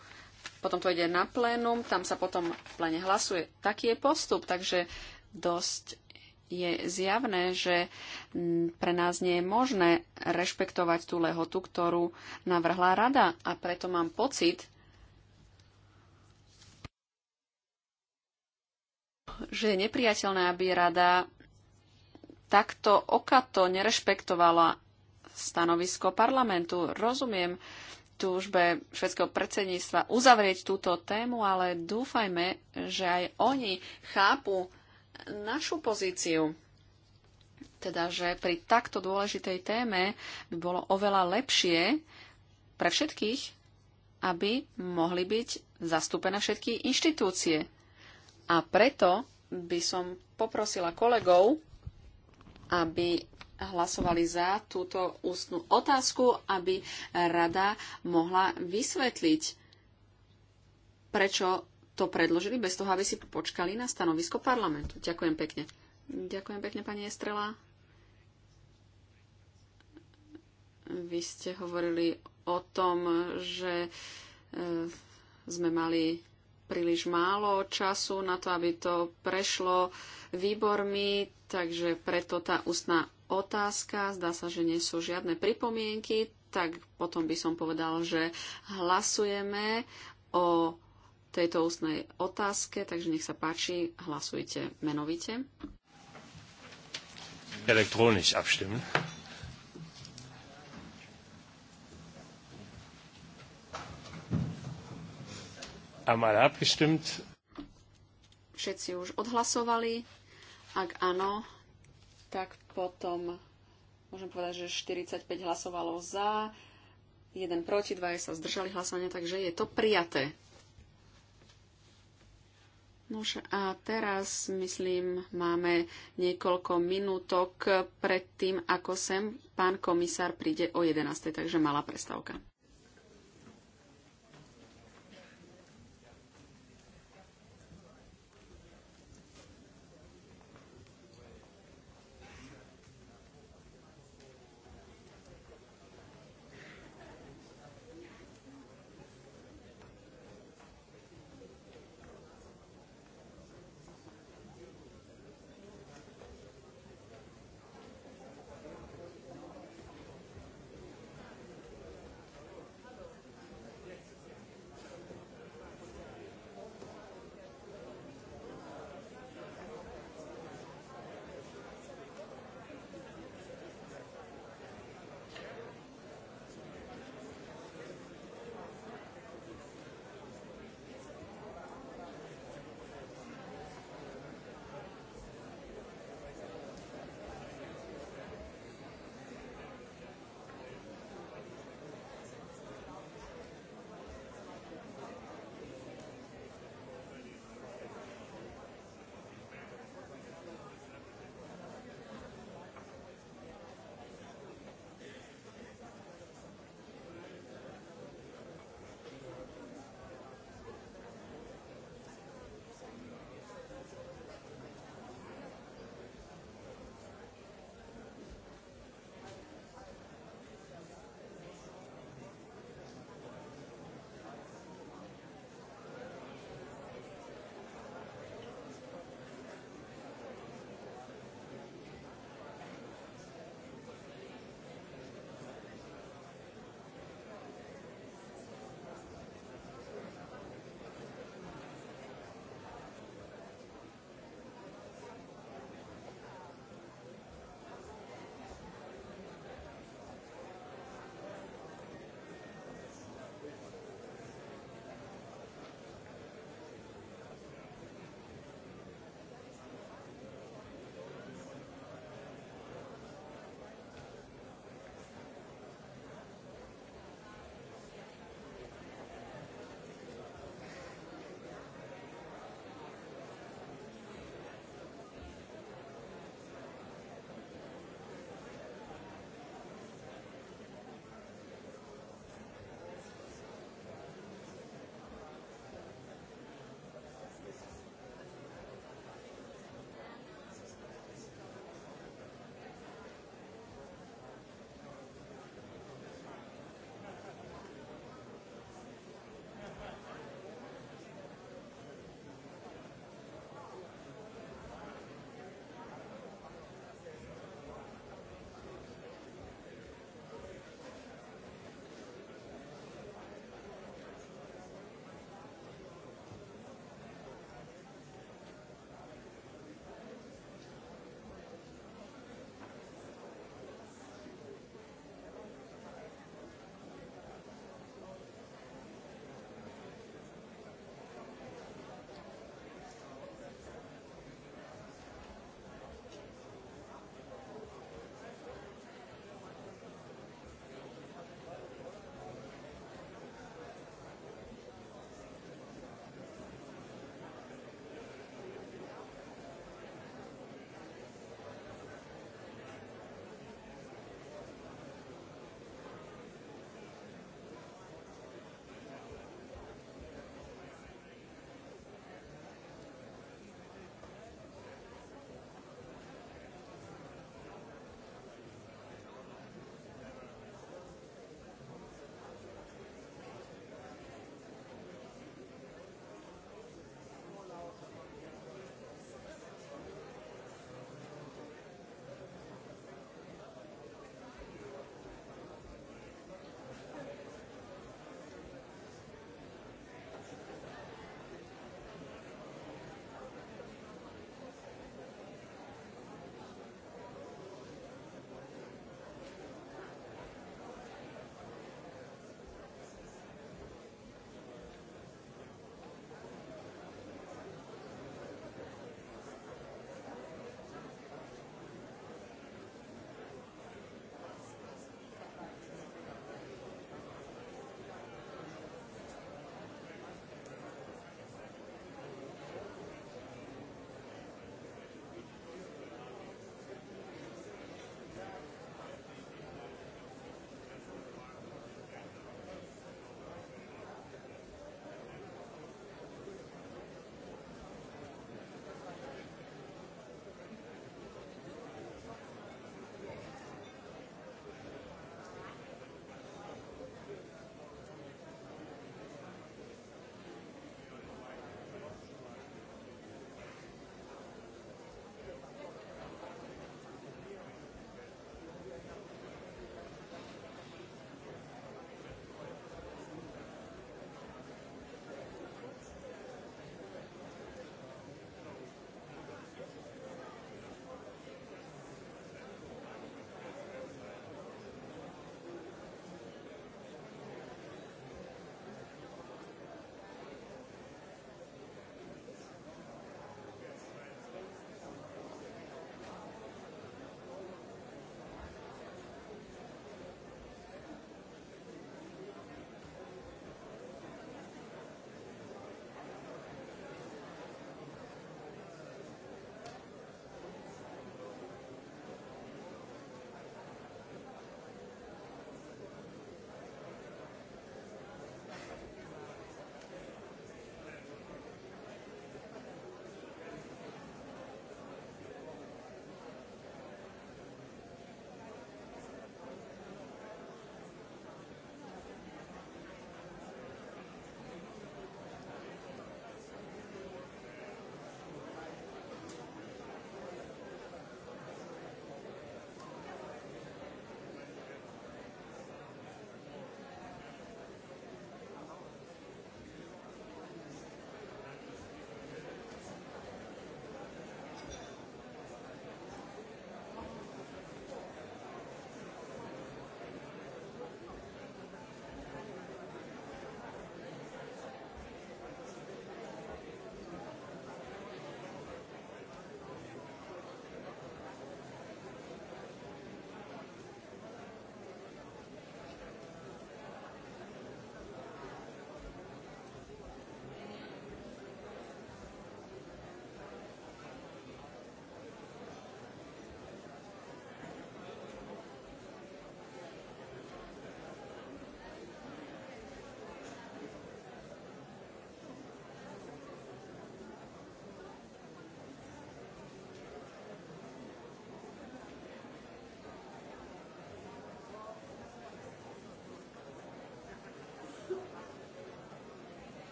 Potom to ide na plénum, tam sa potom v plene hlasuje. Taký je postup, takže dosť je zjavné, že pre nás nie je možné rešpektovať tú lehotu, ktorú navrhla rada. A preto mám pocit, že je nepriateľné, aby rada takto okato nerešpektovala stanovisko parlamentu. Rozumiem túžbe švedského predsedníctva uzavrieť túto tému, ale dúfajme, že aj oni chápu našu pozíciu. Teda, že pri takto dôležitej téme by bolo oveľa lepšie pre všetkých, aby mohli byť zastúpené všetky inštitúcie. A preto by som poprosila kolegov, aby hlasovali za túto ústnu otázku, aby rada mohla vysvetliť, prečo to predložili bez toho, aby si počkali na stanovisko parlamentu. Ďakujem pekne. Ďakujem pekne, pani Estrela. Vy ste hovorili o tom, že eh, sme mali príliš málo času na to, aby to prešlo výbormi, takže preto tá ústna otázka, zdá sa, že nie sú žiadne pripomienky, tak potom by som povedal, že hlasujeme o tejto ústnej otázke, takže nech sa páči, hlasujte menovite. Elektronisch abstimmen. Všetci už odhlasovali. Ak áno, tak potom môžem povedať, že 45 hlasovalo za, jeden proti, dvaja sa zdržali hlasovania, takže je to prijaté. Nož a teraz, myslím, máme niekoľko minútok pred tým, ako sem pán komisár príde o 11. Takže malá prestávka.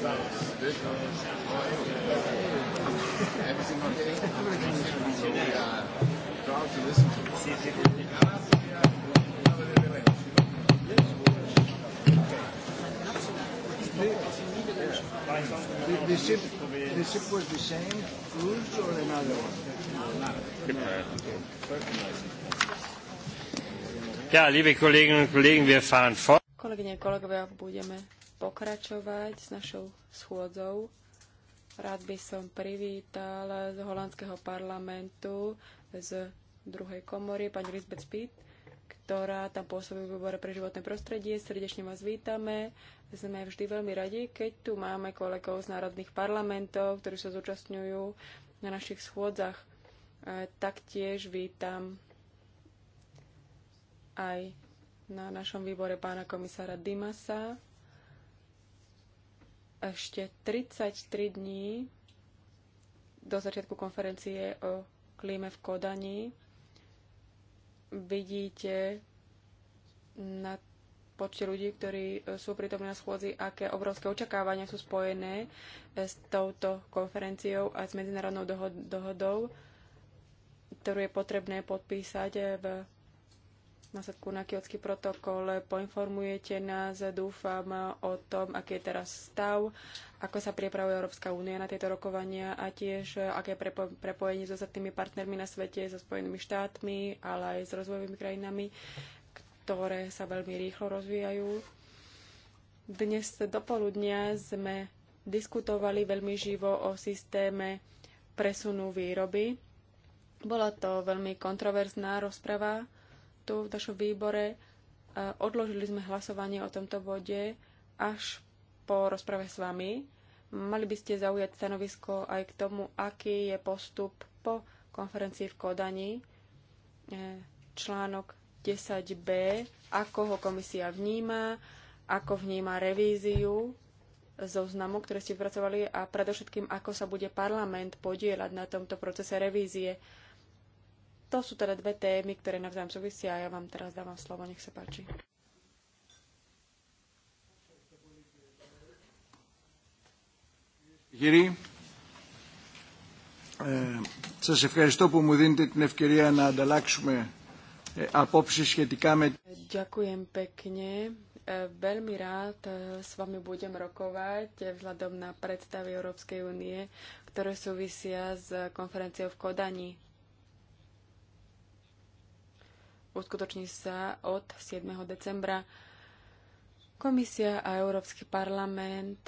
The ship, the ship was the same, cruise or another one? Ja, liebe Kolleginnen und Kollegen, wir fahren fort. Kolegyne, kolegovia, budeme pokračovať s našou schôdzou. Rád by som privítal z holandského parlamentu z druhej komory pani Lisbeth Spitt, ktorá tam pôsobí v výbore pre životné prostredie. Srdečne vás vítame. Sme vždy veľmi radi, keď tu máme kolegov z národných parlamentov, ktorí sa zúčastňujú na našich schôdzach. E, taktiež vítam aj na našom výbore pána komisára Dimasa, ešte 33 dní do začiatku konferencie o klíme v Kodani vidíte na počte ľudí, ktorí e, sú prítomní na schôdzi, aké obrovské očakávania sú spojené e, s touto konferenciou a s medzinárodnou dohodou, ktorú je potrebné podpísať e, v následku na kiotský protokol. Poinformujete nás, dúfam, o tom, aký je teraz stav, ako sa pripravuje Európska únia na tieto rokovania a tiež aké prepo- prepojenie so ostatnými partnermi na svete, so Spojenými štátmi, ale aj s rozvojovými krajinami, ktoré sa veľmi rýchlo rozvíjajú. Dnes dopoludnia sme diskutovali veľmi živo o systéme presunu výroby. Bola to veľmi kontroverzná rozprava tu v našom výbore odložili sme hlasovanie o tomto bode až po rozprave s vami. Mali by ste zaujať stanovisko aj k tomu, aký je postup po konferencii v Kodani. E, článok 10b, ako ho komisia vníma, ako vníma revíziu zoznamu, ktoré ste vypracovali a predovšetkým, ako sa bude parlament podielať na tomto procese revízie. To sú teda dve témy, ktoré navzájom súvisia a ja vám teraz dávam slovo, nech sa páči. Κύριοι, ε, σας ευχαριστώ που μου δίνετε την ευκαιρία να ανταλλάξουμε ε, απόψεις σχετικά με... Ďakujem pekne. Veľmi rád s vami budem rokovať e, vzhľadom na predstavy Európskej únie, ktoré súvisia s konferenciou v Kodani uskutoční sa od 7. decembra. Komisia a Európsky parlament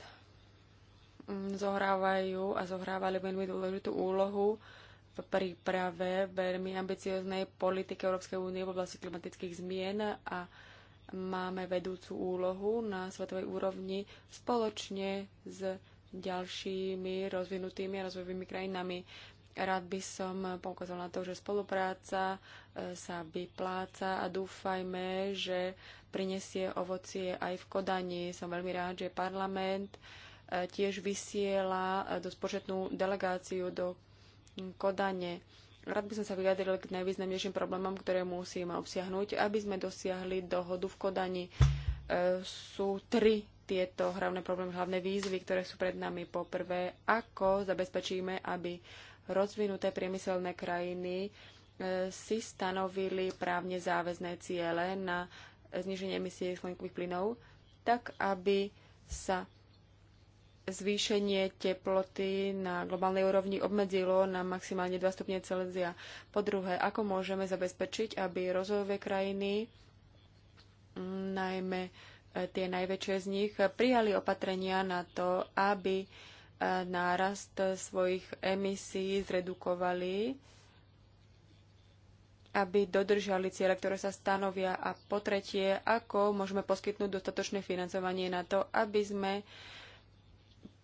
mm, zohrávajú a zohrávali veľmi dôležitú úlohu v príprave veľmi ambicioznej politiky Európskej únie v oblasti klimatických zmien a máme vedúcu úlohu na svetovej úrovni spoločne s ďalšími rozvinutými a rozvojovými krajinami. Rád by som poukázal na to, že spolupráca e, sa vypláca a dúfajme, že prinesie ovocie aj v Kodani. Som veľmi rád, že parlament e, tiež vysiela e, dospočetnú delegáciu do Kodane. Rád by som sa vyjadril k najvýznamnejším problémom, ktoré musíme obsiahnuť, aby sme dosiahli dohodu v Kodani. Sú tri tieto hlavné problémy, hlavné výzvy, ktoré sú pred nami. Po prvé, ako zabezpečíme, aby rozvinuté priemyselné krajiny e, si stanovili právne záväzné ciele na zniženie emisie skleníkových plynov, tak aby sa zvýšenie teploty na globálnej úrovni obmedzilo na maximálne 2 stupne Celzia. Po druhé, ako môžeme zabezpečiť, aby rozvojové krajiny, najmä e, tie najväčšie z nich, prijali opatrenia na to, aby nárast svojich emisí zredukovali, aby dodržali ciele, ktoré sa stanovia a po tretie, ako môžeme poskytnúť dostatočné financovanie na to, aby sme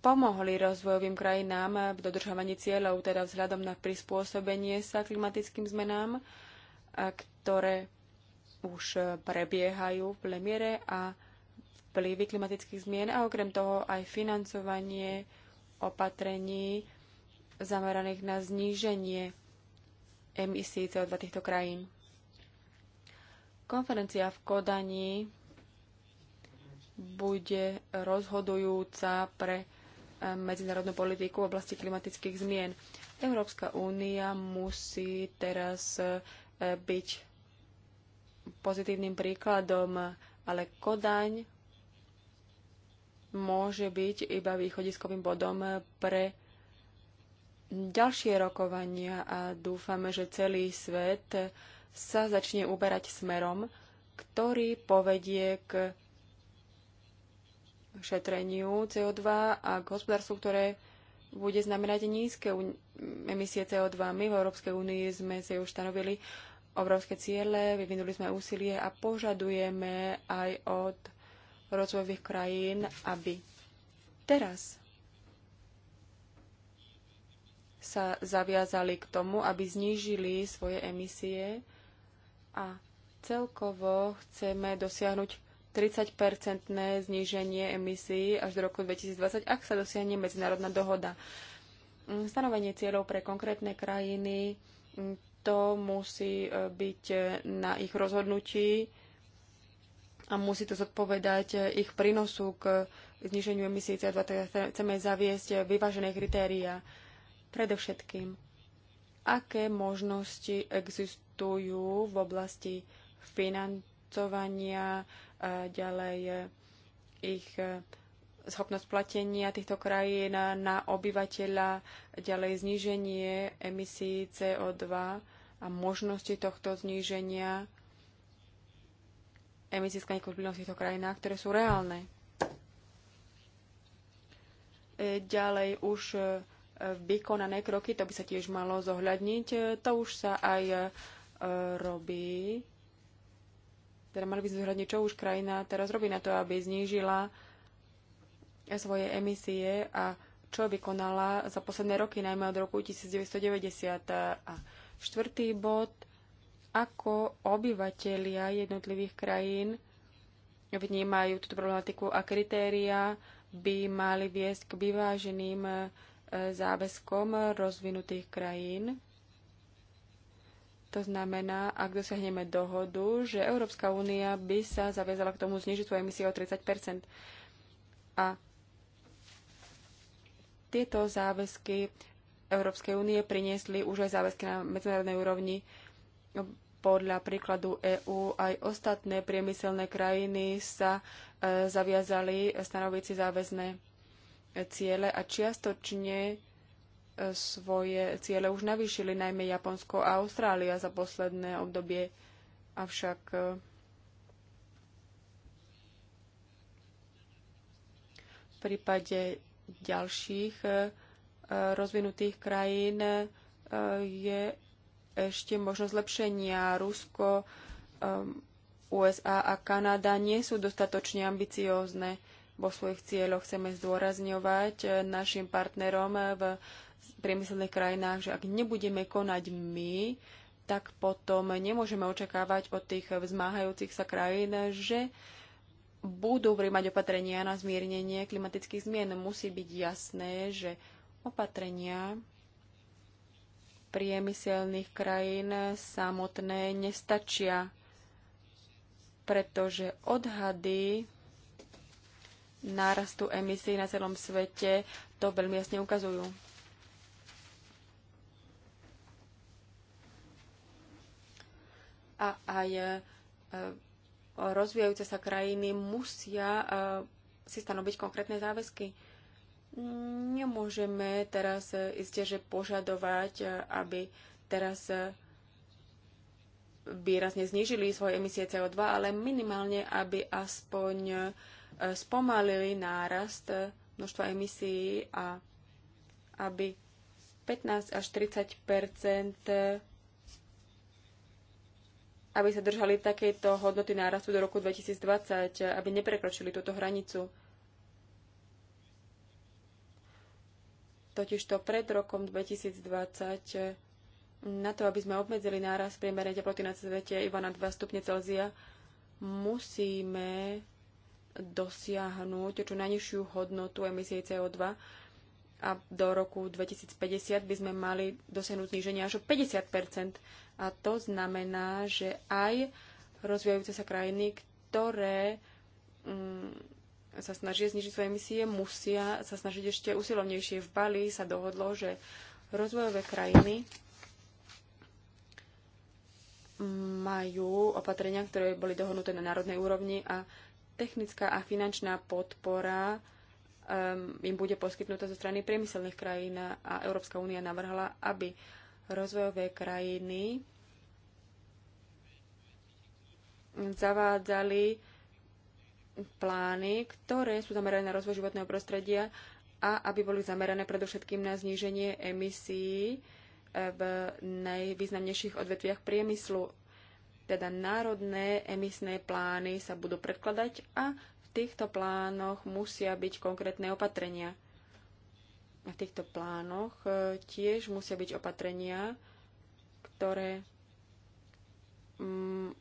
pomohli rozvojovým krajinám v dodržovaní cieľov, teda vzhľadom na prispôsobenie sa klimatickým zmenám, ktoré už prebiehajú v plemiere a vplyvy klimatických zmien a okrem toho aj financovanie opatrení zameraných na zníženie emisí CO2 týchto krajín. Konferencia v Kodani bude rozhodujúca pre eh, medzinárodnú politiku v oblasti klimatických zmien. Európska únia musí teraz eh, byť pozitívnym príkladom, ale Kodaň môže byť iba východiskovým bodom pre ďalšie rokovania a dúfame, že celý svet sa začne uberať smerom, ktorý povedie k šetreniu CO2 a k hospodárstvu, ktoré bude znamenať nízke emisie CO2. My v Európskej únii sme si už stanovili obrovské ciele, vyvinuli sme úsilie a požadujeme aj od rozvojových krajín, aby teraz sa zaviazali k tomu, aby znížili svoje emisie a celkovo chceme dosiahnuť 30-percentné zníženie emisí až do roku 2020, ak sa dosiahne medzinárodná dohoda. Mm, stanovenie cieľov pre konkrétne krajiny, mm, to musí e, byť e, na ich rozhodnutí a musí to zodpovedať eh, ich prínosu k zniženiu emisí CO2. Teda chceme zaviesť eh, vyvážené kritéria. Predovšetkým, aké možnosti existujú v oblasti financovania, a ďalej eh, ich schopnosť platenia týchto krajín na obyvateľa, ďalej zníženie emisí CO2 a možnosti tohto zníženia emisí skleníkových plynov v týchto krajinách, ktoré sú reálne. E, ďalej už e, vykonané kroky, to by sa tiež malo zohľadniť. E, to už sa aj robí. Teda mali by sme zohľadniť, čo už krajina teraz robí na to, aby znížila svoje emisie a čo vykonala za posledné roky, najmä od roku 1990. A štvrtý bod – ako obyvatelia jednotlivých krajín vnímajú túto problematiku a kritéria by mali viesť k vyváženým e, záväzkom rozvinutých krajín. To znamená, ak dosiahneme dohodu, že Európska únia by sa zaviazala k tomu znižiť svoje emisie o 30 A tieto záväzky Európskej únie priniesli už aj záväzky na medzinárodnej úrovni podľa príkladu EÚ aj ostatné priemyselné krajiny sa e, zaviazali stanoviť si záväzné e, ciele a čiastočne e, svoje ciele už navýšili najmä Japonsko a Austrália za posledné obdobie. Avšak v prípade ďalších rozvinutých krajín je ešte možno zlepšenia. Rusko, um, USA a Kanada nie sú dostatočne ambiciózne vo svojich cieľoch. Chceme zdôrazňovať eh, našim partnerom eh, v priemyselných krajinách, že ak nebudeme konať my, tak potom nemôžeme očakávať od tých vzmáhajúcich sa krajín, že budú príjmať opatrenia na zmiernenie klimatických zmien. Musí byť jasné, že opatrenia priemyselných krajín samotné nestačia, pretože odhady nárastu emisí na celom svete to veľmi jasne ukazujú. A aj e, rozvíjajúce sa krajiny musia e, si stanoviť konkrétne záväzky nemôžeme teraz e, iste, že požadovať, e, aby teraz e, výrazne znížili svoje emisie CO2, ale minimálne, aby aspoň spomalili nárast množstva emisí a aby 15 až 30 aby sa držali takéto hodnoty nárastu do roku 2020, aby neprekročili túto hranicu. Totižto pred rokom 2020 na to, aby sme obmedzili náraz priemernej teploty na svete iba na 2 stupne Celzia, musíme dosiahnuť čo najnižšiu hodnotu emisie CO2 a do roku 2050 by sme mali dosiahnuť zníženie až o 50 A to znamená, že aj rozvíjajúce sa krajiny, ktoré mm, sa snažia znižiť svoje emisie, musia sa snažiť ešte usilovnejšie. V Bali sa dohodlo, že rozvojové krajiny majú opatrenia, ktoré boli dohodnuté na národnej úrovni a technická a finančná podpora um, im bude poskytnutá zo strany priemyselných krajín a Európska únia navrhla, aby rozvojové krajiny zavádzali plány, ktoré sú zamerané na rozvoj životného prostredia a aby boli zamerané predovšetkým na zníženie emisí eh, v najvýznamnejších odvetviach priemyslu. Teda národné emisné plány sa budú predkladať a v týchto plánoch musia byť konkrétne opatrenia. A v týchto plánoch eh, tiež musia byť opatrenia, ktoré mm,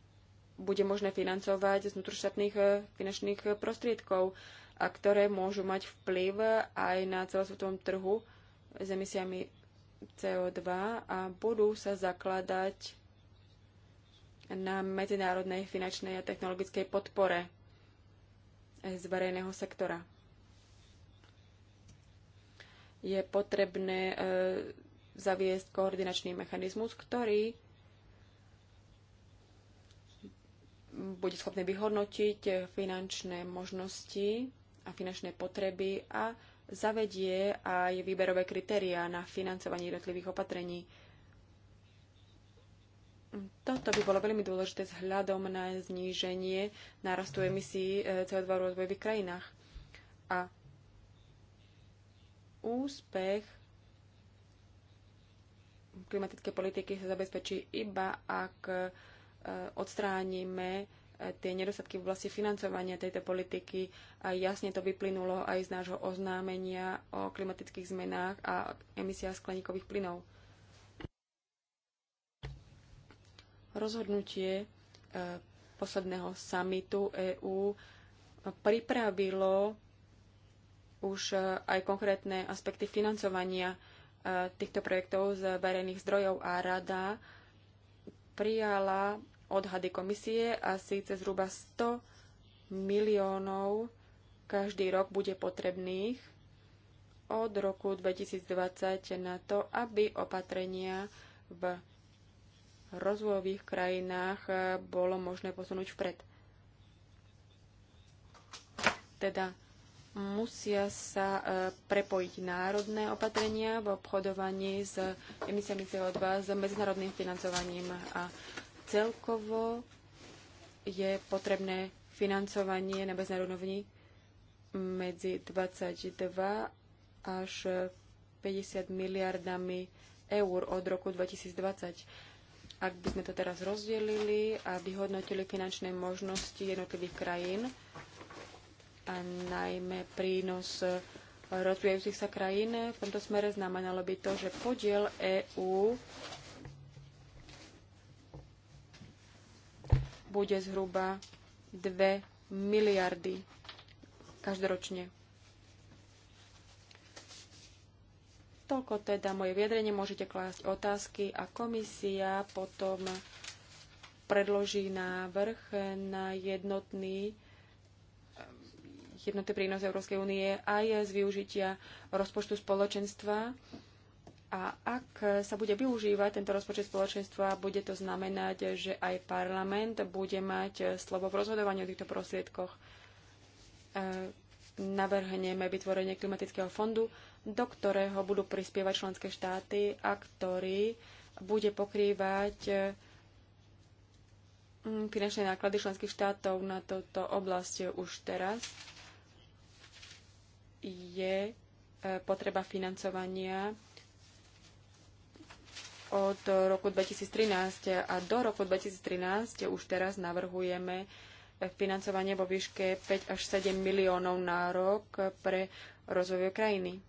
bude možné financovať z vnútroštátnych e, finančných e, prostriedkov a ktoré môžu mať vplyv aj na celosvetovom trhu s emisiami CO2 a budú sa zakladať na medzinárodnej finančnej a technologickej podpore z verejného sektora. Je potrebné e, zaviesť koordinačný mechanizmus, ktorý bude schopné vyhodnotiť finančné možnosti a finančné potreby a zavedie aj výberové kritériá na financovanie jednotlivých opatrení. Toto by bolo veľmi dôležité vzhľadom na zníženie nárastu emisí eh, CO2 v rozvojových krajinách. A úspech klimatickej politiky sa zabezpečí iba, ak Eh, odstránime eh, tie nedostatky v oblasti financovania tejto politiky. A jasne to vyplynulo aj z nášho oznámenia o klimatických zmenách a emisiách skleníkových plynov. Rozhodnutie eh, posledného samitu EÚ pripravilo už aj konkrétne aspekty financovania týchto projektov z verejných zdrojov a rada prijala odhady komisie a síce zhruba 100 miliónov každý rok bude potrebných od roku 2020 na to, aby opatrenia v rozvojových krajinách eh, bolo možné posunúť vpred. Teda musia sa e, prepojiť národné opatrenia v obchodovaní s emisiami CO2 s medzinárodným financovaním a celkovo je potrebné financovanie na medzinárodnej úrovni medzi 22 až 50 miliardami eur od roku 2020. Ak by sme to teraz rozdelili a vyhodnotili finančné možnosti jednotlivých krajín, a najmä prínos e, rozvíjajúcich sa krajín. V tomto smere znamenalo by to, že podiel EÚ bude zhruba 2 miliardy každoročne. Toľko teda moje vyjadrenie. Môžete klásť otázky a komisia potom predloží návrh na jednotný jednotný prínos Európskej únie aj z využitia rozpočtu spoločenstva. A ak sa bude využívať tento rozpočet spoločenstva, bude to znamenať, že aj parlament bude mať slovo v rozhodovaní o týchto prostriedkoch. E, navrhneme vytvorenie klimatického fondu, do ktorého budú prispievať členské štáty a ktorý bude pokrývať e, finančné náklady členských štátov na toto oblasť už teraz je e, potreba financovania od roku 2013 a do roku 2013 už teraz navrhujeme e, financovanie vo výške 5 až 7 miliónov na rok pre rozvoj krajiny.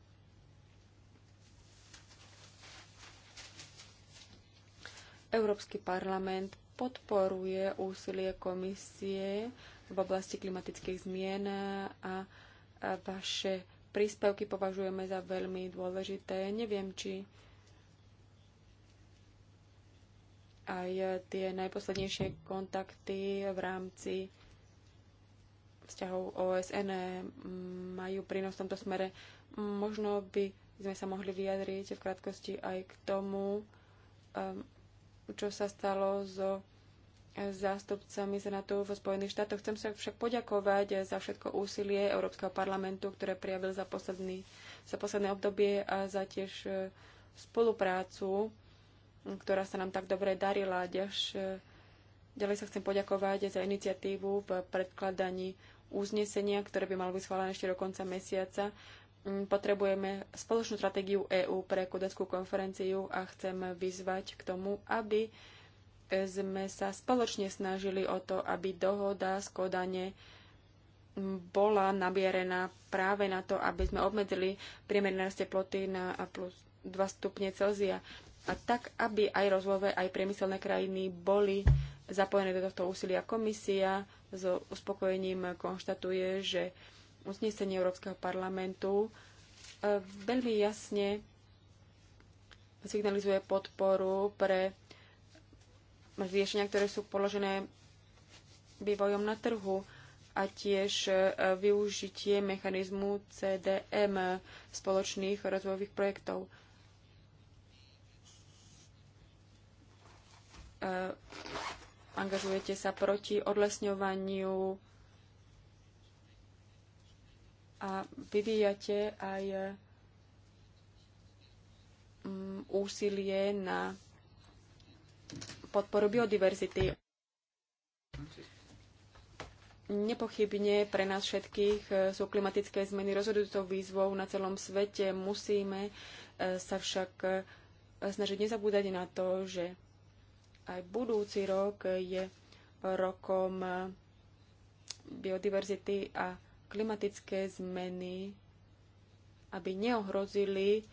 Európsky parlament podporuje úsilie komisie v oblasti klimatických zmien a Vaše príspevky považujeme za veľmi dôležité. Neviem, či aj tie najposlednejšie kontakty v rámci vzťahov OSN mm, majú prínos v tomto smere. Možno by sme sa mohli vyjadriť v krátkosti aj k tomu, um, čo sa stalo so zástupcami Senátu v Spojených štátoch. Chcem sa však poďakovať za všetko úsilie Európskeho parlamentu, ktoré prijavil za, posledný, za posledné obdobie a za tiež e, spoluprácu, ktorá sa nám tak dobre darila. Ďaž, e, ďalej sa chcem poďakovať za iniciatívu v predkladaní uznesenia, ktoré by malo byť schválené ešte do konca mesiaca. Mm, potrebujeme spoločnú stratégiu EÚ pre Kodackú konferenciu a chcem vyzvať k tomu, aby sme sa spoločne snažili o to, aby dohoda z Kodane bola nabierená práve na to, aby sme obmedzili priemerné teploty na plus 2 stupne Celzia. A tak, aby aj rozvojové, aj priemyselné krajiny boli zapojené do tohto úsilia. Komisia s uspokojením konštatuje, že uznesenie Európskeho parlamentu e, veľmi jasne signalizuje podporu pre riešenia, ktoré sú položené vývojom na trhu a tiež e, využitie mechanizmu CDM e, spoločných rozvojových projektov. E, angažujete sa proti odlesňovaniu a vyvíjate aj úsilie na podporu biodiverzity. Nepochybne pre nás všetkých e, sú klimatické zmeny rozhodujúcou výzvou na celom svete. Musíme e, sa však e, snažiť nezabúdať na to, že aj budúci rok je rokom biodiverzity a klimatické zmeny, aby neohrozili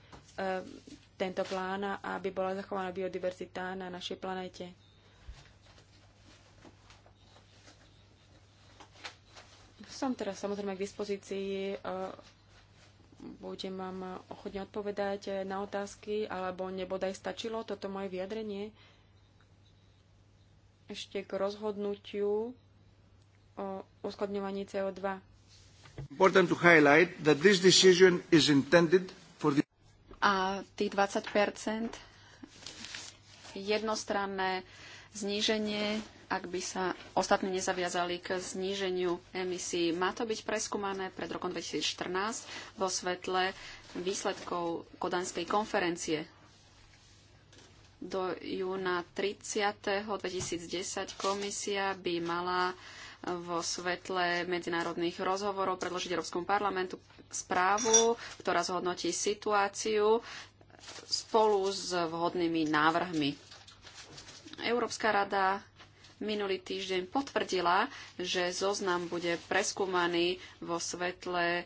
tento plán, aby bola zachovaná biodiverzita na našej planete. Som teraz samozrejme k dispozícii, e, budem vám ochotne odpovedať na otázky, alebo nebodaj stačilo toto moje vyjadrenie ešte k rozhodnutiu o uskladňovaní CO2. Important to highlight that this decision is intended a tých 20 jednostranné zníženie, ak by sa ostatní nezaviazali k zníženiu emisí. Má to byť preskúmané pred rokom 2014 vo svetle výsledkov Kodanskej konferencie. Do júna 30. 2010 komisia by mala vo svetle medzinárodných rozhovorov predložiť Európskom parlamentu správu, ktorá zhodnotí situáciu spolu s vhodnými návrhmi. Európska rada minulý týždeň potvrdila, že zoznam bude preskúmaný vo svetle eh,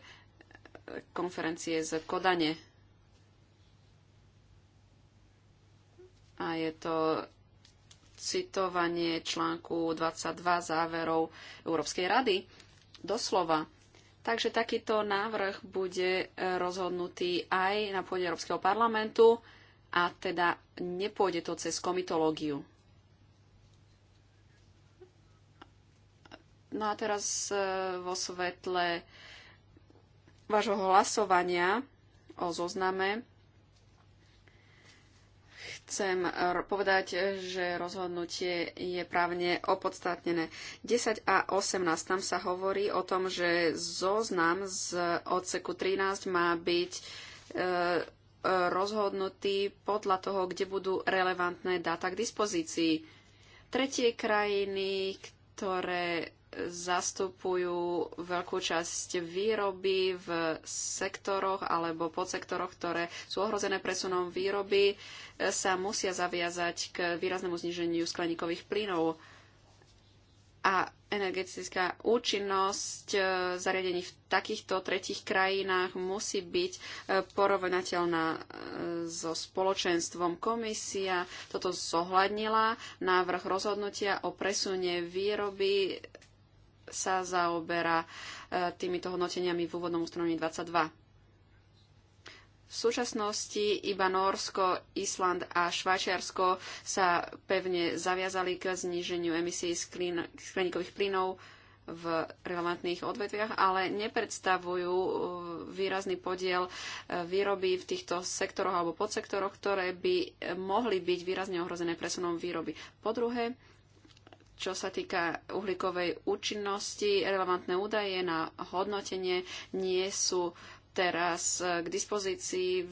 konferencie z Kodane. A je to citovanie článku 22 záverov Európskej rady. Doslova Takže takýto návrh bude e, rozhodnutý aj na pôde Európskeho parlamentu a teda nepôjde to cez komitológiu. No a teraz e, vo svetle vášho hlasovania o zozname chcem povedať, že rozhodnutie je právne opodstatnené. 10 a 18 tam sa hovorí o tom, že zoznam z odseku 13 má byť e, rozhodnutý podľa toho, kde budú relevantné dáta k dispozícii. Tretie krajiny, ktoré zastupujú veľkú časť výroby v sektoroch alebo podsektoroch, ktoré sú ohrozené presunom výroby, e, sa musia zaviazať k výraznému zniženiu skleníkových plynov. A energetická účinnosť e, zariadení v takýchto tretich krajinách musí byť e, porovnateľná so spoločenstvom. Komisia toto zohľadnila. Návrh rozhodnutia o presune výroby sa zaoberá e, týmito hodnoteniami v úvodnom ustanovení 22. V súčasnosti iba Norsko, Island a Švajčiarsko sa pevne zaviazali k zníženiu emisí skleníkových plynov v relevantných odvetviach, ale nepredstavujú e, výrazný podiel e, výroby v týchto sektoroch alebo podsektoroch, ktoré by mohli byť výrazne ohrozené presunom výroby. Po druhé, čo sa týka uhlíkovej účinnosti, relevantné údaje na hodnotenie nie sú teraz eh, k dispozícii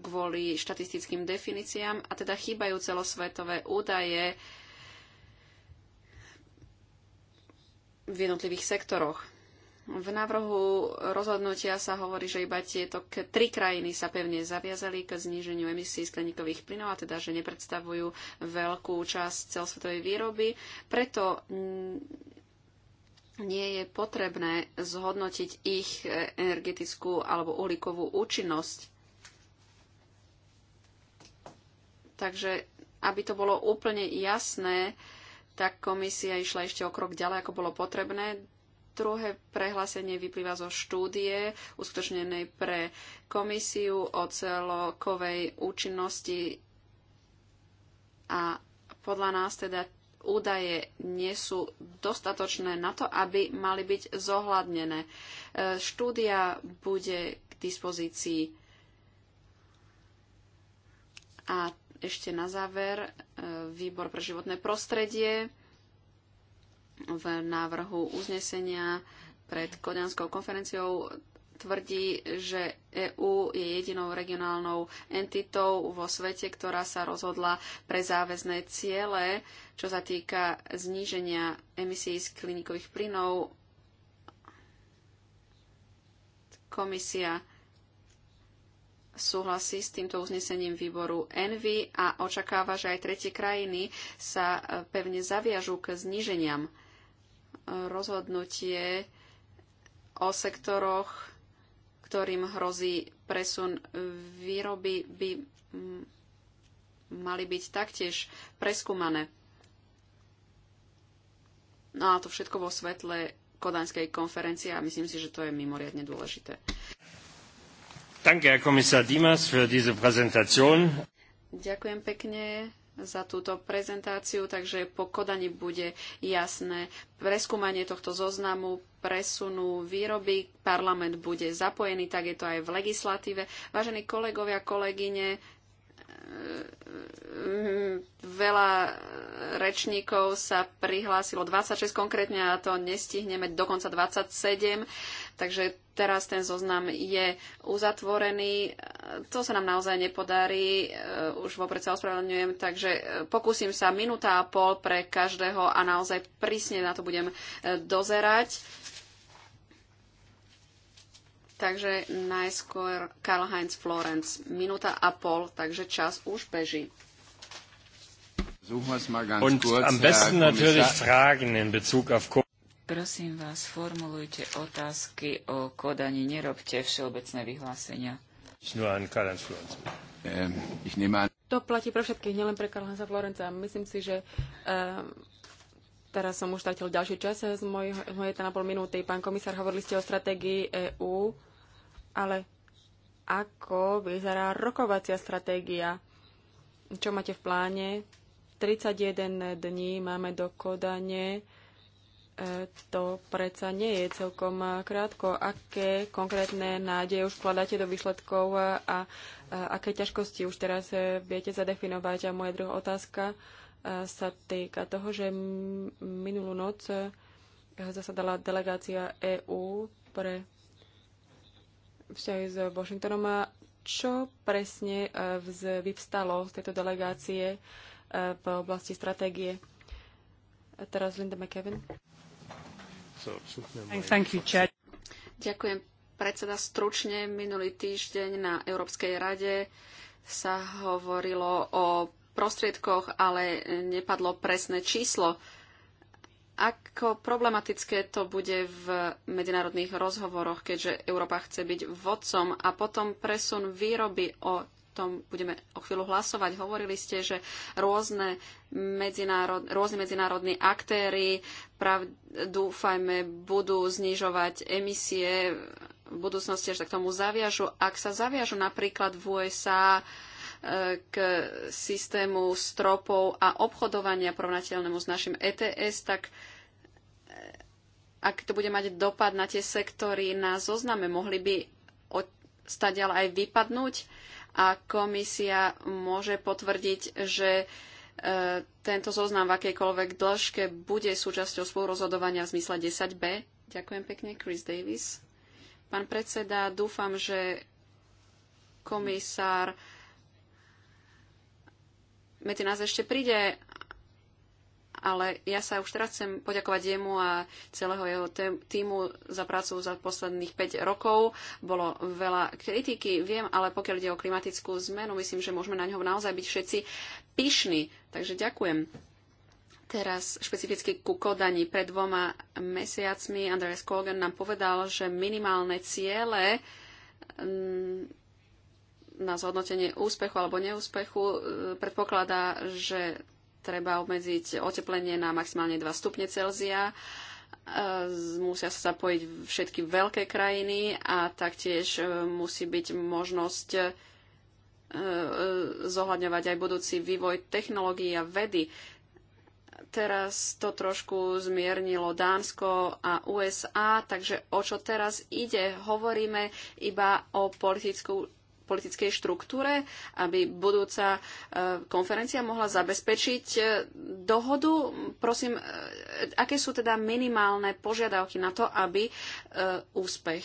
kvôli štatistickým definíciám a teda chýbajú celosvetové údaje v jednotlivých sektoroch. V návrhu rozhodnutia sa hovorí, že iba tieto tri krajiny sa pevne zaviazali k zníženiu emisí skleníkových plynov, a teda, že nepredstavujú veľkú časť celosvetovej výroby. Preto nie je potrebné zhodnotiť ich e, energetickú alebo uhlíkovú účinnosť. Takže, aby to bolo úplne jasné, tak komisia išla ešte o krok ďalej, ako bolo potrebné Druhé prehlásenie vyplýva zo štúdie uskutočnenej pre komisiu o celokovej účinnosti a podľa nás teda údaje nie sú dostatočné na to, aby mali byť zohľadnené. E, štúdia bude k dispozícii. A ešte na záver, e, výbor pre životné prostredie v návrhu uznesenia pred Kodanskou konferenciou tvrdí, že EÚ je jedinou regionálnou entitou vo svete, ktorá sa rozhodla pre záväzné ciele, čo sa týka zníženia emisí z kliníkových plynov. Komisia súhlasí s týmto uznesením výboru ENVY a očakáva, že aj tretie krajiny sa pevne zaviažú k zníženiam rozhodnutie o sektoroch, ktorým hrozí presun výroby, by mali byť taktiež preskúmané. No a to všetko vo svetle Kodaňskej konferencie a myslím si, že to je mimoriadne dôležité. Danke, Herr Kommissar Dimas, für diese Präsentation. Ďakujem pekne, za túto prezentáciu, takže po kodaní bude jasné preskúmanie tohto zoznamu, presunú výroby, parlament bude zapojený, tak je to aj v legislatíve. Vážení kolegovia, kolegyne, Mm, veľa rečníkov sa prihlásilo 26 konkrétne a to nestihneme dokonca 27, takže teraz ten zoznam je uzatvorený. To sa nám naozaj nepodarí, eh, už vopred sa ospravedlňujem, takže eh, pokúsim sa minúta a pol pre každého a naozaj prísne na to budem eh, dozerať Takže najskôr Karl-Heinz Florence. Minúta a pol, takže čas už beží. Prosím vás, formulujte otázky o kodaní, nerobte všeobecné vyhlásenia. Ähm, to platí pre všetkých, nielen pre Karl-Hansa a Myslím si, že uh, teraz som už stratil ďalší čas z mojej 1,5 minúty. Pán komisár, hovorili ste o stratégii EÚ ale ako vyzerá rokovacia stratégia? Čo máte v pláne? 31 dní máme do Kodane. E, to predsa nie je celkom krátko. Aké konkrétne nádeje už vkladáte do výsledkov a aké ťažkosti už teraz viete zadefinovať? A moja druhá otázka e, sa týka toho, že minulú noc e, zasadala delegácia EÚ pre vzťahy s Washingtonom a čo presne e, vyvstalo z tejto delegácie e, v oblasti stratégie. A teraz Linda McKevin. You, Ďakujem, predseda. Stručne minulý týždeň na Európskej rade sa hovorilo o prostriedkoch, ale nepadlo presné číslo ako problematické to bude v medzinárodných rozhovoroch, keďže Európa chce byť vodcom a potom presun výroby o tom budeme o chvíľu hlasovať. Hovorili ste, že rôzne medzinárod, rôzne medzinárodní aktéry, prav, dúfajme, budú znižovať emisie v budúcnosti, až k tomu zaviažu. Ak sa zaviažu napríklad v USA, k systému stropov a obchodovania porovnateľnému s našim ETS, tak eh, ak to bude mať dopad na tie sektory na zozname, mohli by stadiaľ aj vypadnúť a komisia môže potvrdiť, že eh, tento zoznam v akejkoľvek dĺžke bude súčasťou spolurozhodovania v zmysle 10b. Ďakujem pekne, Chris Davis. Pán predseda, dúfam, že komisár medzi nás ešte príde, ale ja sa už teraz chcem poďakovať jemu a celého jeho týmu za prácu za posledných 5 rokov. Bolo veľa kritiky, viem, ale pokiaľ ide o klimatickú zmenu, myslím, že môžeme na ňo naozaj byť všetci pyšní. Takže ďakujem teraz špecificky ku kodaní. Pred dvoma mesiacmi Andreas Kogan nám povedal, že minimálne ciele mm, na zhodnotenie úspechu alebo neúspechu e, predpokladá, že treba obmedziť oteplenie na maximálne 2 stupne Celzia. E, musia sa zapojiť všetky veľké krajiny a taktiež e, musí byť možnosť zohľadňovať aj budúci vývoj technológií a vedy. Teraz to trošku zmiernilo Dánsko a USA, takže o čo teraz ide? Hovoríme iba o politickú politickej štruktúre, aby budúca e, konferencia mohla zabezpečiť e, dohodu. Prosím, e, aké sú teda minimálne požiadavky na to, aby úspech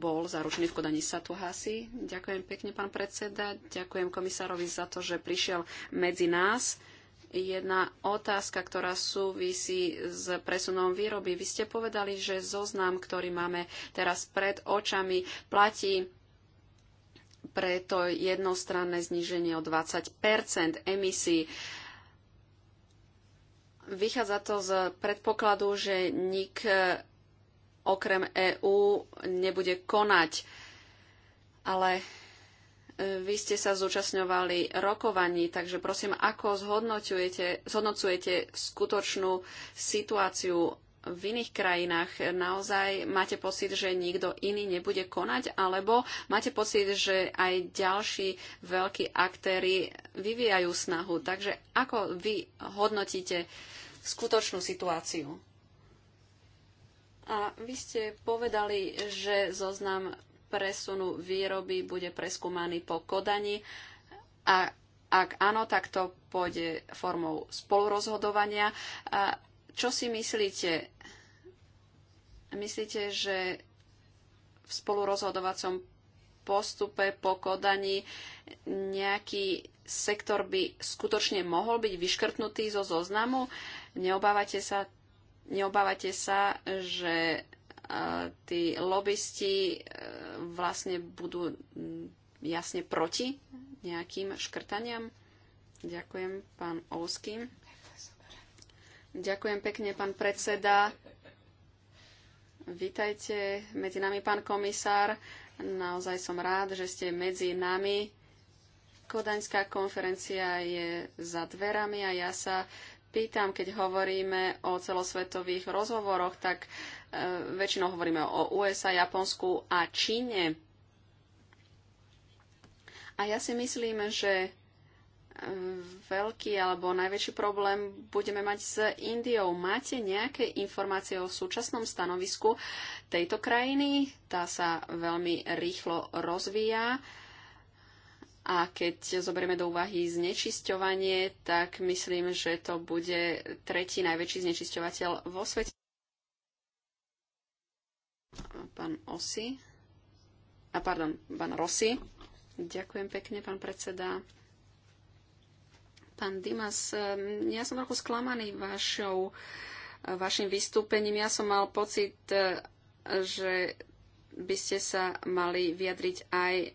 bol zaručený v tu Satuhasi? Ďakujem pekne, pán predseda. Ďakujem komisárovi za to, že prišiel medzi nás jedna otázka, ktorá súvisí s presunom výroby. Vy ste povedali, že zoznam, ktorý máme teraz pred očami, platí preto jednostranné zníženie o 20 emisí. Vychádza to z predpokladu, že nik eh, okrem EÚ nebude konať. Ale eh, vy ste sa zúčastňovali rokovaní, takže prosím, ako zhodnocujete, zhodnocujete skutočnú situáciu v iných krajinách? Naozaj máte pocit, že nikto iný nebude konať? Alebo máte pocit, že aj ďalší veľkí aktéry vyvíjajú snahu? Takže ako vy hodnotíte skutočnú situáciu? A vy ste povedali, že zoznam presunu výroby bude preskúmaný po kodani a ak áno, tak to pôjde formou spolurozhodovania. A čo si myslíte, Myslíte, že v spolurozhodovacom postupe po kodaní nejaký sektor by skutočne mohol byť vyškrtnutý zo zoznamu? Neobávate sa, neobávate sa že tí lobbysti e, vlastne budú jasne proti nejakým škrtaniam? Ďakujem, pán Ouským. Ďakujem pekne, pán predseda. Vítajte medzi nami, pán komisár. Naozaj som rád, že ste medzi nami. Kodaňská konferencia je za dverami a ja sa pýtam, keď hovoríme o celosvetových rozhovoroch, tak e, väčšinou hovoríme o USA, Japonsku a Číne. A ja si myslím, že veľký alebo najväčší problém budeme mať s Indiou. Máte nejaké informácie o súčasnom stanovisku tejto krajiny? Tá sa veľmi rýchlo rozvíja. A keď zoberieme do úvahy znečisťovanie, tak myslím, že to bude tretí najväčší znečisťovateľ vo svete. Pán Osi. A pardon, pán Rossi. Ďakujem pekne, pán predseda. Pán Dimas, ja som trochu sklamaný vašou, vašim vystúpením. Ja som mal pocit, e, že by ste sa mali vyjadriť aj e,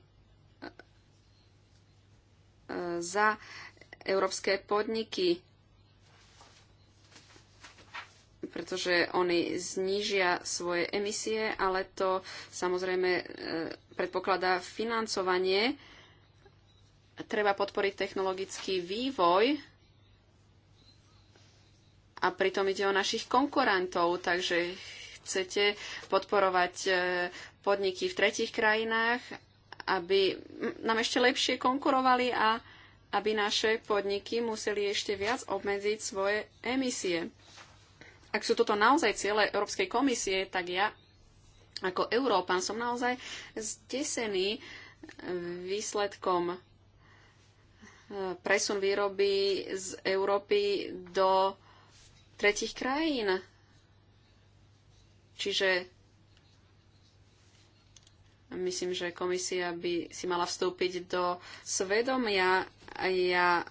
za európske podniky, pretože oni znížia svoje emisie, ale to samozrejme e, predpokladá financovanie treba podporiť technologický vývoj a pritom ide o našich konkurentov, takže chcete podporovať e, podniky v tretich krajinách, aby nám ešte lepšie konkurovali a aby naše podniky museli ešte viac obmedziť svoje emisie. Ak sú toto naozaj ciele Európskej komisie, tak ja ako Európan som naozaj zdesený e, výsledkom presun výroby z Európy do tretich krajín. Čiže myslím, že komisia by si mala vstúpiť do svedomia. Ja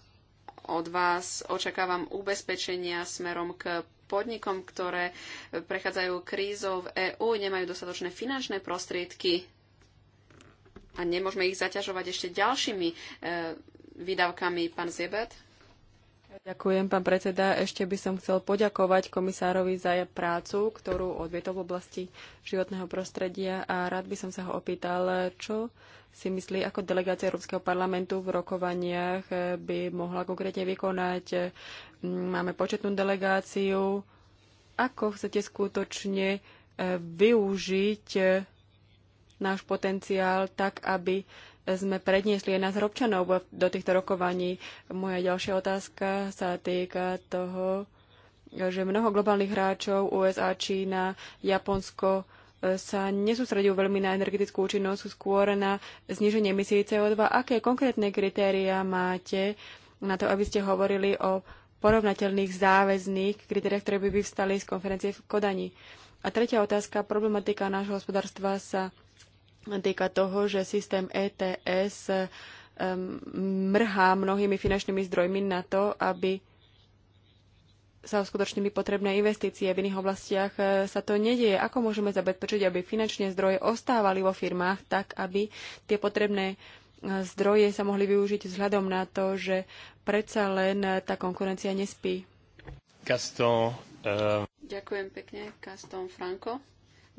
od vás očakávam ubezpečenia smerom k podnikom, ktoré prechádzajú krízou v EÚ, nemajú dostatočné finančné prostriedky a nemôžeme ich zaťažovať ešte ďalšími eh, výdavkami. Pán Zebet. Ďakujem, pán predseda. Ešte by som chcel poďakovať komisárovi za prácu, ktorú odvietol v oblasti životného prostredia a rád by som sa ho opýtal, čo si myslí, ako delegácia Európskeho parlamentu v rokovaniach by mohla konkrétne vykonať. Máme početnú delegáciu. Ako chcete skutočne eh, využiť eh, náš potenciál tak, aby sme predniesli aj nás občanov do týchto rokovaní. Moja ďalšia otázka sa týka toho, že mnoho globálnych hráčov USA, Čína, Japonsko e, sa nesústredujú veľmi na energetickú účinnosť, sú skôr na zniženie emisí CO2. Aké konkrétne kritériá máte na to, aby ste hovorili o porovnateľných záväzných kritériách, ktoré by vyvstali z konferencie v Kodani? A tretia otázka, problematika nášho hospodárstva sa týka toho, že systém ETS mrhá mnohými finančnými zdrojmi na to, aby sa uskutočnili potrebné investície. V iných oblastiach e, sa to nedieje. Ako môžeme zabezpečiť, aby finančné zdroje ostávali vo firmách tak, aby tie potrebné e, zdroje sa mohli využiť vzhľadom na to, že predsa len e, tá konkurencia nespí. Gaston, uh... Ďakujem pekne, Gaston Franco.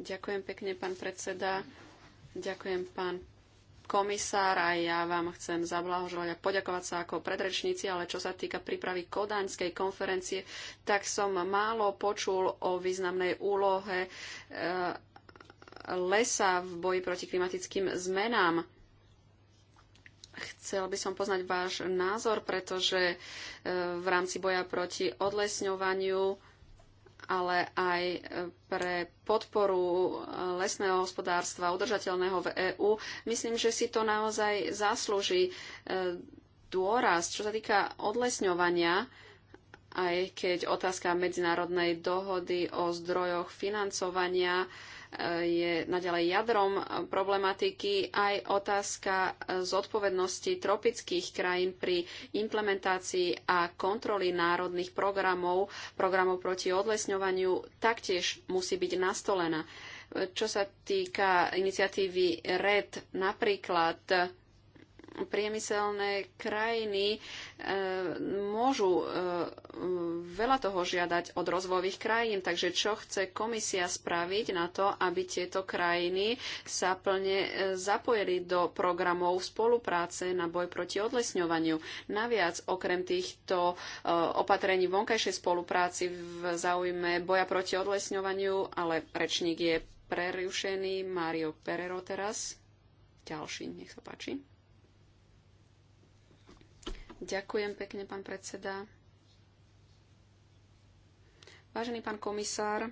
Ďakujem pekne, pán predseda. Ďakujem, pán komisár, a ja vám chcem zablahoželať a poďakovať sa ako predrečníci, ale čo sa týka prípravy kodaňskej konferencie, tak som málo počul o významnej úlohe e, lesa v boji proti klimatickým zmenám. Chcel by som poznať váš názor, pretože e, v rámci boja proti odlesňovaniu ale aj e, pre podporu e, lesného hospodárstva udržateľného v EÚ. Myslím, že si to naozaj zaslúži e, dôraz, čo sa týka odlesňovania, aj keď otázka medzinárodnej dohody o zdrojoch financovania je naďalej jadrom problematiky aj otázka zodpovednosti tropických krajín pri implementácii a kontroly národných programov, programov proti odlesňovaniu, taktiež musí byť nastolená. Čo sa týka iniciatívy RED, napríklad priemyselné krajiny e, môžu e, veľa toho žiadať od rozvojových krajín. Takže čo chce komisia spraviť na to, aby tieto krajiny sa plne e, zapojili do programov spolupráce na boj proti odlesňovaniu? Naviac, okrem týchto opatrení vonkajšej spolupráci v záujme boja proti odlesňovaniu, ale rečník je prerušený. Mario Perero teraz. Ďalší, nech sa páči. Ďakujem pekne, pán predseda. Vážený pán komisár,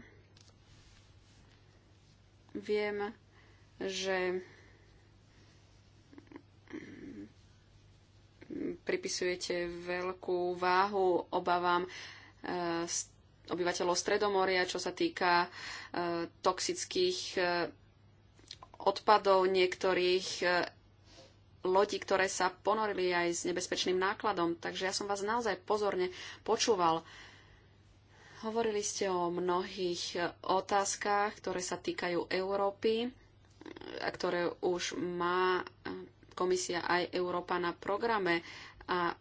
viem, že pripisujete veľkú váhu obavám eh, obyvateľov Stredomoria, čo sa týka eh, toxických eh, odpadov niektorých lodi, ktoré sa ponorili aj s nebezpečným nákladom. Takže ja som vás naozaj pozorne počúval. Hovorili ste o mnohých e, otázkach, ktoré sa týkajú Európy, e, a ktoré už má e, komisia aj Európa na programe a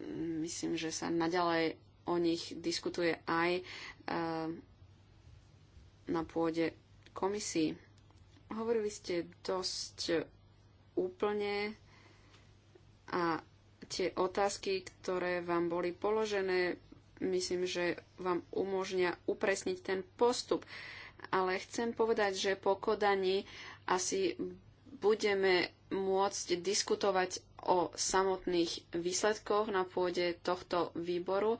mm, myslím, že sa naďalej o nich diskutuje aj na pôde komisii. Hovorili ste dosť úplne a tie otázky, ktoré vám boli položené, myslím, že vám umožnia upresniť ten postup. Ale chcem povedať, že po kodaní asi budeme môcť diskutovať o samotných výsledkoch na pôde tohto výboru.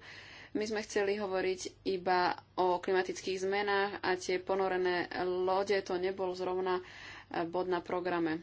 My sme chceli hovoriť iba o klimatických zmenách a tie ponorené lode to nebol zrovna bod na programe.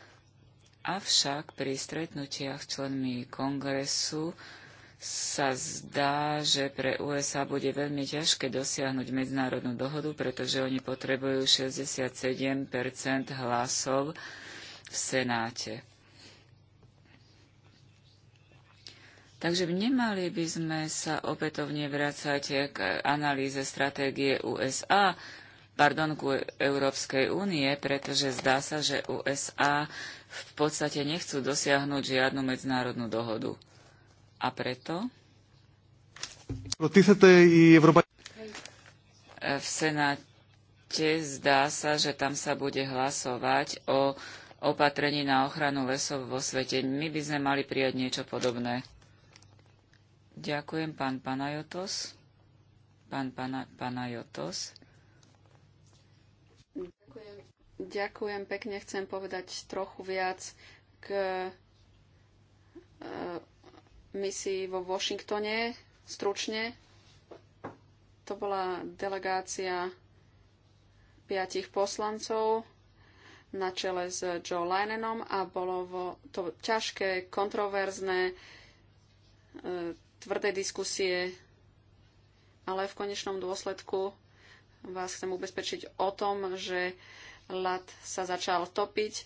Avšak pri stretnutiach členmi kongresu sa zdá, že pre USA bude veľmi ťažké dosiahnuť medzinárodnú dohodu, pretože oni potrebujú 67 hlasov v Senáte. Takže nemali by sme sa opätovne vrácať k analýze stratégie USA, pardon, ku Európskej únie, pretože zdá sa, že USA v podstate nechcú dosiahnuť žiadnu medzinárodnú dohodu. A preto v Senáte zdá sa, že tam sa bude hlasovať o opatrení na ochranu lesov vo svete. My by sme mali prijať niečo podobné. Ďakujem, pán Panajotos. Pán pana, Panajotos. Ďakujem pekne. Chcem povedať trochu viac k e, misii vo Washingtone. Stručne. To bola delegácia piatich poslancov na čele s Joe Linenom a bolo to ťažké, kontroverzné, e, tvrdé diskusie, ale v konečnom dôsledku vás chcem ubezpečiť o tom, že ľad sa začal topiť, e,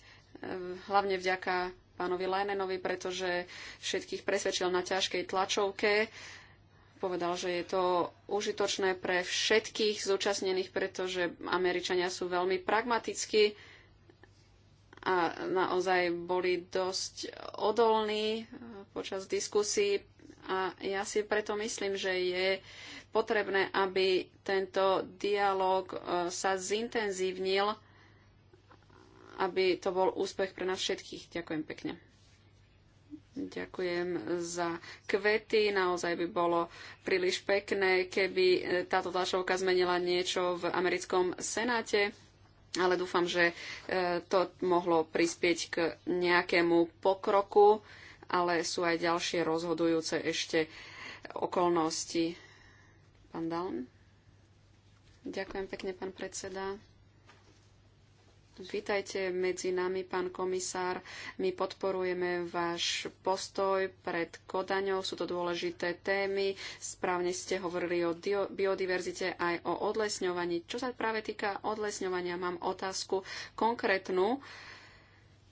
hlavne vďaka pánovi Lajnenovi, pretože všetkých presvedčil na ťažkej tlačovke. Povedal, že je to užitočné pre všetkých zúčastnených, pretože Američania sú veľmi pragmatickí a naozaj boli dosť odolní e, počas diskusí a ja si preto myslím, že je potrebné, aby tento dialog e, sa zintenzívnil aby to bol úspech pre nás všetkých. Ďakujem pekne. Ďakujem za kvety. Naozaj by bolo príliš pekné, keby e, táto tlačovka zmenila niečo v americkom senáte, ale dúfam, že e, to mohlo prispieť k nejakému pokroku, ale sú aj ďalšie rozhodujúce ešte okolnosti. Pán Dalm? Ďakujem pekne, pán predseda. Vítajte medzi nami, pán komisár. My podporujeme váš postoj pred Kodaňou. Sú to dôležité témy. Správne ste hovorili o biodiverzite aj o odlesňovaní. Čo sa práve týka odlesňovania, mám otázku konkrétnu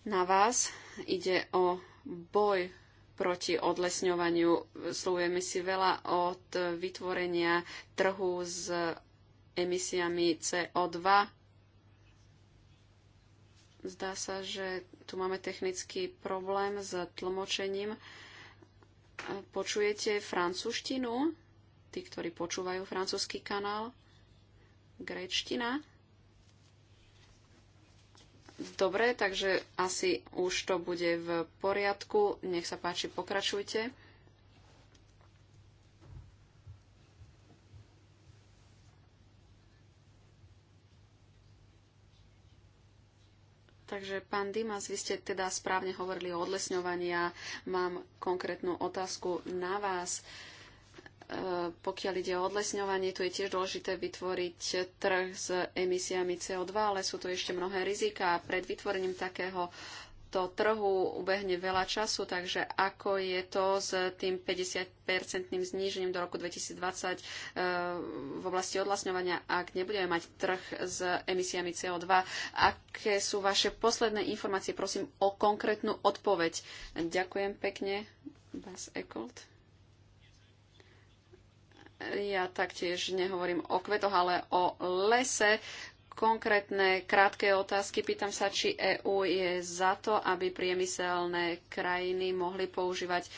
na vás. Ide o boj proti odlesňovaniu. Slovujeme si veľa od vytvorenia trhu s emisiami CO2 Zdá sa, že tu máme technický problém s tlmočením. Počujete francúzštinu? Tí, ktorí počúvajú francúzsky kanál? Gréčtina? Dobre, takže asi už to bude v poriadku. Nech sa páči, pokračujte. Takže, pán Dimas, vy ste teda správne hovorili o odlesňovaní a mám konkrétnu otázku na vás. E, pokiaľ ide o odlesňovanie, tu je tiež dôležité vytvoriť trh s emisiami CO2, ale sú tu ešte mnohé rizika. Pred vytvorením takého tohto trhu ubehne veľa času, takže ako je to s tým 50-percentným znížením do roku 2020 eh, v oblasti odlasňovania, ak nebudeme mať trh s emisiami CO2? Aké sú vaše posledné informácie? Prosím o konkrétnu odpoveď. Ďakujem pekne, Bas Ekolt. Ja taktiež nehovorím o kvetoch, ale o lese konkrétne krátke otázky. Pýtam sa, či EÚ je za to, aby priemyselné krajiny mohli používať e,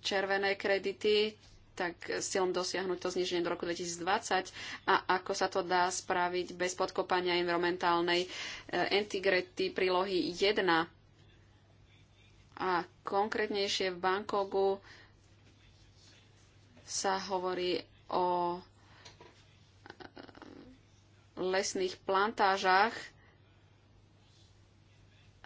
červené kredity, tak s cieľom dosiahnuť to zniženie do roku 2020 a ako sa to dá spraviť bez podkopania environmentálnej e, integrity prílohy 1 a konkrétnejšie v Bankogu sa hovorí o lesných plantážach.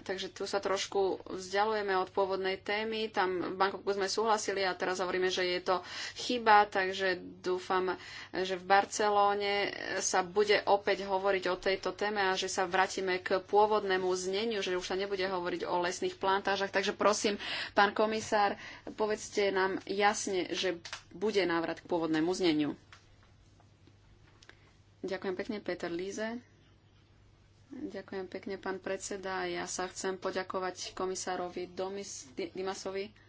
Takže tu sa trošku vzdialujeme od pôvodnej témy. Tam v Bangkoku sme súhlasili a teraz hovoríme, že je to chyba, takže dúfam, že v Barcelóne sa bude opäť hovoriť o tejto téme a že sa vrátime k pôvodnému zneniu, že už sa nebude hovoriť o lesných plantážach. Takže prosím, pán komisár, povedzte nám jasne, že bude návrat k pôvodnému zneniu. Ďakujem pekne, Peter Líze. Ďakujem pekne, pán predseda. Ja sa chcem poďakovať komisárovi Domis, Dimasovi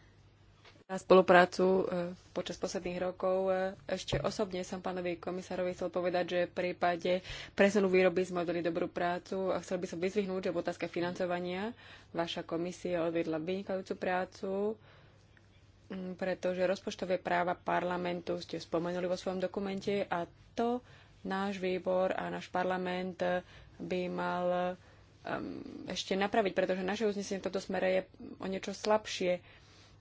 za spoluprácu e, počas posledných rokov. E, ešte osobne som pánovi komisárovi chcel povedať, že v prípade presunu výroby sme odvedli dobrú prácu a chcel by som vyzvihnúť, že v otázke financovania vaša komisia odvedla vynikajúcu prácu pretože rozpočtové práva parlamentu ste spomenuli vo svojom dokumente a to náš výbor a náš parlament by mal um, ešte napraviť, pretože naše uznesenie v tomto smere je o niečo slabšie.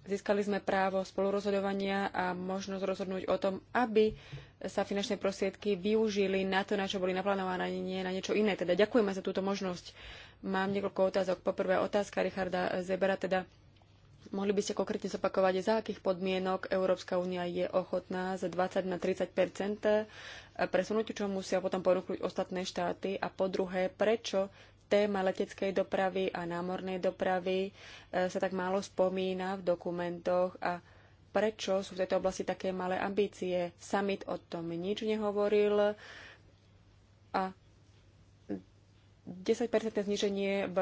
Získali sme právo spolurozhodovania a možnosť rozhodnúť o tom, aby sa finančné prostriedky využili na to, na čo boli naplánované, nie na niečo iné. Teda ďakujeme za túto možnosť. Mám niekoľko otázok. Poprvé otázka Richarda Zebera, teda Mohli by ste konkrétne zopakovať, za akých podmienok Európska únia je ochotná za 20 na 30 presunúť, čo musia potom ponúknuť ostatné štáty? A po druhé, prečo téma leteckej dopravy a námornej dopravy e, sa tak málo spomína v dokumentoch a prečo sú v tejto oblasti také malé ambície? Summit o tom nič nehovoril a 10% zniženie v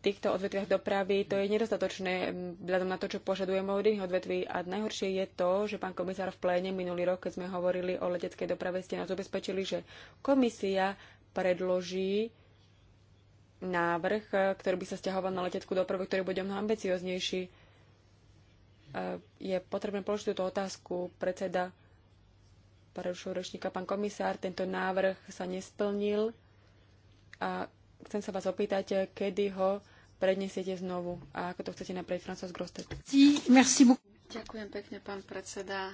týchto odvetviach dopravy, to je nedostatočné vzhľadom na to, čo požadujeme od iných odvetví. A najhoršie je to, že pán komisár v pléne minulý rok, keď sme hovorili o leteckej doprave, ste nás ubezpečili, že komisia predloží návrh, e, ktorý by sa stiahoval na leteckú dopravu, ktorý bude mnoho ambicioznejší. E, je potrebné položiť túto otázku. Predseda prerušil rečníka pán komisár, tento návrh sa nesplnil a chcem sa vás opýtať, kedy ho predniesiete znovu a ako to chcete napraviť François Grostet. Ďakujem pekne, pán predseda.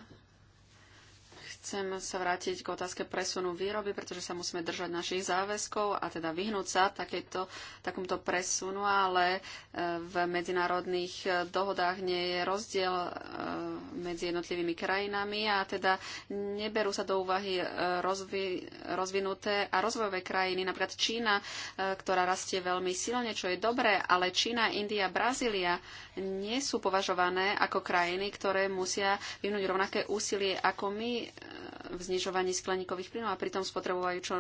Chcem sa vrátiť k otázke presunu výroby, pretože sa musíme držať našich záväzkov a teda vyhnúť sa takejto, takomto presunu, ale e, v medzinárodných e, dohodách nie je rozdiel e, medzi jednotlivými krajinami a teda neberú sa do úvahy rozvi, rozvinuté a rozvojové krajiny, napríklad Čína, ktorá rastie veľmi silne, čo je dobré, ale Čína, India, Brazília nie sú považované ako krajiny, ktoré musia vyhnúť rovnaké úsilie ako my v znižovaní skleníkových plynov a pritom spotrebujú čo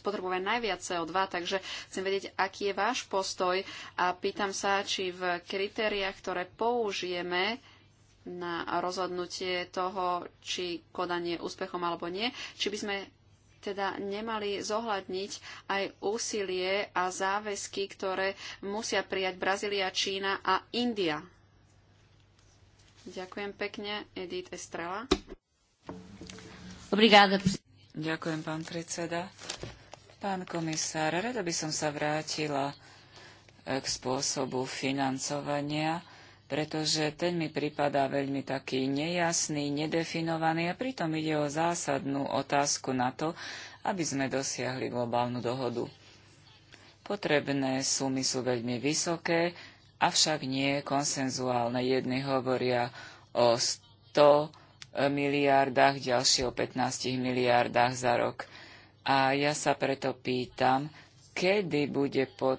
spotrebuje najviac CO2, takže chcem vedieť, aký je váš postoj a pýtam sa, či v kritériách, ktoré použijeme na rozhodnutie toho, či kodanie úspechom alebo nie, či by sme teda nemali zohľadniť aj úsilie a záväzky, ktoré musia prijať Brazília, Čína a India. Ďakujem pekne, Edith Estrela. Obrigada. Ďakujem, pán predseda. Pán komisár, rada by som sa vrátila e, k spôsobu financovania, pretože ten mi pripadá veľmi taký nejasný, nedefinovaný a pritom ide o zásadnú otázku na to, aby sme dosiahli globálnu dohodu. Potrebné sumy sú veľmi vysoké, avšak nie konsenzuálne. Jedni hovoria o 100 miliardách, ďalšie o 15 miliardách za rok. A ja sa preto pýtam, kedy bude po,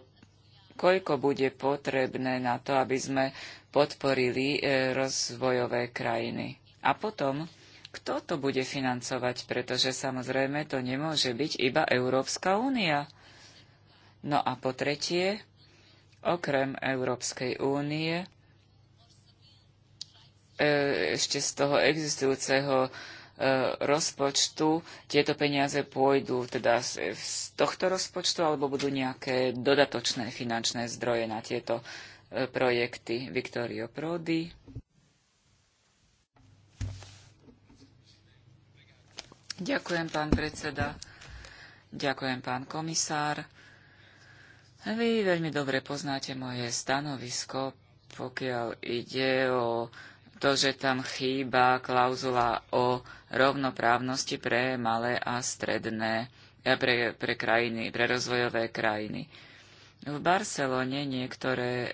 koľko bude potrebné na to, aby sme podporili e, rozvojové krajiny. A potom, kto to bude financovať, pretože samozrejme to nemôže byť iba Európska únia. No a po tretie, okrem Európskej únie, E, ešte z toho existujúceho e, rozpočtu tieto peniaze pôjdu teda z, tohto rozpočtu alebo budú nejaké dodatočné finančné zdroje na tieto e, projekty. Viktorio Prodi. Ďakujem, pán predseda. Ďakujem, pán komisár. Vy veľmi dobre poznáte moje stanovisko, pokiaľ ide o to, že tam chýba klauzula o rovnoprávnosti pre malé a stredné, eh, pre, pre krajiny, pre rozvojové krajiny. V Barcelone niektoré eh,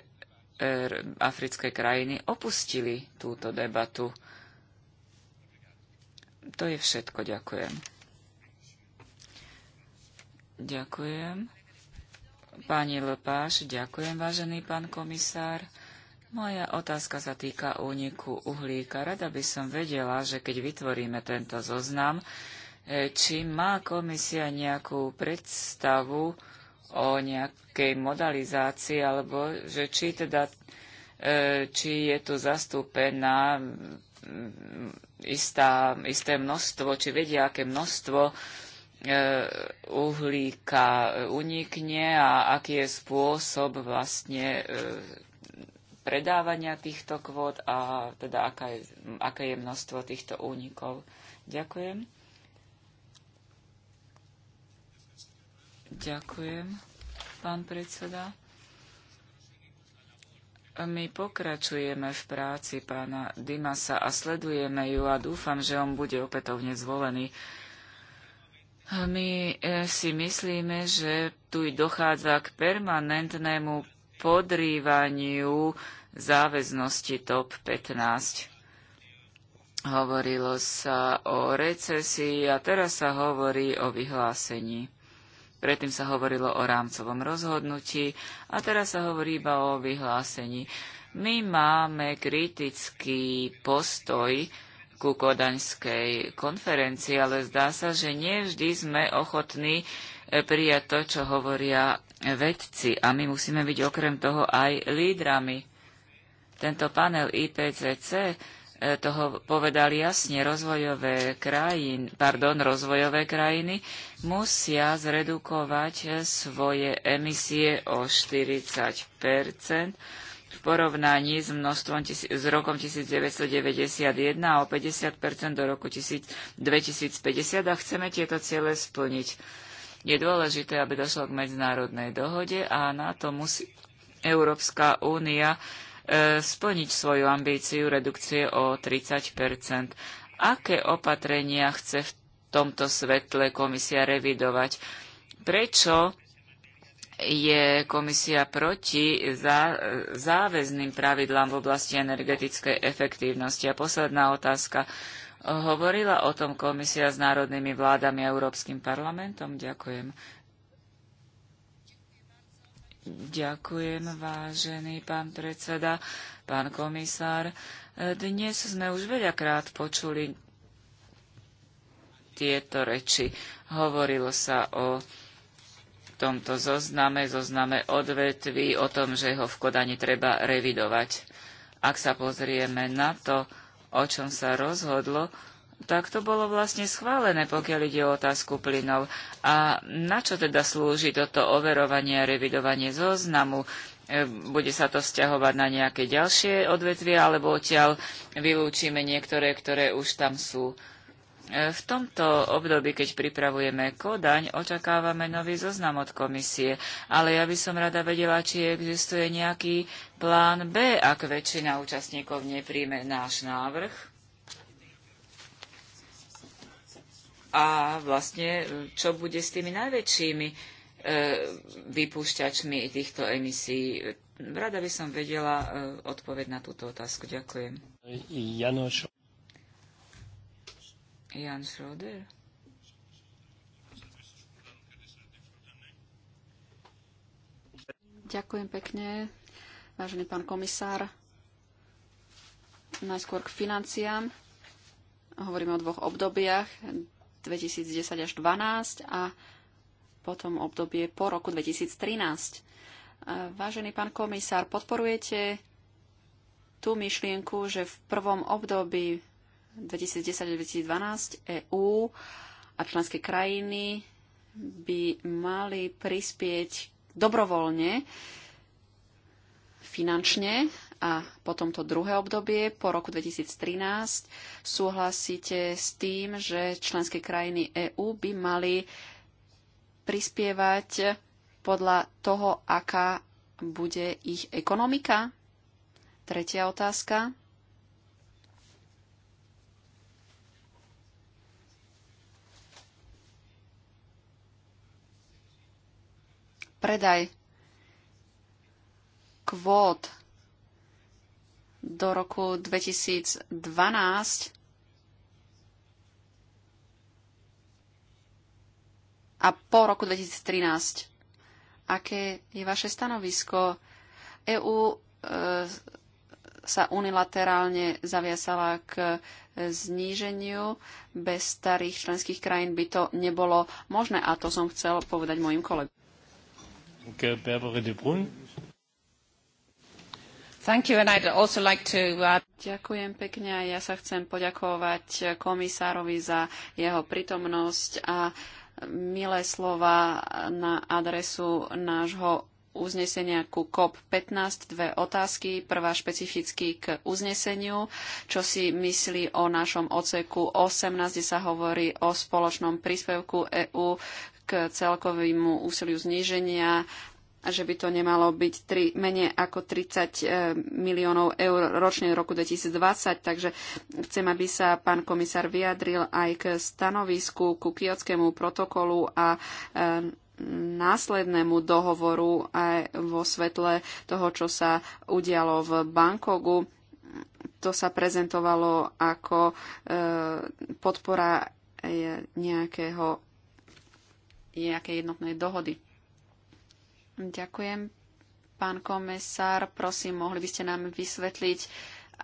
africké krajiny opustili túto debatu. To je všetko. Ďakujem. Ďakujem. Pani Lepáš, ďakujem, vážený pán komisár. Moja otázka sa týka úniku uhlíka. Rada by som vedela, že keď vytvoríme tento zoznam, e, či má komisia nejakú predstavu o nejakej modalizácii, alebo že či, teda, e, či je tu zastúpená mm, istá, isté množstvo, či vedia, aké množstvo e, uhlíka unikne a aký je spôsob vlastne predávania týchto kvót a teda aká je, aké je množstvo týchto únikov. Ďakujem. Ďakujem, pán predseda. My pokračujeme v práci pána Dimasa a sledujeme ju a dúfam, že on bude opätovne zvolený. My eh, si myslíme, že tu dochádza k permanentnému podrývaniu záväznosti TOP 15. Hovorilo sa o recesii a teraz sa hovorí o vyhlásení. Predtým sa hovorilo o rámcovom rozhodnutí a teraz sa hovorí iba o vyhlásení. My máme kritický postoj ku Kodaňskej konferencii, ale zdá sa, že nie vždy sme ochotní prijať to, čo hovoria vedci a my musíme byť okrem toho aj lídrami. Tento panel IPCC e, toho povedal jasne, rozvojové krajín, pardon, rozvojové krajiny musia zredukovať e, svoje emisie o 40 v porovnaní s, množstvom, s rokom 1991 a o 50 do roku 2050 a chceme tieto ciele splniť. Je dôležité, aby došlo k medzinárodnej dohode a na to musí Európska únia e, splniť svoju ambíciu redukcie o 30 Aké opatrenia chce v tomto svetle komisia revidovať? Prečo je komisia proti e, záväzným pravidlám v oblasti energetickej efektívnosti. A posledná otázka. Hovorila o tom komisia s národnými vládami a Európskym parlamentom? Ďakujem. Ďakujem, vážený pán predseda, pán komisár. Dnes sme už veľakrát počuli tieto reči. Hovorilo sa o tomto zozname, zozname odvetví, o tom, že ho v Kodani treba revidovať. Ak sa pozrieme na to, o čom sa rozhodlo, tak to bolo vlastne schválené, pokiaľ ide o otázku plynov. A na čo teda slúži toto overovanie a revidovanie zoznamu? E, bude sa to vzťahovať na nejaké ďalšie odvetvie, alebo odtiaľ vylúčime niektoré, ktoré už tam sú v tomto období, keď pripravujeme Kodaň, očakávame nový zoznam od komisie, ale ja by som rada vedela, či existuje nejaký plán B, ak väčšina účastníkov nepríjme náš návrh. A vlastne, čo bude s tými najväčšími e, vypúšťačmi týchto emisí? Rada by som vedela e, odpoveď na túto otázku. Ďakujem. Janoš Jan Schroeder. Ďakujem pekne, vážený pán komisár. Najskôr k financiám. Hovoríme o dvoch obdobiach, 2010 až 2012 a potom obdobie po roku 2013. Vážený pán komisár, podporujete tú myšlienku, že v prvom období 2010-2012 EÚ a členské krajiny by mali prispieť dobrovoľne finančne a potom to druhé obdobie po roku 2013 súhlasíte s tým, že členské krajiny EÚ by mali prispievať podľa toho, aká bude ich ekonomika? Tretia otázka. predaj kvót do roku 2012 a po roku 2013. Aké je vaše stanovisko? EÚ e, sa unilaterálne zaviasala k zníženiu. Bez starých členských krajín by to nebolo možné a to som chcel povedať mojim kolegom. Uh, Ďakujem pekne a ja sa chcem poďakovať komisárovi za jeho prítomnosť a milé slova na adresu nášho uznesenia ku COP15. Dve otázky. Prvá špecificky k uzneseniu, čo si myslí o našom oceku 18, kde sa hovorí o spoločnom príspevku EÚ k celkovému úsiliu zníženia a že by to nemalo byť tri, menej ako 30 e, miliónov eur ročne v roku 2020. Takže chcem, aby sa pán komisár vyjadril aj k stanovisku ku kiotskému protokolu a e, následnému dohovoru aj vo svetle toho, čo sa udialo v Bankogu. To sa prezentovalo ako e, podpora e, nejakého nejakej jednotnej dohody. Ďakujem. Pán komisár, prosím, mohli by ste nám vysvetliť,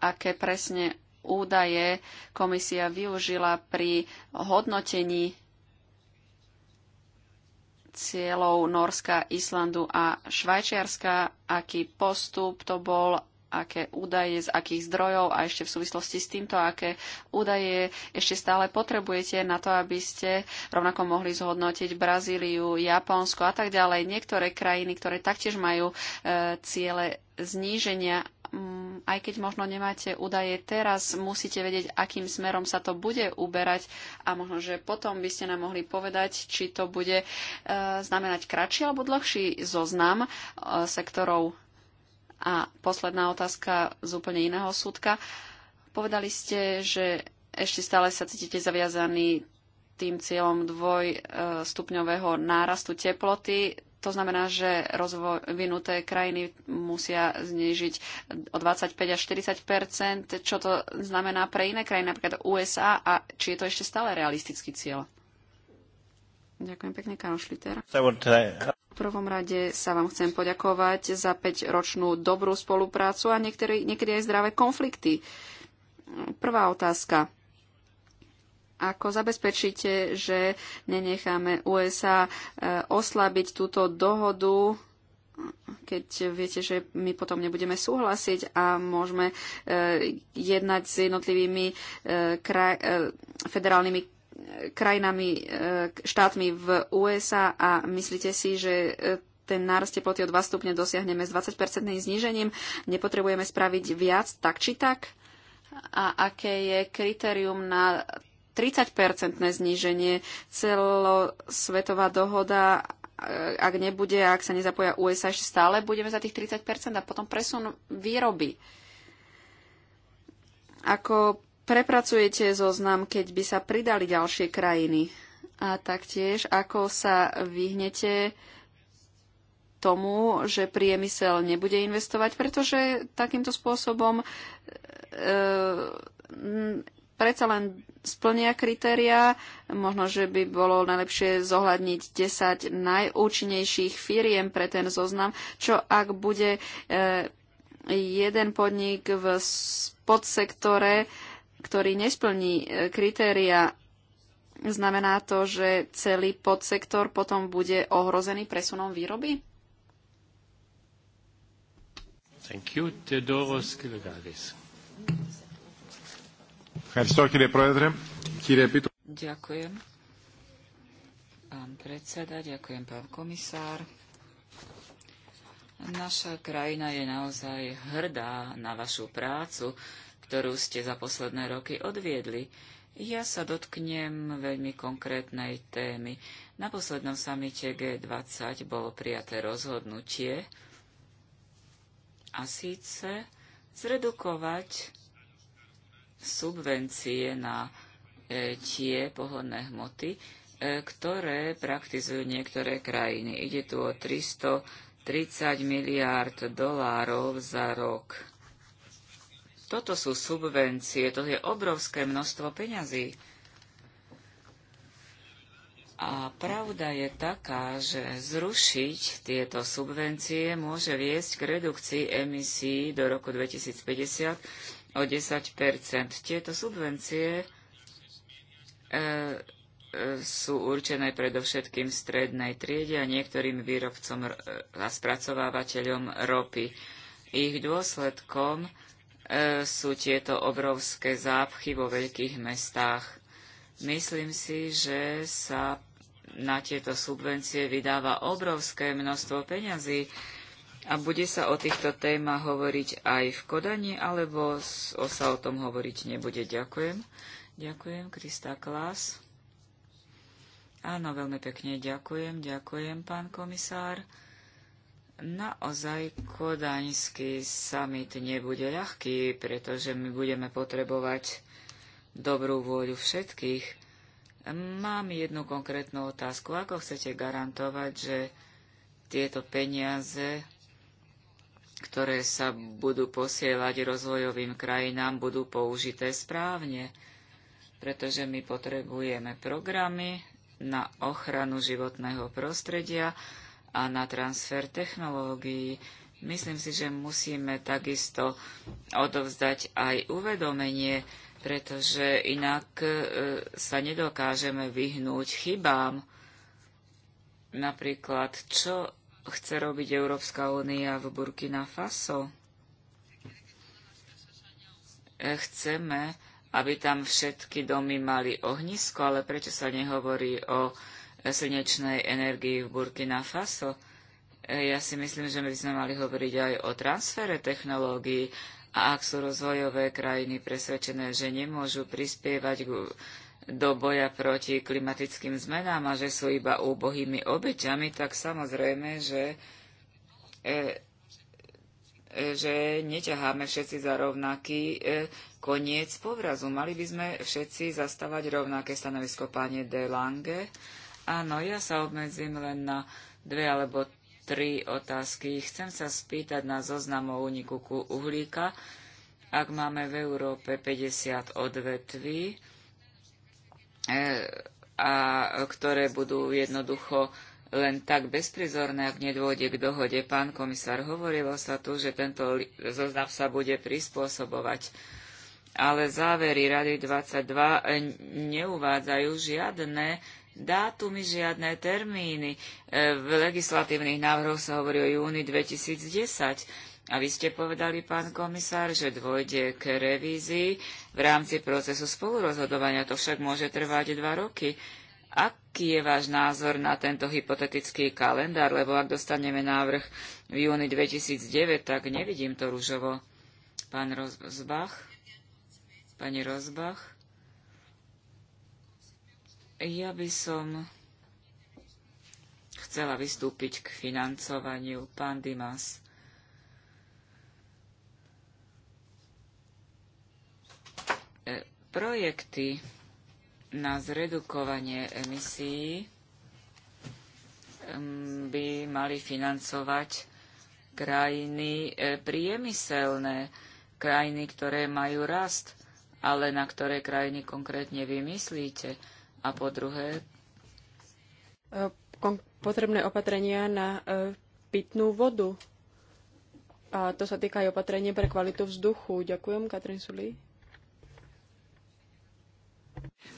aké presne údaje komisia využila pri hodnotení cieľov Norska, Islandu a Švajčiarska, aký postup to bol aké údaje, z akých zdrojov a ešte v súvislosti s týmto, aké údaje ešte stále potrebujete na to, aby ste rovnako mohli zhodnotiť Brazíliu, Japonsko a tak ďalej. Niektoré krajiny, ktoré taktiež majú e, ciele zníženia mm, aj keď možno nemáte údaje teraz, musíte vedieť, akým smerom sa to bude uberať a možno, že potom by ste nám mohli povedať, či to bude e, znamenať kratší alebo dlhší zoznam e, sektorov a posledná otázka z úplne iného súdka. Povedali ste, že ešte stále sa cítite zaviazaní tým cieľom dvojstupňového nárastu teploty. To znamená, že rozvinuté krajiny musia znížiť o 25 až 40 Čo to znamená pre iné krajiny, napríklad USA? A či je to ešte stále realistický cieľ? Ďakujem pekne, Karol Šliter prvom rade sa vám chcem poďakovať za 5-ročnú dobrú spoluprácu a niektorý, niekedy aj zdravé konflikty. Prvá otázka. Ako zabezpečíte, že nenecháme USA e, oslabiť túto dohodu, keď viete, že my potom nebudeme súhlasiť a môžeme e, jednať s jednotlivými e, kraj, federálnymi krajinami, e, štátmi v USA a myslíte si, že e, ten nárast teploty o 2 stupne dosiahneme s 20-percentným znížením. Nepotrebujeme spraviť viac, tak či tak? A aké je kritérium na 30-percentné zníženie celosvetová dohoda e, ak nebude, ak sa nezapoja USA, ešte stále budeme za tých 30% a potom presun výroby. Ako prepracujete zoznam, keď by sa pridali ďalšie krajiny? A taktiež, ako sa vyhnete tomu, že priemysel nebude investovať, pretože takýmto spôsobom e, predsa len splnia kritéria. Možno, že by bolo najlepšie zohľadniť 10 najúčinnejších firiem pre ten zoznam, čo ak bude e, jeden podnik v podsektore ktorý nesplní e, kritéria, znamená to, že celý podsektor potom bude ohrozený presunom výroby? Thank you. Theodoros Ďakujem. Pán predseda, ďakujem pán komisár. Naša krajina je naozaj hrdá na vašu prácu ktorú ste za posledné roky odviedli. Ja sa dotknem veľmi konkrétnej témy. Na poslednom samite G20 bolo prijaté rozhodnutie a síce zredukovať subvencie na e, tie pohodné hmoty, e, ktoré praktizujú niektoré krajiny. Ide tu o 330 miliárd dolárov za rok. Toto sú subvencie, to je obrovské množstvo peňazí. A pravda je taká, že zrušiť tieto subvencie môže viesť k redukcii emisí do roku 2050 o 10 Tieto subvencie e, e, sú určené predovšetkým strednej triede a niektorým výrobcom a spracovávateľom ropy. Ich dôsledkom E, sú tieto obrovské zápchy vo veľkých mestách. Myslím si, že sa na tieto subvencie vydáva obrovské množstvo peňazí a bude sa o týchto témach hovoriť aj v Kodani, alebo o sa o tom hovoriť nebude. Ďakujem. Ďakujem, Krista Klas. Áno, veľmi pekne ďakujem, ďakujem, pán komisár. Naozaj kodaňský summit nebude ľahký, pretože my budeme potrebovať dobrú vôľu všetkých. Mám jednu konkrétnu otázku. Ako chcete garantovať, že tieto peniaze, ktoré sa budú posielať rozvojovým krajinám, budú použité správne? Pretože my potrebujeme programy na ochranu životného prostredia, a na transfer technológií. Myslím si, že musíme takisto odovzdať aj uvedomenie, pretože inak e, sa nedokážeme vyhnúť chybám. Napríklad, čo chce robiť Európska únia v Burkina Faso? E, chceme, aby tam všetky domy mali ohnisko, ale prečo sa nehovorí o slnečnej energii v Burkina Faso. E, ja si myslím, že my by sme mali hovoriť aj o transfere technológií a ak sú rozvojové krajiny presvedčené, že nemôžu prispievať do boja proti klimatickým zmenám a že sú iba úbohými obeťami, tak samozrejme, že, e, e, že neťaháme všetci za rovnaký koniec povrazu. Mali by sme všetci zastávať rovnaké stanovisko pani De Lange Áno, ja sa obmedzím len na dve alebo tri otázky. Chcem sa spýtať na zoznam o úniku uhlíka. Ak máme v Európe 50 odvetví, e, a ktoré budú jednoducho len tak bezprizorné, ak nedôjde k dohode. Pán komisár, hovorilo sa tu, že tento zoznam sa bude prispôsobovať. Ale závery Rady 22 e, neuvádzajú žiadne dátumy, žiadne termíny. E, v legislatívnych návrhoch sa hovorí o júni 2010. A vy ste povedali, pán komisár, že dôjde k revízii v rámci procesu spolurozhodovania. To však môže trvať dva roky. Aký je váš názor na tento hypotetický kalendár? Lebo ak dostaneme návrh v júni 2009, tak nevidím to rúžovo. Pán Rozbach? Pani Rozbach? Ja by som chcela vystúpiť k financovaniu. Pán Dimas. E, projekty na zredukovanie emisí by mali financovať krajiny e, priemyselné, krajiny, ktoré majú rast, ale na ktoré krajiny konkrétne vymyslíte. A po druhé? E, potrebné opatrenia na e, pitnú vodu. A to sa týka aj opatrenie pre kvalitu vzduchu. Ďakujem, Katrin Sulí.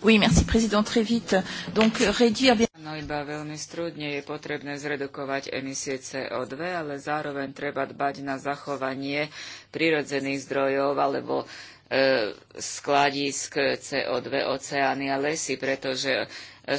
Oui, merci, président, très vite. Donc, réduire... No iba veľmi strudne je potrebné zredukovať emisie CO2, ale zároveň treba dbať na zachovanie prírodzených zdrojov alebo E, skladísk CO2, oceány a lesy, pretože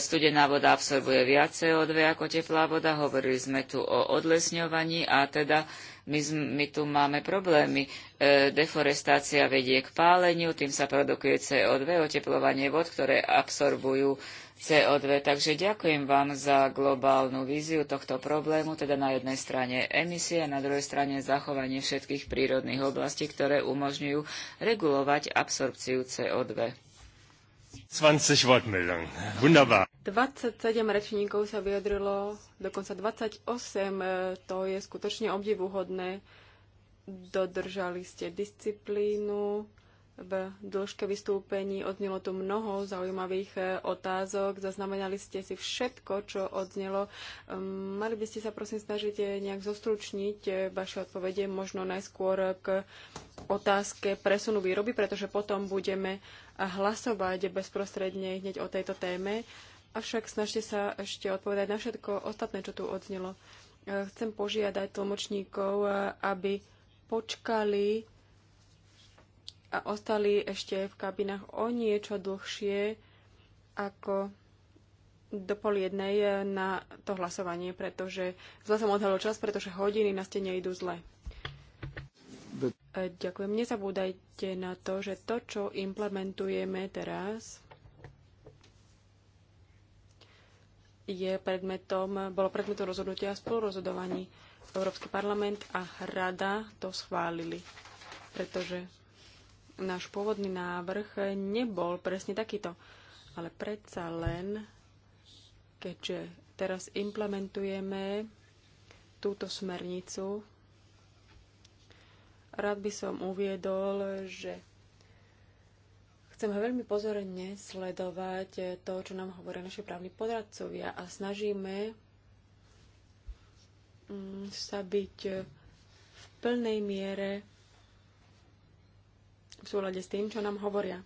studená voda absorbuje viac CO2 ako teplá voda. Hovorili sme tu o odlesňovaní a teda my, my tu máme problémy. E, deforestácia vedie k páleniu, tým sa produkuje CO2, oteplovanie vod, ktoré absorbujú CO2. Takže ďakujem vám za globálnu víziu tohto problému, teda na jednej strane emisie a na druhej strane zachovanie všetkých prírodných oblastí, ktoré umožňujú regulovať absorpciu CO2. 27 rečníkov sa vyjadrilo, dokonca 28, e, to je skutočne obdivuhodné. Dodržali ste disciplínu, v dĺžke vystúpení odznelo tu mnoho zaujímavých e, otázok. Zaznamenali ste si všetko, čo odznelo. Ehm, mali by ste sa prosím snažiť e, nejak zostručniť e, vaše odpovede, možno najskôr k otázke presunu výroby, pretože potom budeme hlasovať bezprostredne hneď o tejto téme. Avšak snažte sa ešte odpovedať na všetko ostatné, čo tu odznelo. Chcem požiadať tlmočníkov, aby počkali a ostali ešte v kabinách o niečo dlhšie ako do pol jednej na to hlasovanie, pretože zle som odhalil čas, pretože hodiny na stene idú zle. Ďakujem. Nezabúdajte na to, že to, čo implementujeme teraz, je predmetom, bolo predmetom rozhodnutia a spolurozhodovaní. Európsky parlament a rada to schválili, pretože náš pôvodný návrh nebol presne takýto. Ale predsa len, keďže teraz implementujeme túto smernicu, rád by som uviedol, že chceme veľmi pozorne sledovať to, čo nám hovoria naši právni poradcovia a snažíme mm, sa byť v plnej miere v súlade s tým, čo nám hovoria.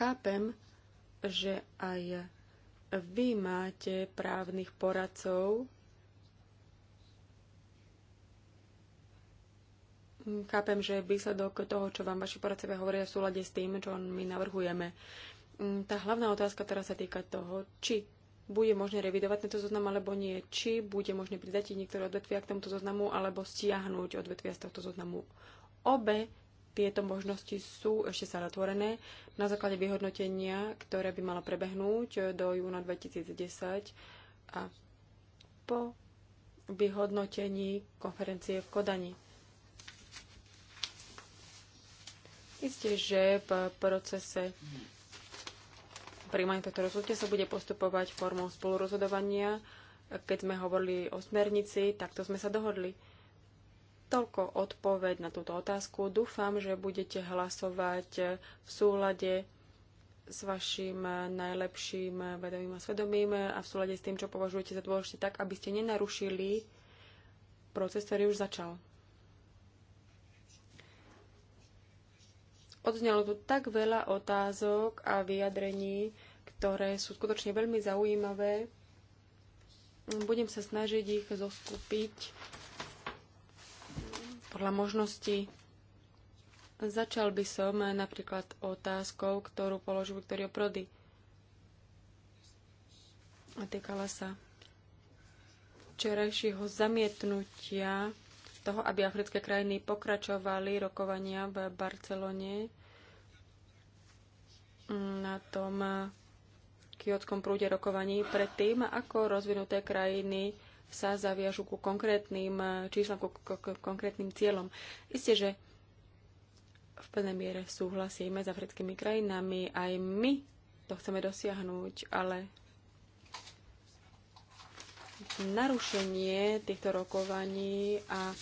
Chápem, že aj vy máte právnych poradcov. Chápem, že výsledok toho, čo vám vaši poradcovia hovoria, v súlade s tým, čo my navrhujeme. Tá hlavná otázka teraz sa týka toho, či bude možné revidovať tento zoznam alebo nie, či bude možné pridať niektoré odvetvia k tomuto zoznamu alebo stiahnuť odvetvia z tohto zoznamu. Obe tieto možnosti sú ešte sa zatvorené. Na základe vyhodnotenia, ktoré by malo prebehnúť do júna 2010 a po vyhodnotení konferencie v Kodani. Isté, že v procese príjmania tohto rozhodnutia sa bude postupovať formou spolurozhodovania. Keď sme hovorili o smernici, takto sme sa dohodli Toľko odpoveď na túto otázku. Dúfam, že budete hlasovať v súlade s vašim najlepším vedomým a svedomím a v súlade s tým, čo považujete za dôležité, tak, aby ste nenarušili proces, ktorý už začal. Odznelo tu tak veľa otázok a vyjadrení, ktoré sú skutočne veľmi zaujímavé. Budem sa snažiť ich zoskupiť podľa možnosti. Začal by som napríklad otázkou, ktorú položil Viktorio Prody. A týkala sa včerajšieho zamietnutia toho, aby africké krajiny pokračovali rokovania v Barcelone na tom kiotskom prúde rokovaní predtým, ako rozvinuté krajiny sa zaviažu ku konkrétnym e, číslam, ku, konkrétnym cieľom. Isté, že v plnej miere súhlasíme s africkými krajinami, aj my to chceme dosiahnuť, ale narušenie týchto rokovaní a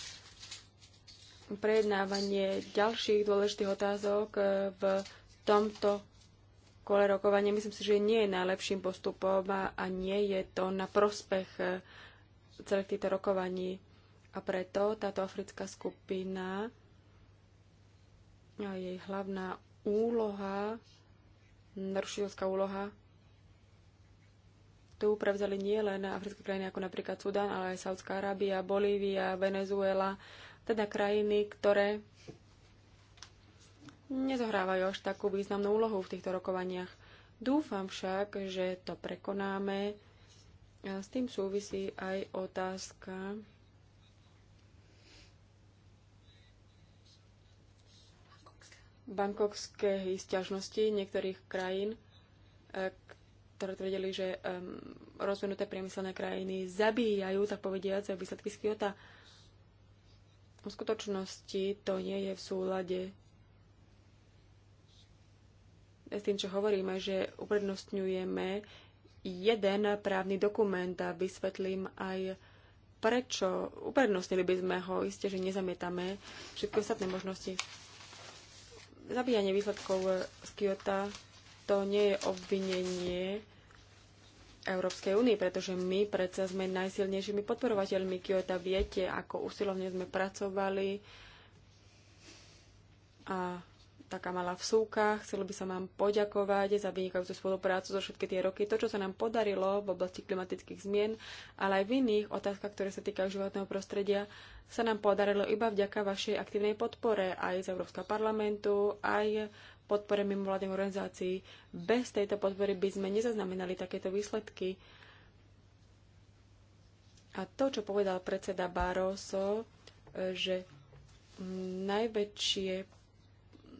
prejednávanie ďalších dôležitých otázok e, v tomto kole rokovania myslím si, že nie je najlepším postupom a nie je to na prospech e, celých týchto rokovaní. A preto táto africká skupina a jej hlavná úloha, narušiteľská úloha, tu prevzali nie len africké krajiny ako napríklad Sudan, ale aj Saudská Arábia, Bolívia, Venezuela, teda krajiny, ktoré nezohrávajú až takú významnú úlohu v týchto rokovaniach. Dúfam však, že to prekonáme a s tým súvisí aj otázka Bankovské sťažnosti niektorých krajín, e, ktoré tvrdili, že um, rozvinuté priemyselné krajiny zabíjajú, tak povediať, výsledky z Kyoto. V skutočnosti to nie je v súlade s tým, čo hovoríme, že uprednostňujeme jeden právny dokument a vysvetlím aj prečo. Uprednostnili by sme ho, isté, že nezamietame všetky ostatné možnosti. Zabíjanie výsledkov z Kyoto to nie je obvinenie Európskej únie, pretože my predsa sme najsilnejšími podporovateľmi Kyoto. Viete, ako usilovne sme pracovali a taká malá vsúka. chcelo by sa vám poďakovať za vynikajúcu spoluprácu zo všetky tie roky. To, čo sa nám podarilo v oblasti klimatických zmien, ale aj v iných otázkach, ktoré sa týkajú životného prostredia, sa nám podarilo iba vďaka vašej aktívnej podpore aj z Európskeho parlamentu, aj podpore mimovládnych organizácií. Bez tejto podpory by sme nezaznamenali takéto výsledky. A to, čo povedal predseda Barroso, že najväčšie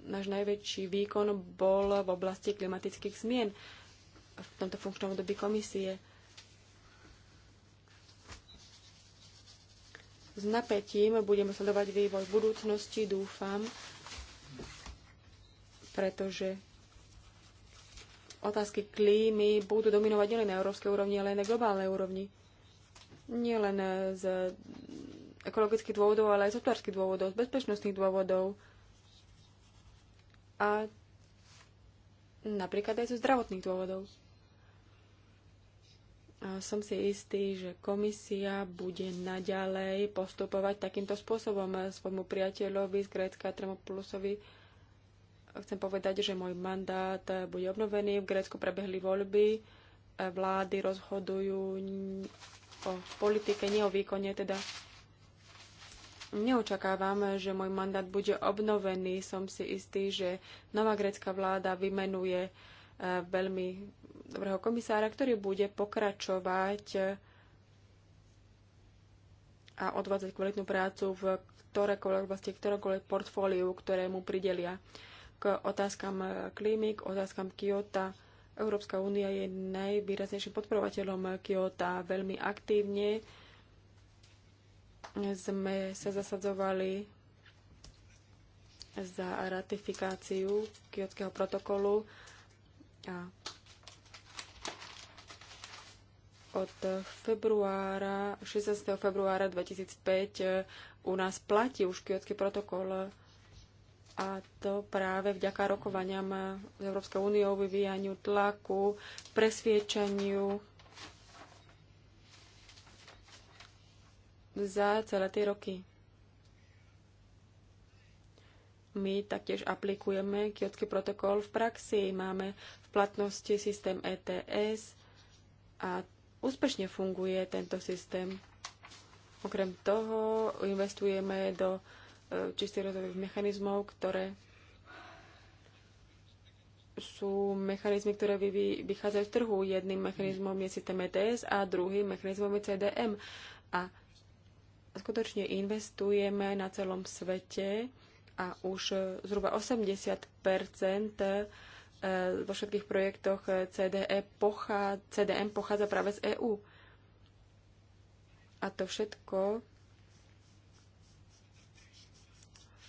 náš najväčší výkon bol v oblasti klimatických zmien v tomto funkčnom období komisie. S napätím budeme sledovať vývoj v budúcnosti, dúfam, pretože otázky klímy budú dominovať nielen na európskej úrovni, ale aj na globálnej úrovni. Nielen z ekologických dôvodov, ale aj z otvárských dôvodov, z bezpečnostných dôvodov a napríklad aj zo zdravotných dôvodov. A som si istý, že komisia bude naďalej postupovať takýmto spôsobom. Svojmu priateľovi z Grécka, Tremopulusovi, chcem povedať, že môj mandát bude obnovený. V Grécku prebehli voľby, vlády rozhodujú o politike, nie o výkone teda. Neočakávam, že môj mandát bude obnovený. Som si istý, že nová grecká vláda vymenuje eh, veľmi dobrého komisára, ktorý bude pokračovať eh, a odvádzať kvalitnú prácu v ktorékoľvek vlastne, ktorékoľvek portfóliu, ktoré mu pridelia. K otázkam eh, klímy, k otázkam Kyoto. Európska únia je najvýraznejším podporovateľom Kyoto veľmi aktívne sme sa zasadzovali za ratifikáciu Kyotského protokolu a od februára, 16. februára 2005 eh, u nás platí už Kyotský protokol a to práve vďaka rokovaniam s Európskou úniou, vyvíjaniu tlaku, presviečaniu za celé tie roky. My taktiež aplikujeme kiotský protokol v praxi. Máme v platnosti systém ETS a úspešne funguje tento systém. Okrem toho investujeme do e, čistých rozvojových mechanizmov, ktoré sú mechanizmy, ktoré vychádzajú z trhu. Jedným mechanizmom je systém ETS a druhým mechanizmom je CDM. A skutočne investujeme na celom svete a už zhruba 80 eh, vo všetkých projektoch eh, CDE pochá, CDM pochádza práve z EÚ. A to všetko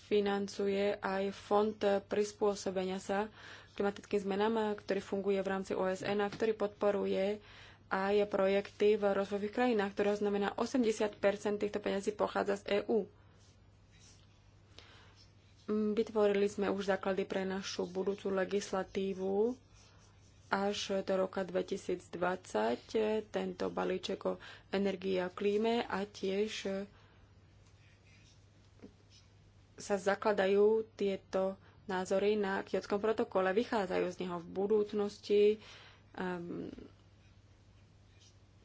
financuje aj fond prispôsobenia sa klimatickým zmenám, eh, ktorý funguje v rámci OSN a ktorý podporuje aj projekty v rozvojových krajinách, ktorého znamená 80 týchto peniazí pochádza z EÚ. Vytvorili sme už základy pre našu budúcu legislatívu až do roka 2020, tento balíček o energii a klíme a tiež sa zakladajú tieto názory na kiotskom protokole, vychádzajú z neho v budúcnosti. Um,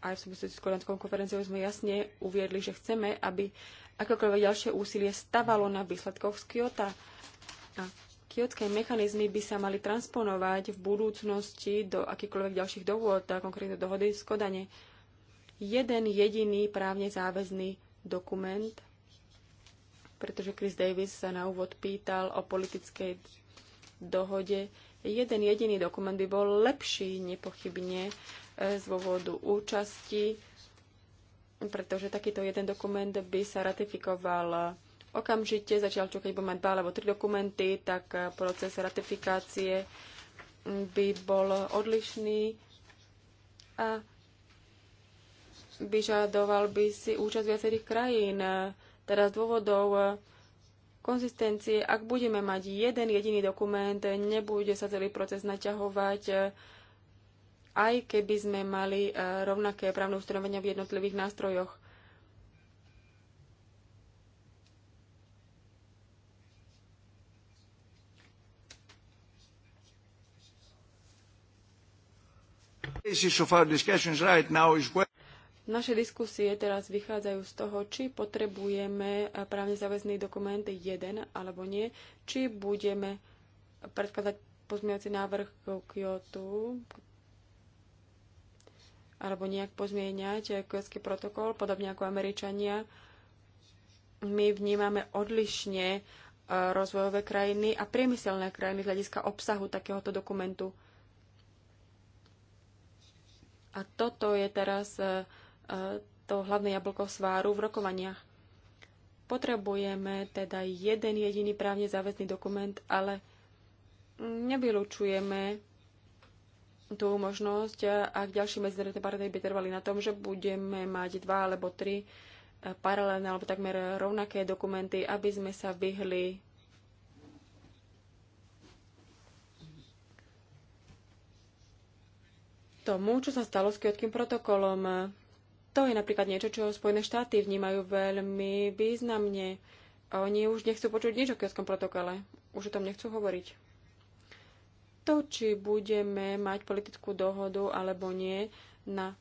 aj v súvislosti s Kodanskou konferenciou sme jasne uviedli, že chceme, aby akékoľvek ďalšie úsilie stavalo na výsledkoch z Kyoto. A kiotské mechanizmy by sa mali transponovať v budúcnosti do akýchkoľvek ďalších dohôd, a teda konkrétne dohody z Kodane. Jeden jediný právne záväzný dokument, pretože Chris Davis sa na úvod pýtal o politickej dohode. Jeden jediný dokument by bol lepší nepochybne z dôvodu účasti, pretože takýto jeden dokument by sa ratifikoval okamžite, začiaľ čo keď budeme mať dva alebo tri dokumenty, tak proces ratifikácie by bol odlišný a vyžadoval by si účasť viacerých krajín. Teda z dôvodov konzistencie, ak budeme mať jeden jediný dokument, nebude sa celý proces naťahovať, aj keby sme mali e, rovnaké právne ustanovenia v jednotlivých nástrojoch. Naše diskusie teraz vychádzajú z toho, či potrebujeme e, právne záväzný dokument jeden alebo nie, či budeme predkladať pozmeňovací návrh k Kyoto, alebo nejak pozmieňať eh, kvetský protokol, podobne ako Američania. My vnímame odlišne eh, rozvojové krajiny a priemyselné krajiny z hľadiska obsahu takéhoto dokumentu. A toto je teraz eh, to hlavné jablko sváru v rokovaniach. Potrebujeme teda jeden jediný právne záväzný dokument, ale nevylučujeme tú možnosť, ak ďalší medzinárodné partnery by trvali na tom, že budeme mať dva alebo tri e, paralelné alebo takmer rovnaké dokumenty, aby sme sa vyhli tomu, čo sa stalo s kiotkým protokolom. To je napríklad niečo, čo Spojené štáty vnímajú veľmi významne. Oni už nechcú počuť nič o kiotskom protokole. Už o tom nechcú hovoriť. To, či budeme mať politickú dohodu alebo nie na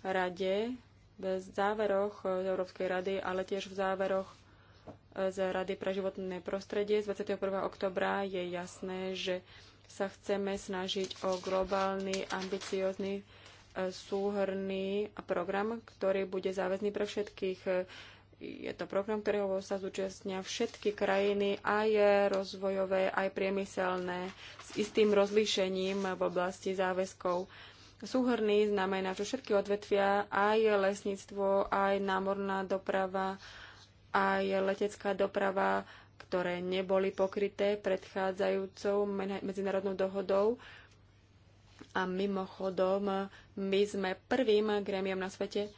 rade, v záveroch z Európskej rady, ale tiež v záveroch eh, z Rady pre životné prostredie z 21. oktobra je jasné, že sa chceme snažiť o globálny, ambiciózny, eh, súhrný program, ktorý bude záväzný pre všetkých. Eh, je to program, ktorého sa zúčastnia všetky krajiny, aj rozvojové, aj priemyselné, s istým rozlíšením v oblasti záväzkov. Súhrný znamená, že všetky odvetvia, aj lesníctvo, aj námorná doprava, aj letecká doprava, ktoré neboli pokryté predchádzajúcou medzinárodnou dohodou, a mimochodom, my sme prvým gremiom na svete,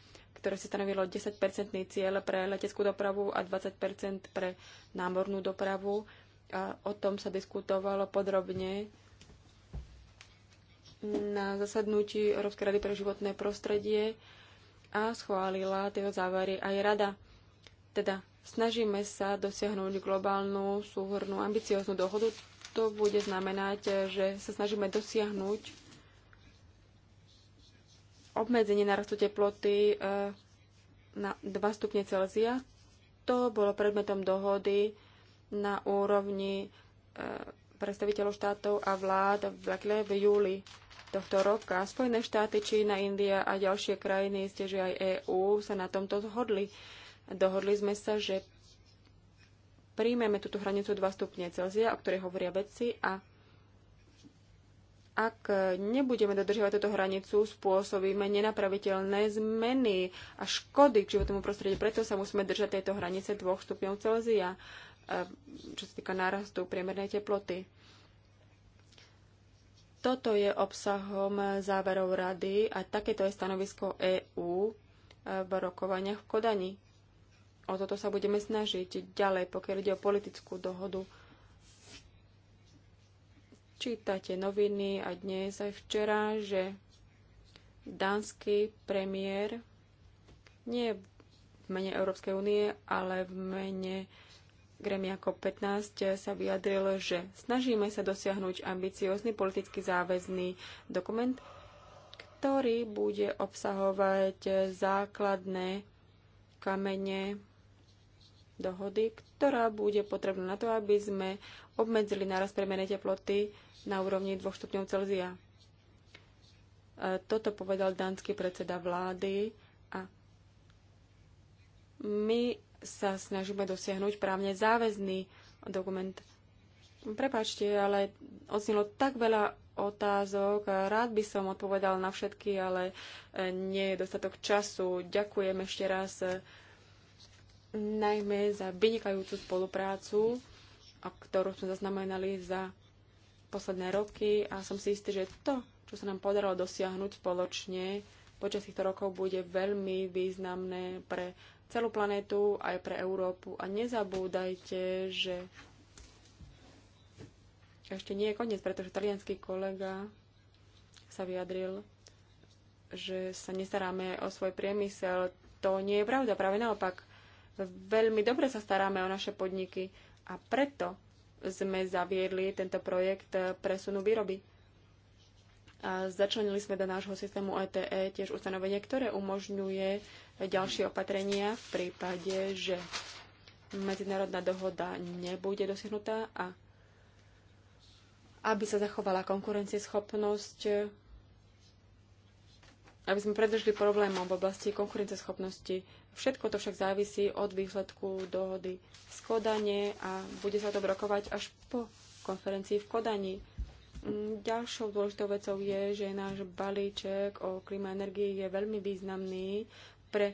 ktoré si stanovilo 10-percentný cieľ pre leteckú dopravu a 20 pre námornú dopravu. A o tom sa diskutovalo podrobne na zasadnutí Európskej rady pre životné prostredie a schválila tieto závery aj rada. Teda snažíme sa dosiahnuť globálnu súhrnú ambicióznu dohodu. To bude znamenať, že sa snažíme dosiahnuť obmedzenie narastu teploty eh, na 2 stupne Celzia. To bolo predmetom dohody na úrovni eh, predstaviteľov štátov a vlád v Lekle v júli tohto roka. Spojené štáty, Čína, India a ďalšie krajiny, ste, že aj EÚ sa na tomto zhodli. Dohodli sme sa, že príjmeme túto hranicu 2 stupne Celzia, o ktorej hovoria vedci a ak nebudeme dodržiavať túto hranicu, spôsobíme nenapraviteľné zmeny a škody k životnému prostrediu. Preto sa musíme držať tejto hranice 2 stupňov Celzia, e, čo sa týka nárastu priemernej teploty. Toto je obsahom záverov rady a takéto je stanovisko EÚ e, v rokovaniach v Kodani. O toto sa budeme snažiť ďalej, pokiaľ ide o politickú dohodu čítate noviny a dnes aj včera, že dánsky premiér nie v mene Európskej únie, ale v mene Gremia ako 15 sa vyjadril, že snažíme sa dosiahnuť ambiciózny politicky záväzný dokument, ktorý bude obsahovať základné kamene dohody, ktorá bude potrebná na to, aby sme obmedzili nárast premenej teploty na úrovni 2 stupňov Celzia. E, toto povedal dánsky predseda vlády a my sa snažíme dosiahnuť právne záväzný dokument. Prepačte, ale odsnilo tak veľa otázok. Rád by som odpovedal na všetky, ale e, nie je dostatok času. Ďakujem ešte raz e, najmä za vynikajúcu spoluprácu, ktorú sme zaznamenali za posledné roky a som si istý, že to, čo sa nám podarilo dosiahnuť spoločne počas týchto rokov, bude veľmi významné pre celú planetu, aj pre Európu. A nezabúdajte, že ešte nie je koniec, pretože talianský kolega sa vyjadril, že sa nestaráme o svoj priemysel. To nie je pravda, práve naopak. Veľmi dobre sa staráme o naše podniky a preto sme zaviedli tento projekt presunu výroby. A začlenili sme do nášho systému ETE e tiež ustanovenie, ktoré umožňuje ďalšie opatrenia v prípade, že medzinárodná dohoda nebude dosiahnutá a aby sa zachovala konkurencieschopnosť, aby sme predržili problémom v oblasti konkurenceschopnosti. Všetko to však závisí od výsledku dohody z Kodane a bude sa to brokovať až po konferencii v Kodani. Mm, Ďalšou dôležitou vecou je, že náš balíček o klima energii je veľmi významný pre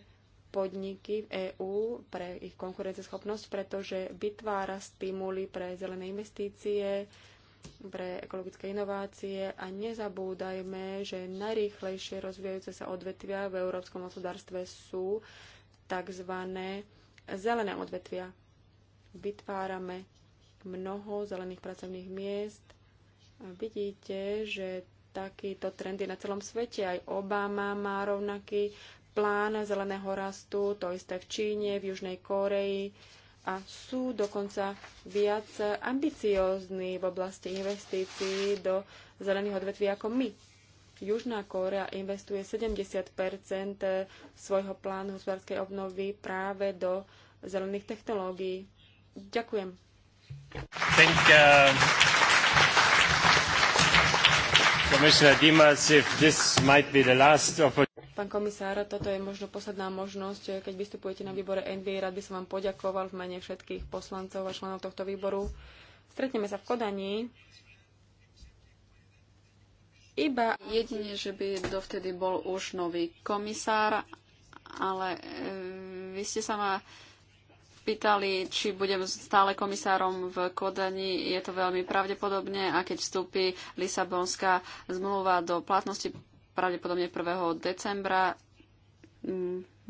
podniky v EÚ, pre ich konkurenceschopnosť, pretože vytvára stimuly pre zelené investície, pre ekologické inovácie a nezabúdajme, že najrýchlejšie rozvíjajúce sa odvetvia v európskom hospodárstve sú tzv. zelené odvetvia. Vytvárame mnoho zelených pracovných miest. Vidíte, že takýto trend je na celom svete. Aj Obama má rovnaký plán zeleného rastu, to isté v Číne, v Južnej Koreji a sú dokonca viac ambiciózni v oblasti investícií do zelených odvetví ako my. Južná Kórea investuje 70 svojho plánu hospodárskej obnovy práve do zelených technológií. Ďakujem. Thank, uh, Pán komisár, toto je možno posledná možnosť. Keď vystupujete na výbore NB, rád by som vám poďakoval v mene všetkých poslancov a členov tohto výboru. Stretneme sa v Kodani iba jedine, že by dovtedy bol už nový komisár, ale e, vy ste sa ma pýtali, či budem stále komisárom v Kodani. Je to veľmi pravdepodobne a keď vstúpi Lisabonská zmluva do platnosti pravdepodobne 1. decembra,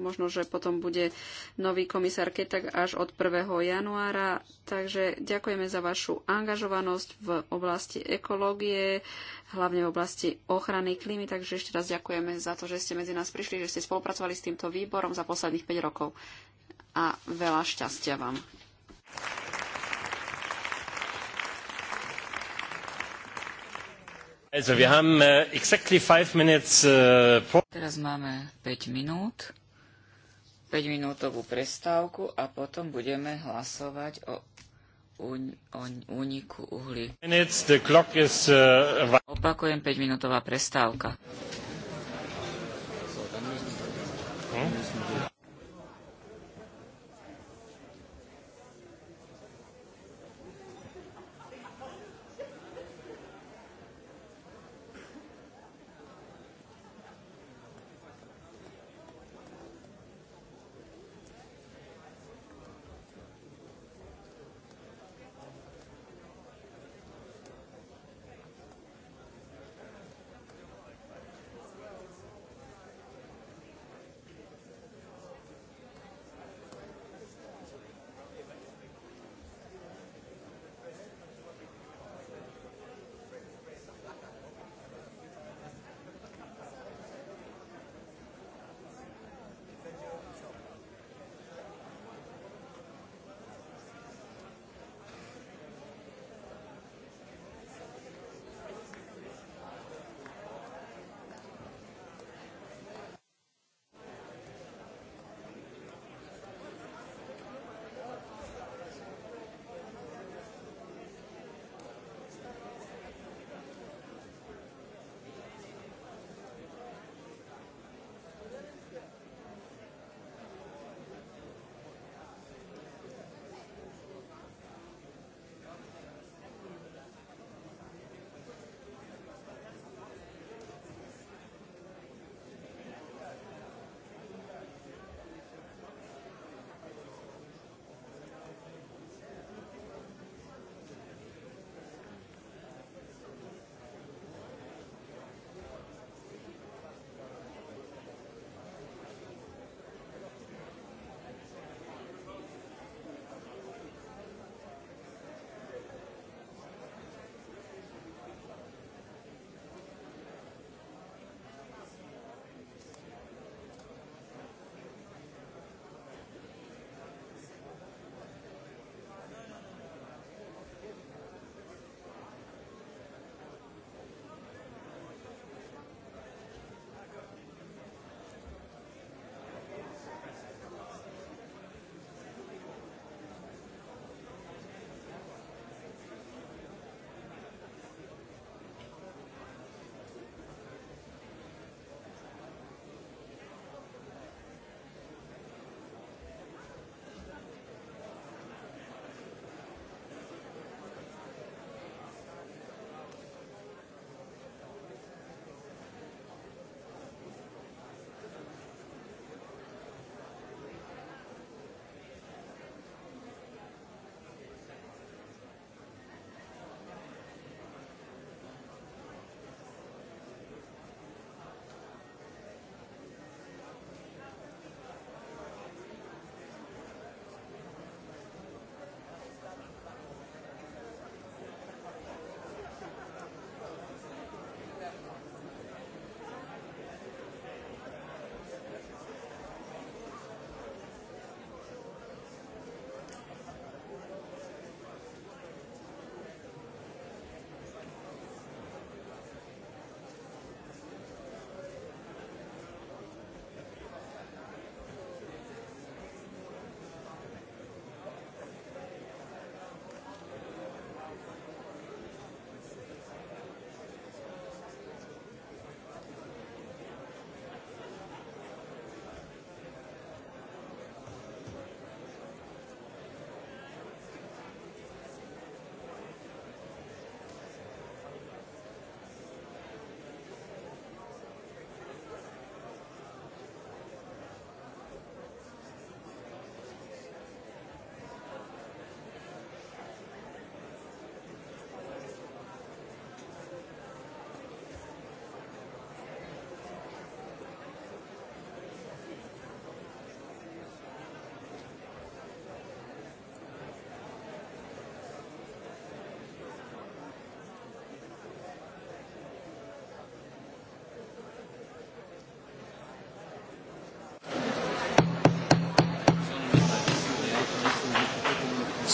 Možno, že potom bude nový komisár Ketak až od 1. januára. Takže ďakujeme za vašu angažovanosť v oblasti ekológie, hlavne v oblasti ochrany klímy. Takže ešte raz ďakujeme za to, že ste medzi nás prišli, že ste spolupracovali s týmto výborom za posledných 5 rokov. A veľa šťastia vám. Äh, äh, Teraz máme 5 minút 5-minútovú prestávku a potom budeme hlasovať o úniku uhlí. Uh, Opakujem 5-minútová prestávka.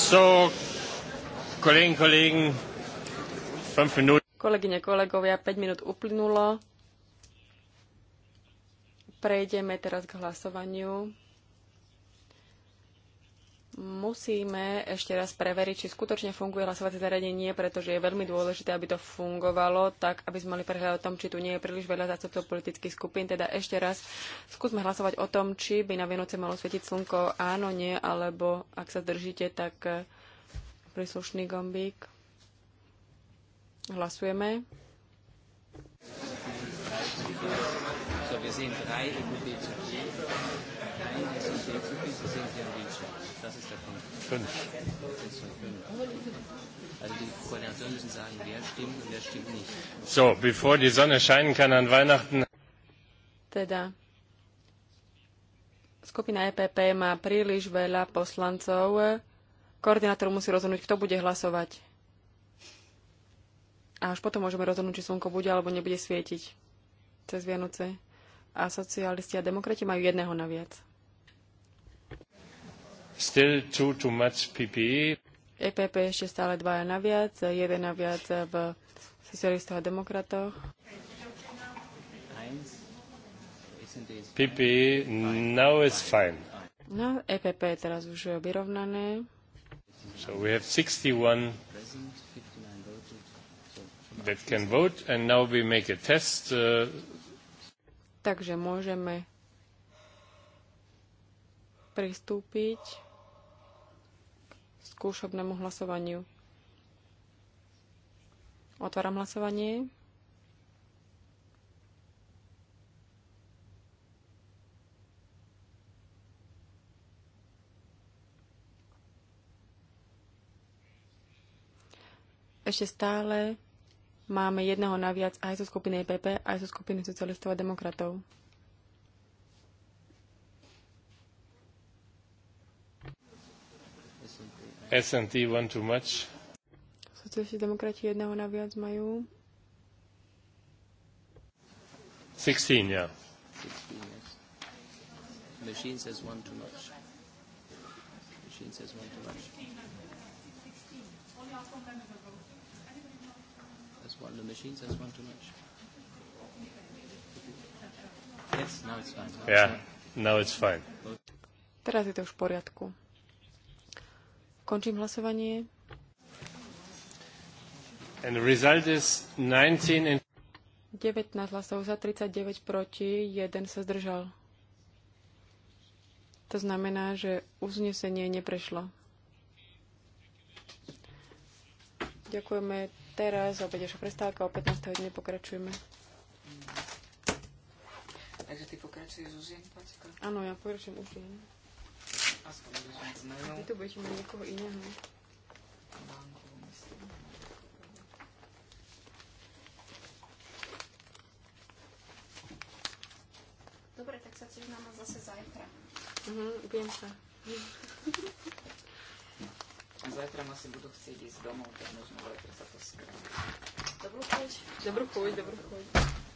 So, kolegyne, kolegen, Kolegyne, kolegovia, 5 minút uplynulo. Prejdeme teraz k hlasovaniu musíme ešte raz preveriť, či skutočne funguje hlasovacie zariadenie, pretože je veľmi dôležité, aby to fungovalo tak, aby sme mali prehľad o tom, či tu nie je príliš veľa zástupcov politických skupín. Teda ešte raz skúsme hlasovať o tom, či by na Vianoce malo svietiť slnko áno, nie, alebo ak sa držíte, tak eh, príslušný gombík. Hlasujeme. So, wir sehen drei Fünf sind hier in Wheelchair. Das ist der Punkt. Fünf. Also die Koordinatoren müssen sagen, wer stimmt und wer stimmt nicht. So, bevor die Sonne scheinen kann an Weihnachten. Teda, skupina EPP má príliš veľa poslancov. Koordinátor musí rozhodnúť, kto bude hlasovať. A až potom môžeme rozhodnúť, či slnko bude alebo nebude svietiť cez Vianoce. A socialisti a demokrati majú jedného naviac. Still too, too much PPE. EPP ešte stále dvaja naviac, jeden naviac v socialistoch a demokratoch. PPE now is fine. No, EPP je teraz už je vyrovnané. So we have 61 that can vote and now we make a test. Uh, Takže môžeme pristúpiť skúšobnému hlasovaniu. Otváram hlasovanie. Ešte stále máme jedného naviac aj zo skupiny EPP, aj zo skupiny socialistov a demokratov. SNT one too much. Socialisti demokrati jedného na viac majú. 16, yeah. 16, yes. Machine says one too much. Machine says one too much. That's one. The machine says one too much. Yes, now it's fine. Now yeah, it's fine. now it's fine. Teraz je to už v poriadku. Končím hlasovanie. And the result is 19 and 19 hlasov za, 39 proti, 1 sa zdržal. To znamená, že uznesenie neprešlo. Ďakujeme teraz, opäť ešte prestávka, o 15. hodine pokračujeme. Takže ty pokračuješ už jen, Áno, ja pokračujem už jen. Vy tu budete mať niekoho iného. Dobre, tak sa tiež nám zase zajtra. Mhm, viem sa. Zajtra ma si budú chcieť ísť domov, tak možno zajtra sa to skrátim. Dobrú chuť. Dobrú chuť, dobrú chuť.